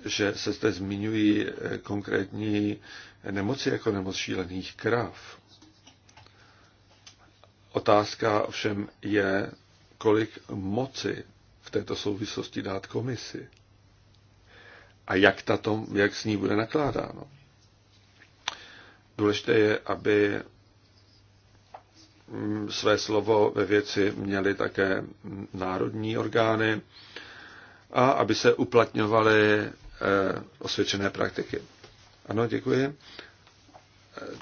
že se zde zmiňují eh, konkrétní nemoci jako nemoc šílených krav. Otázka ovšem je, kolik moci v této souvislosti dát komisi a jak, tato, jak s ní bude nakládáno. Důležité je, aby mm, své slovo ve věci měly také národní orgány a aby se uplatňovaly eh, osvědčené praktiky. Ano, děkuji.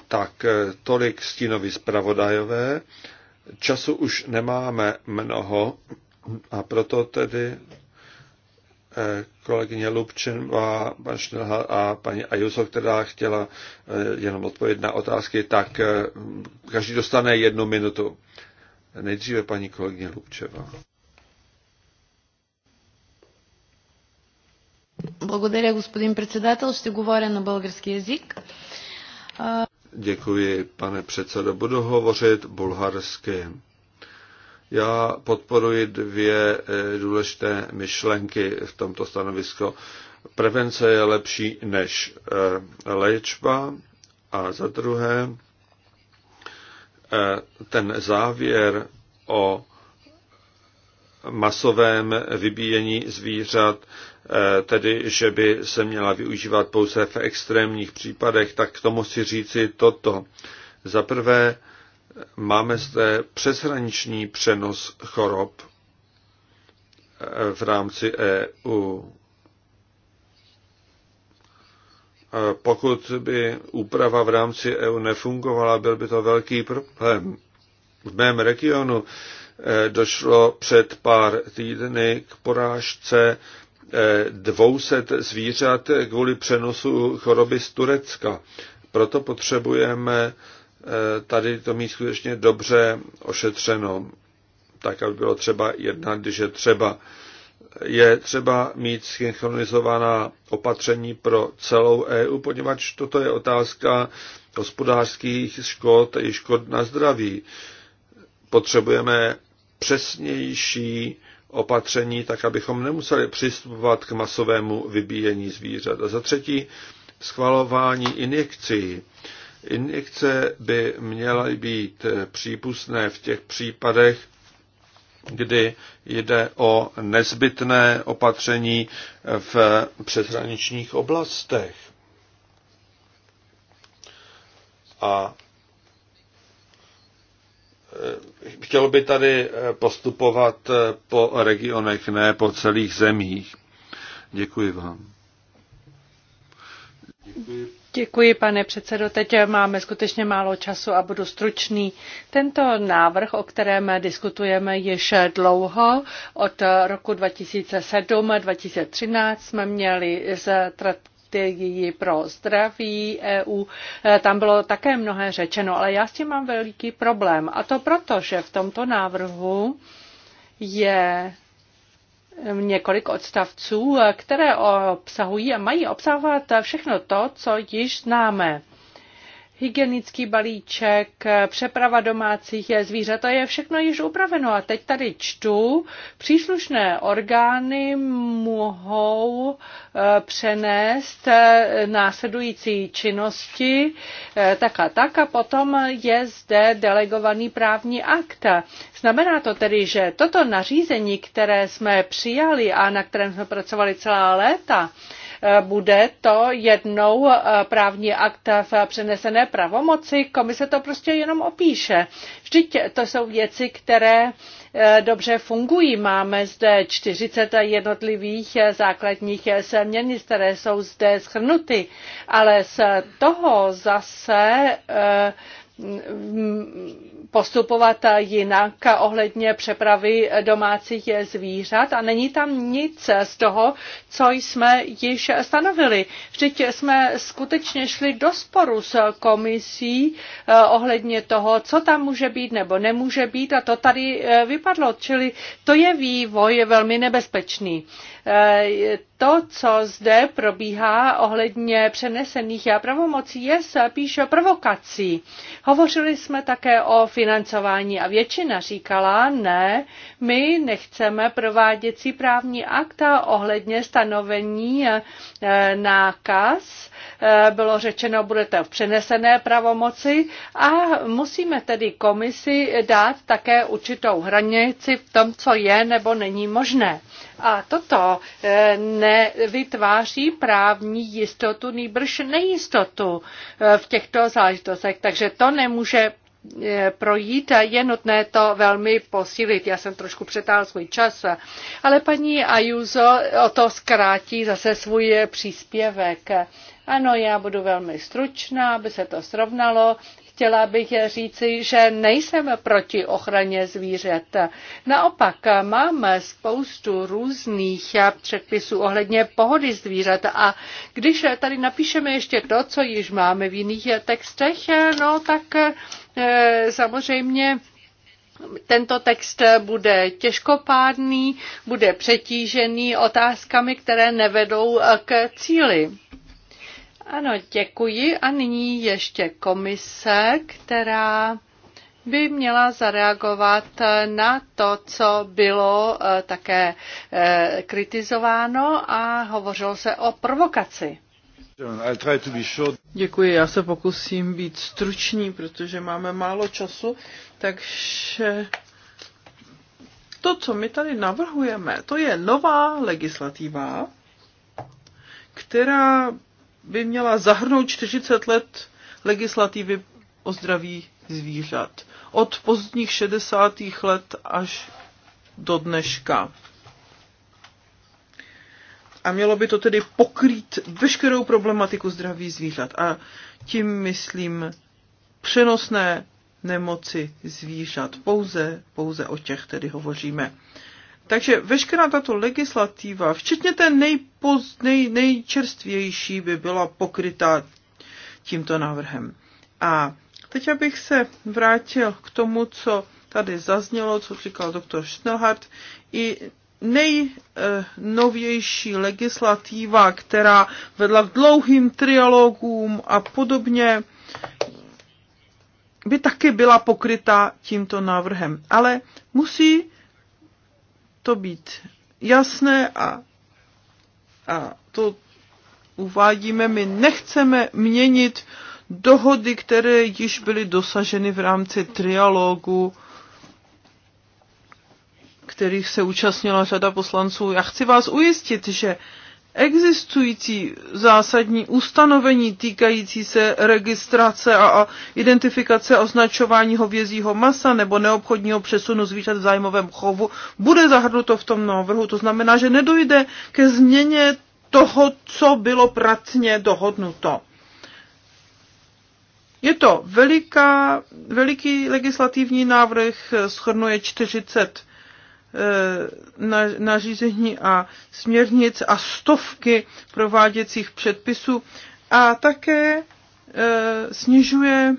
Tak, eh, tolik stínový zpravodajové. Času už nemáme mnoho a proto tedy Eh, kolegyně Lubčenová, pan Šnelha a paní Ajuso, která chtěla eh, jenom odpovědět na otázky, tak eh, každý dostane jednu minutu. Nejdříve paní kolegyně Lubčeva. Благодаря, господин председател. Ще говоря на български язик. Děkuji, pane předsedo. Budu hovořit bulharsky. Já podporuji dvě eh, důležité myšlenky v tomto stanovisku. Prevence je lepší než eh, léčba a za druhé eh, ten závěr o masovém vybíjení zvířat, tedy že by se měla využívat pouze v extrémních případech, tak k tomu si říci toto. Za prvé, Máme zde přeshraniční přenos chorob eh, v rámci EU. Pokud by úprava v rámci EU nefungovala, byl by to velký problém. V mém regionu eh, došlo před pár týdny k porážce 200 eh, zvířat kvůli přenosu choroby z Turecka. Proto potřebujeme Eh, tady to mít skutečně dobře ošetřeno, tak aby bylo třeba jednat, když je třeba. Je třeba mít synchronizovaná opatření pro celou EU, poněvadž toto je otázka hospodářských škod i škod na zdraví. Potřebujeme přesnější opatření, tak abychom nemuseli přistupovat k masovému vybíjení zvířat. A za třetí, schvalování injekcí Injekce by měla být přípustné v těch případech, kdy jde o nezbytné opatření v přeshraničních oblastech. A eh, chtěl by tady eh, postupovat eh, po regionech, ne po celých zemích. Děkuji vám. Děkuji pane předsedající Teď máme skutečně málo času a budu stručný. Tento návrh, o kterém diskutujeme již dlouho, od roku 2007-2013 jsme měli strategii pro zdraví EU. Tam bylo také mnohé řečeno, ale já s tím mám veliký problém. A to proto, že v tomto návrhu je několik odstavců, které obsahují a mají obsahovat všechno to, co již známe hygienický balíček, přeprava domácích je to je všechno již upraveno. A teď tady čtu, příslušné orgány mohou eh, přenést eh, následující činnosti eh, tak a tak a potom je zde delegovaný právní akt. Znamená to tedy, že toto nařízení, které jsme přijali a na kterém jsme pracovali celá léta, bude to jednou eh, právní akt v přenesené pravomoci? Komise to prostě jenom opíše. Vždyť to jsou věci, které eh, dobře fungují. Máme zde 40 jednotlivých eh, základních směrnic, které jsou zde schrnuty, ale z toho zase postupovat jinak ohledně přepravy domácích zvířat a není tam nic z toho, co jsme již stanovili. Vždyť jsme skutečně šli do sporu s komisí eh, ohledně toho, co tam může být nebo nemůže být a to tady eh, vypadlo, čili to je vývoj velmi nebezpečný. To, co zde probíhá ohledně přenesených pravomocí, je spíš provokací. Hovořili jsme také o financování a většina říkala, ne, my nechceme prováděcí právní akta ohledně stanovení eh, nákaz. Eh, bylo řečeno, budete v přenesené pravomoci a musíme tedy komisi dát také určitou hranici v tom, co je nebo není možné. A toto eh, nevytváří právní jistotu, nýbrž nejistotu eh, v těchto záležitostech. Takže to nemůže eh, projít. Je nutné to velmi posílit. Já jsem trošku přetáhl svůj čas, ale paní Ajuzo o to zkrátí zase svůj příspěvek. Ano, já budu velmi stručná, aby se to srovnalo chtěla bych říci, že nejsem proti ochraně zvířat. Naopak mám spoustu různých předpisů ohledně pohody zvířat a když tady napíšeme ještě to, co již máme v jiných textech, no tak eh, samozřejmě tento text bude těžkopádný, bude přetížený otázkami, které nevedou k cíli. Ano, děkuji. A nyní ještě komise, která by měla zareagovat na to, co bylo eh, také eh, kritizováno a hovořilo se o provokaci. Děkuji, já se pokusím být stručný, protože máme málo času, takže to, co my tady navrhujeme, to je nová legislativa, která by měla zahrnout 40 let legislativy o zdraví zvířat. Od pozdních 60. let až do dneška. A mělo by to tedy pokrýt veškerou problematiku zdraví zvířat. A tím myslím přenosné nemoci zvířat. Pouze, pouze o těch tedy hovoříme. Takže veškerá tato legislativa, včetně té nejpoz, nej, nejčerstvější, by byla pokryta tímto návrhem. A teď, abych se vrátil k tomu, co tady zaznělo, co říkal doktor Schnellhardt, i nejnovější legislativa, která vedla k dlouhým trialogům a podobně, by taky byla pokryta tímto návrhem. Ale musí to být jasné a, a to uvádíme, my nechceme měnit dohody, které již byly dosaženy v rámci trialogu, kterých se účastnila řada poslanců. Já chci vás ujistit, že existující zásadní ustanovení týkající se registrace a identifikace a označování hovězího masa nebo neobchodního přesunu zvířat v zájmovém chovu bude zahrnuto v tom návrhu. To znamená, že nedojde ke změně toho, co bylo pracně dohodnuto. Je to veliká, veliký legislativní návrh, schrnuje 40 Eh, nařízení a směrnic a stovky prováděcích předpisů a také eh, snižuje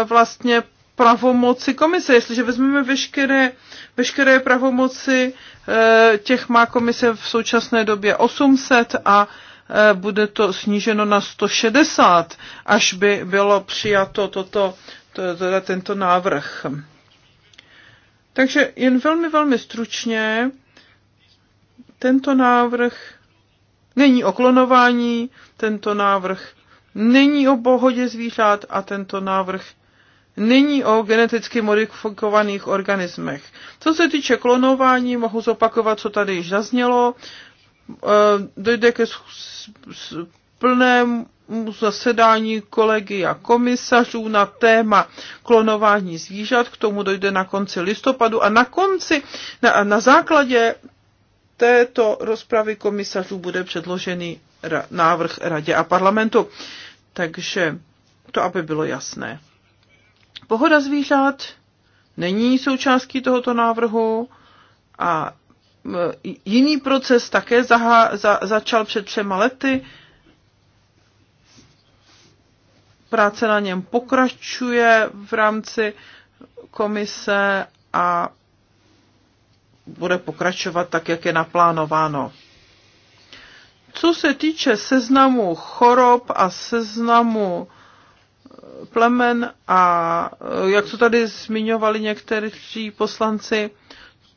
eh, vlastně pravomoci komise. Jestliže vezmeme veškeré, veškeré pravomoci, těch má komise v současné době 800 a bude to sníženo na 160, až by bylo přijato toto, to, to, tento návrh. Takže jen velmi, velmi stručně, tento návrh není o klonování, tento návrh není o pohodě zvířat a tento návrh není o geneticky modifikovaných organismech. Co se týče klonování, mohu zopakovat, co tady již zaznělo. E, dojde ke plném zasedání kolegy a komisařů na téma klonování zvířat. K tomu dojde na konci listopadu a na konci, na, na základě této rozpravy komisařů bude předložený ra, návrh radě a parlamentu. Takže to, aby bylo jasné. Pohoda zvířat není součástí tohoto návrhu a jiný proces také zaha, za, začal před třema lety práce na něm pokračuje v rámci komise a bude pokračovat tak, jak je naplánováno. Co se týče seznamu chorob a seznamu eh, plemen a eh, jak to tady zmiňovali někteří poslanci,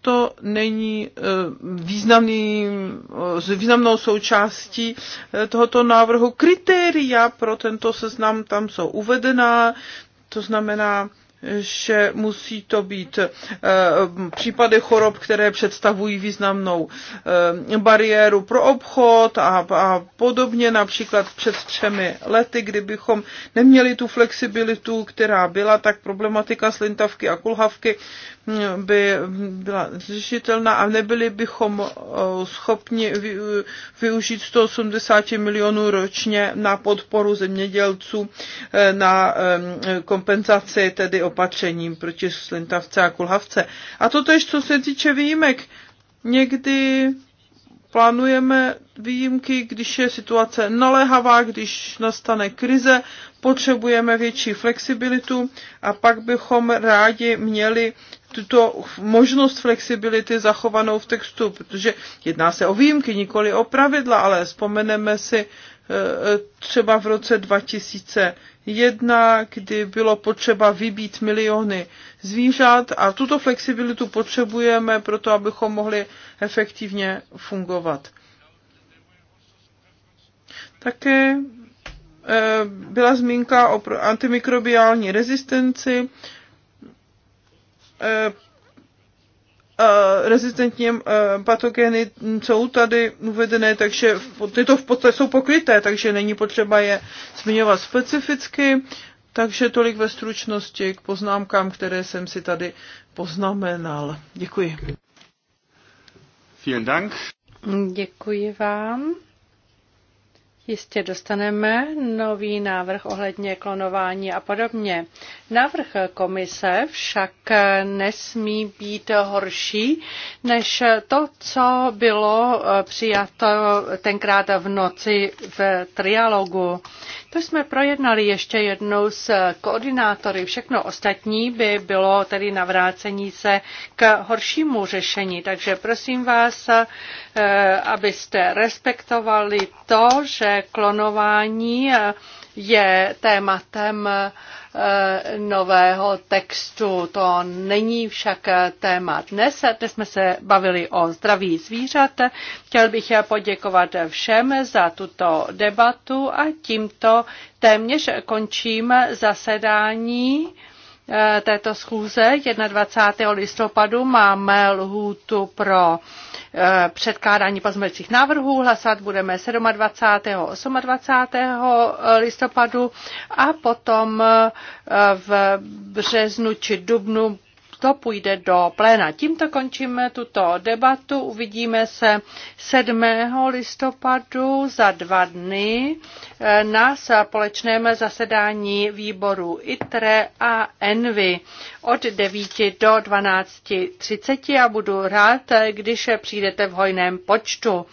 to není eh, významný, eh, významnou součástí eh, tohoto návrhu. Kritéria pro tento seznam tam jsou uvedená, to znamená, že musí to být eh, případy chorob, které představují významnou eh, bariéru pro obchod a, a podobně, například před třemi lety, kdybychom neměli tu flexibilitu, která byla, tak problematika slintavky a kulhavky hm, by byla řešitelná a nebyli bychom eh, schopni využít 180 milionů ročně na podporu zemědělců na kompenzaci tedy opatřením proti slintavce a kulhavce. A to tež, co se týče výjimek. Někdy plánujeme výjimky, když je situace naléhavá, když nastane krize, potřebujeme větší flexibilitu a pak bychom rádi měli tuto možnost flexibility zachovanou v textu, protože jedná se o výjimky, nikoli o pravidla, ale vzpomeneme si třeba v roce 2001, kdy bylo potřeba vybít miliony zvířat a tuto flexibilitu potřebujeme proto, abychom mohli efektivně fungovat. Také eh, byla zmínka o antimikrobiální rezistenci eh, rezistentní patogeny jsou tady uvedené, takže tyto v podstatě jsou pokryté, takže není potřeba je zmiňovat specificky. Takže tolik ve stručnosti k poznámkám, které jsem si tady poznamenal. Děkuji. Vielen Dank. Děkuji vám. Jistě dostaneme nový návrh ohledně klonování a podobně. Návrh komise však nesmí být horší než to, co bylo přijato tenkrát v noci v trialogu. To jsme projednali ještě jednou s koordinátory. Všechno ostatní by bylo tedy navrácení se k horšímu řešení. Takže prosím vás, eh, abyste respektovali to, že klonování eh, je tématem eh, Eh, nového textu. To není však eh, téma dnes. Dnes jsme se bavili o zdraví zvířat. Chtěl bych eh, poděkovat všem za tuto debatu a tímto téměř končím zasedání této schůze. 21. listopadu máme lhůtu pro Eh, předkládání pozměňovacích návrhů. Hlasovat budeme 27. 28. Eh, listopadu a potom eh, v březnu či dubnu to půjde do pléna. Tímto končíme tuto debatu. Uvidíme se 7. listopadu za dva dny eh, na společném zasedání výboru ITRE a ENVY od 9 do 12.30 a budu rád, když přijdete v hojném počtu.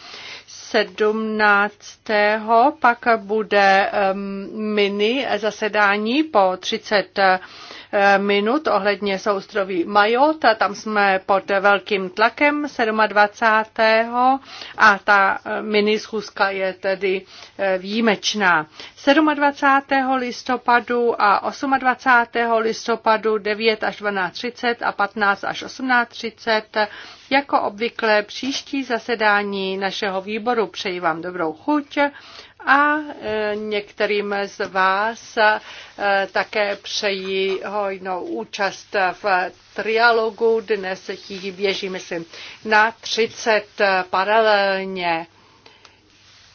17. pak bude ehm, mini zasedání po 30 Eh, minut ohledně soustroví Majot. Tam jsme pod velkým tlakem 27. a ta eh, mini schůzka je tedy eh, výjimečná. 27. listopadu a 28. listopadu 9 až 12.30 a 15 až 18.30 jako obvykle příští zasedání našeho výboru. Přeji vám dobrou chuť a e, některým z vás e, také přeji hojnou účast v trialogu. Dnes jich běží, myslím, na 30 paralelně.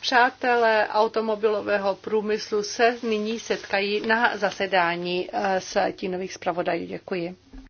Přátelé automobilového průmyslu se nyní setkají na zasedání e, s tínových zpravodajů. Děkuji.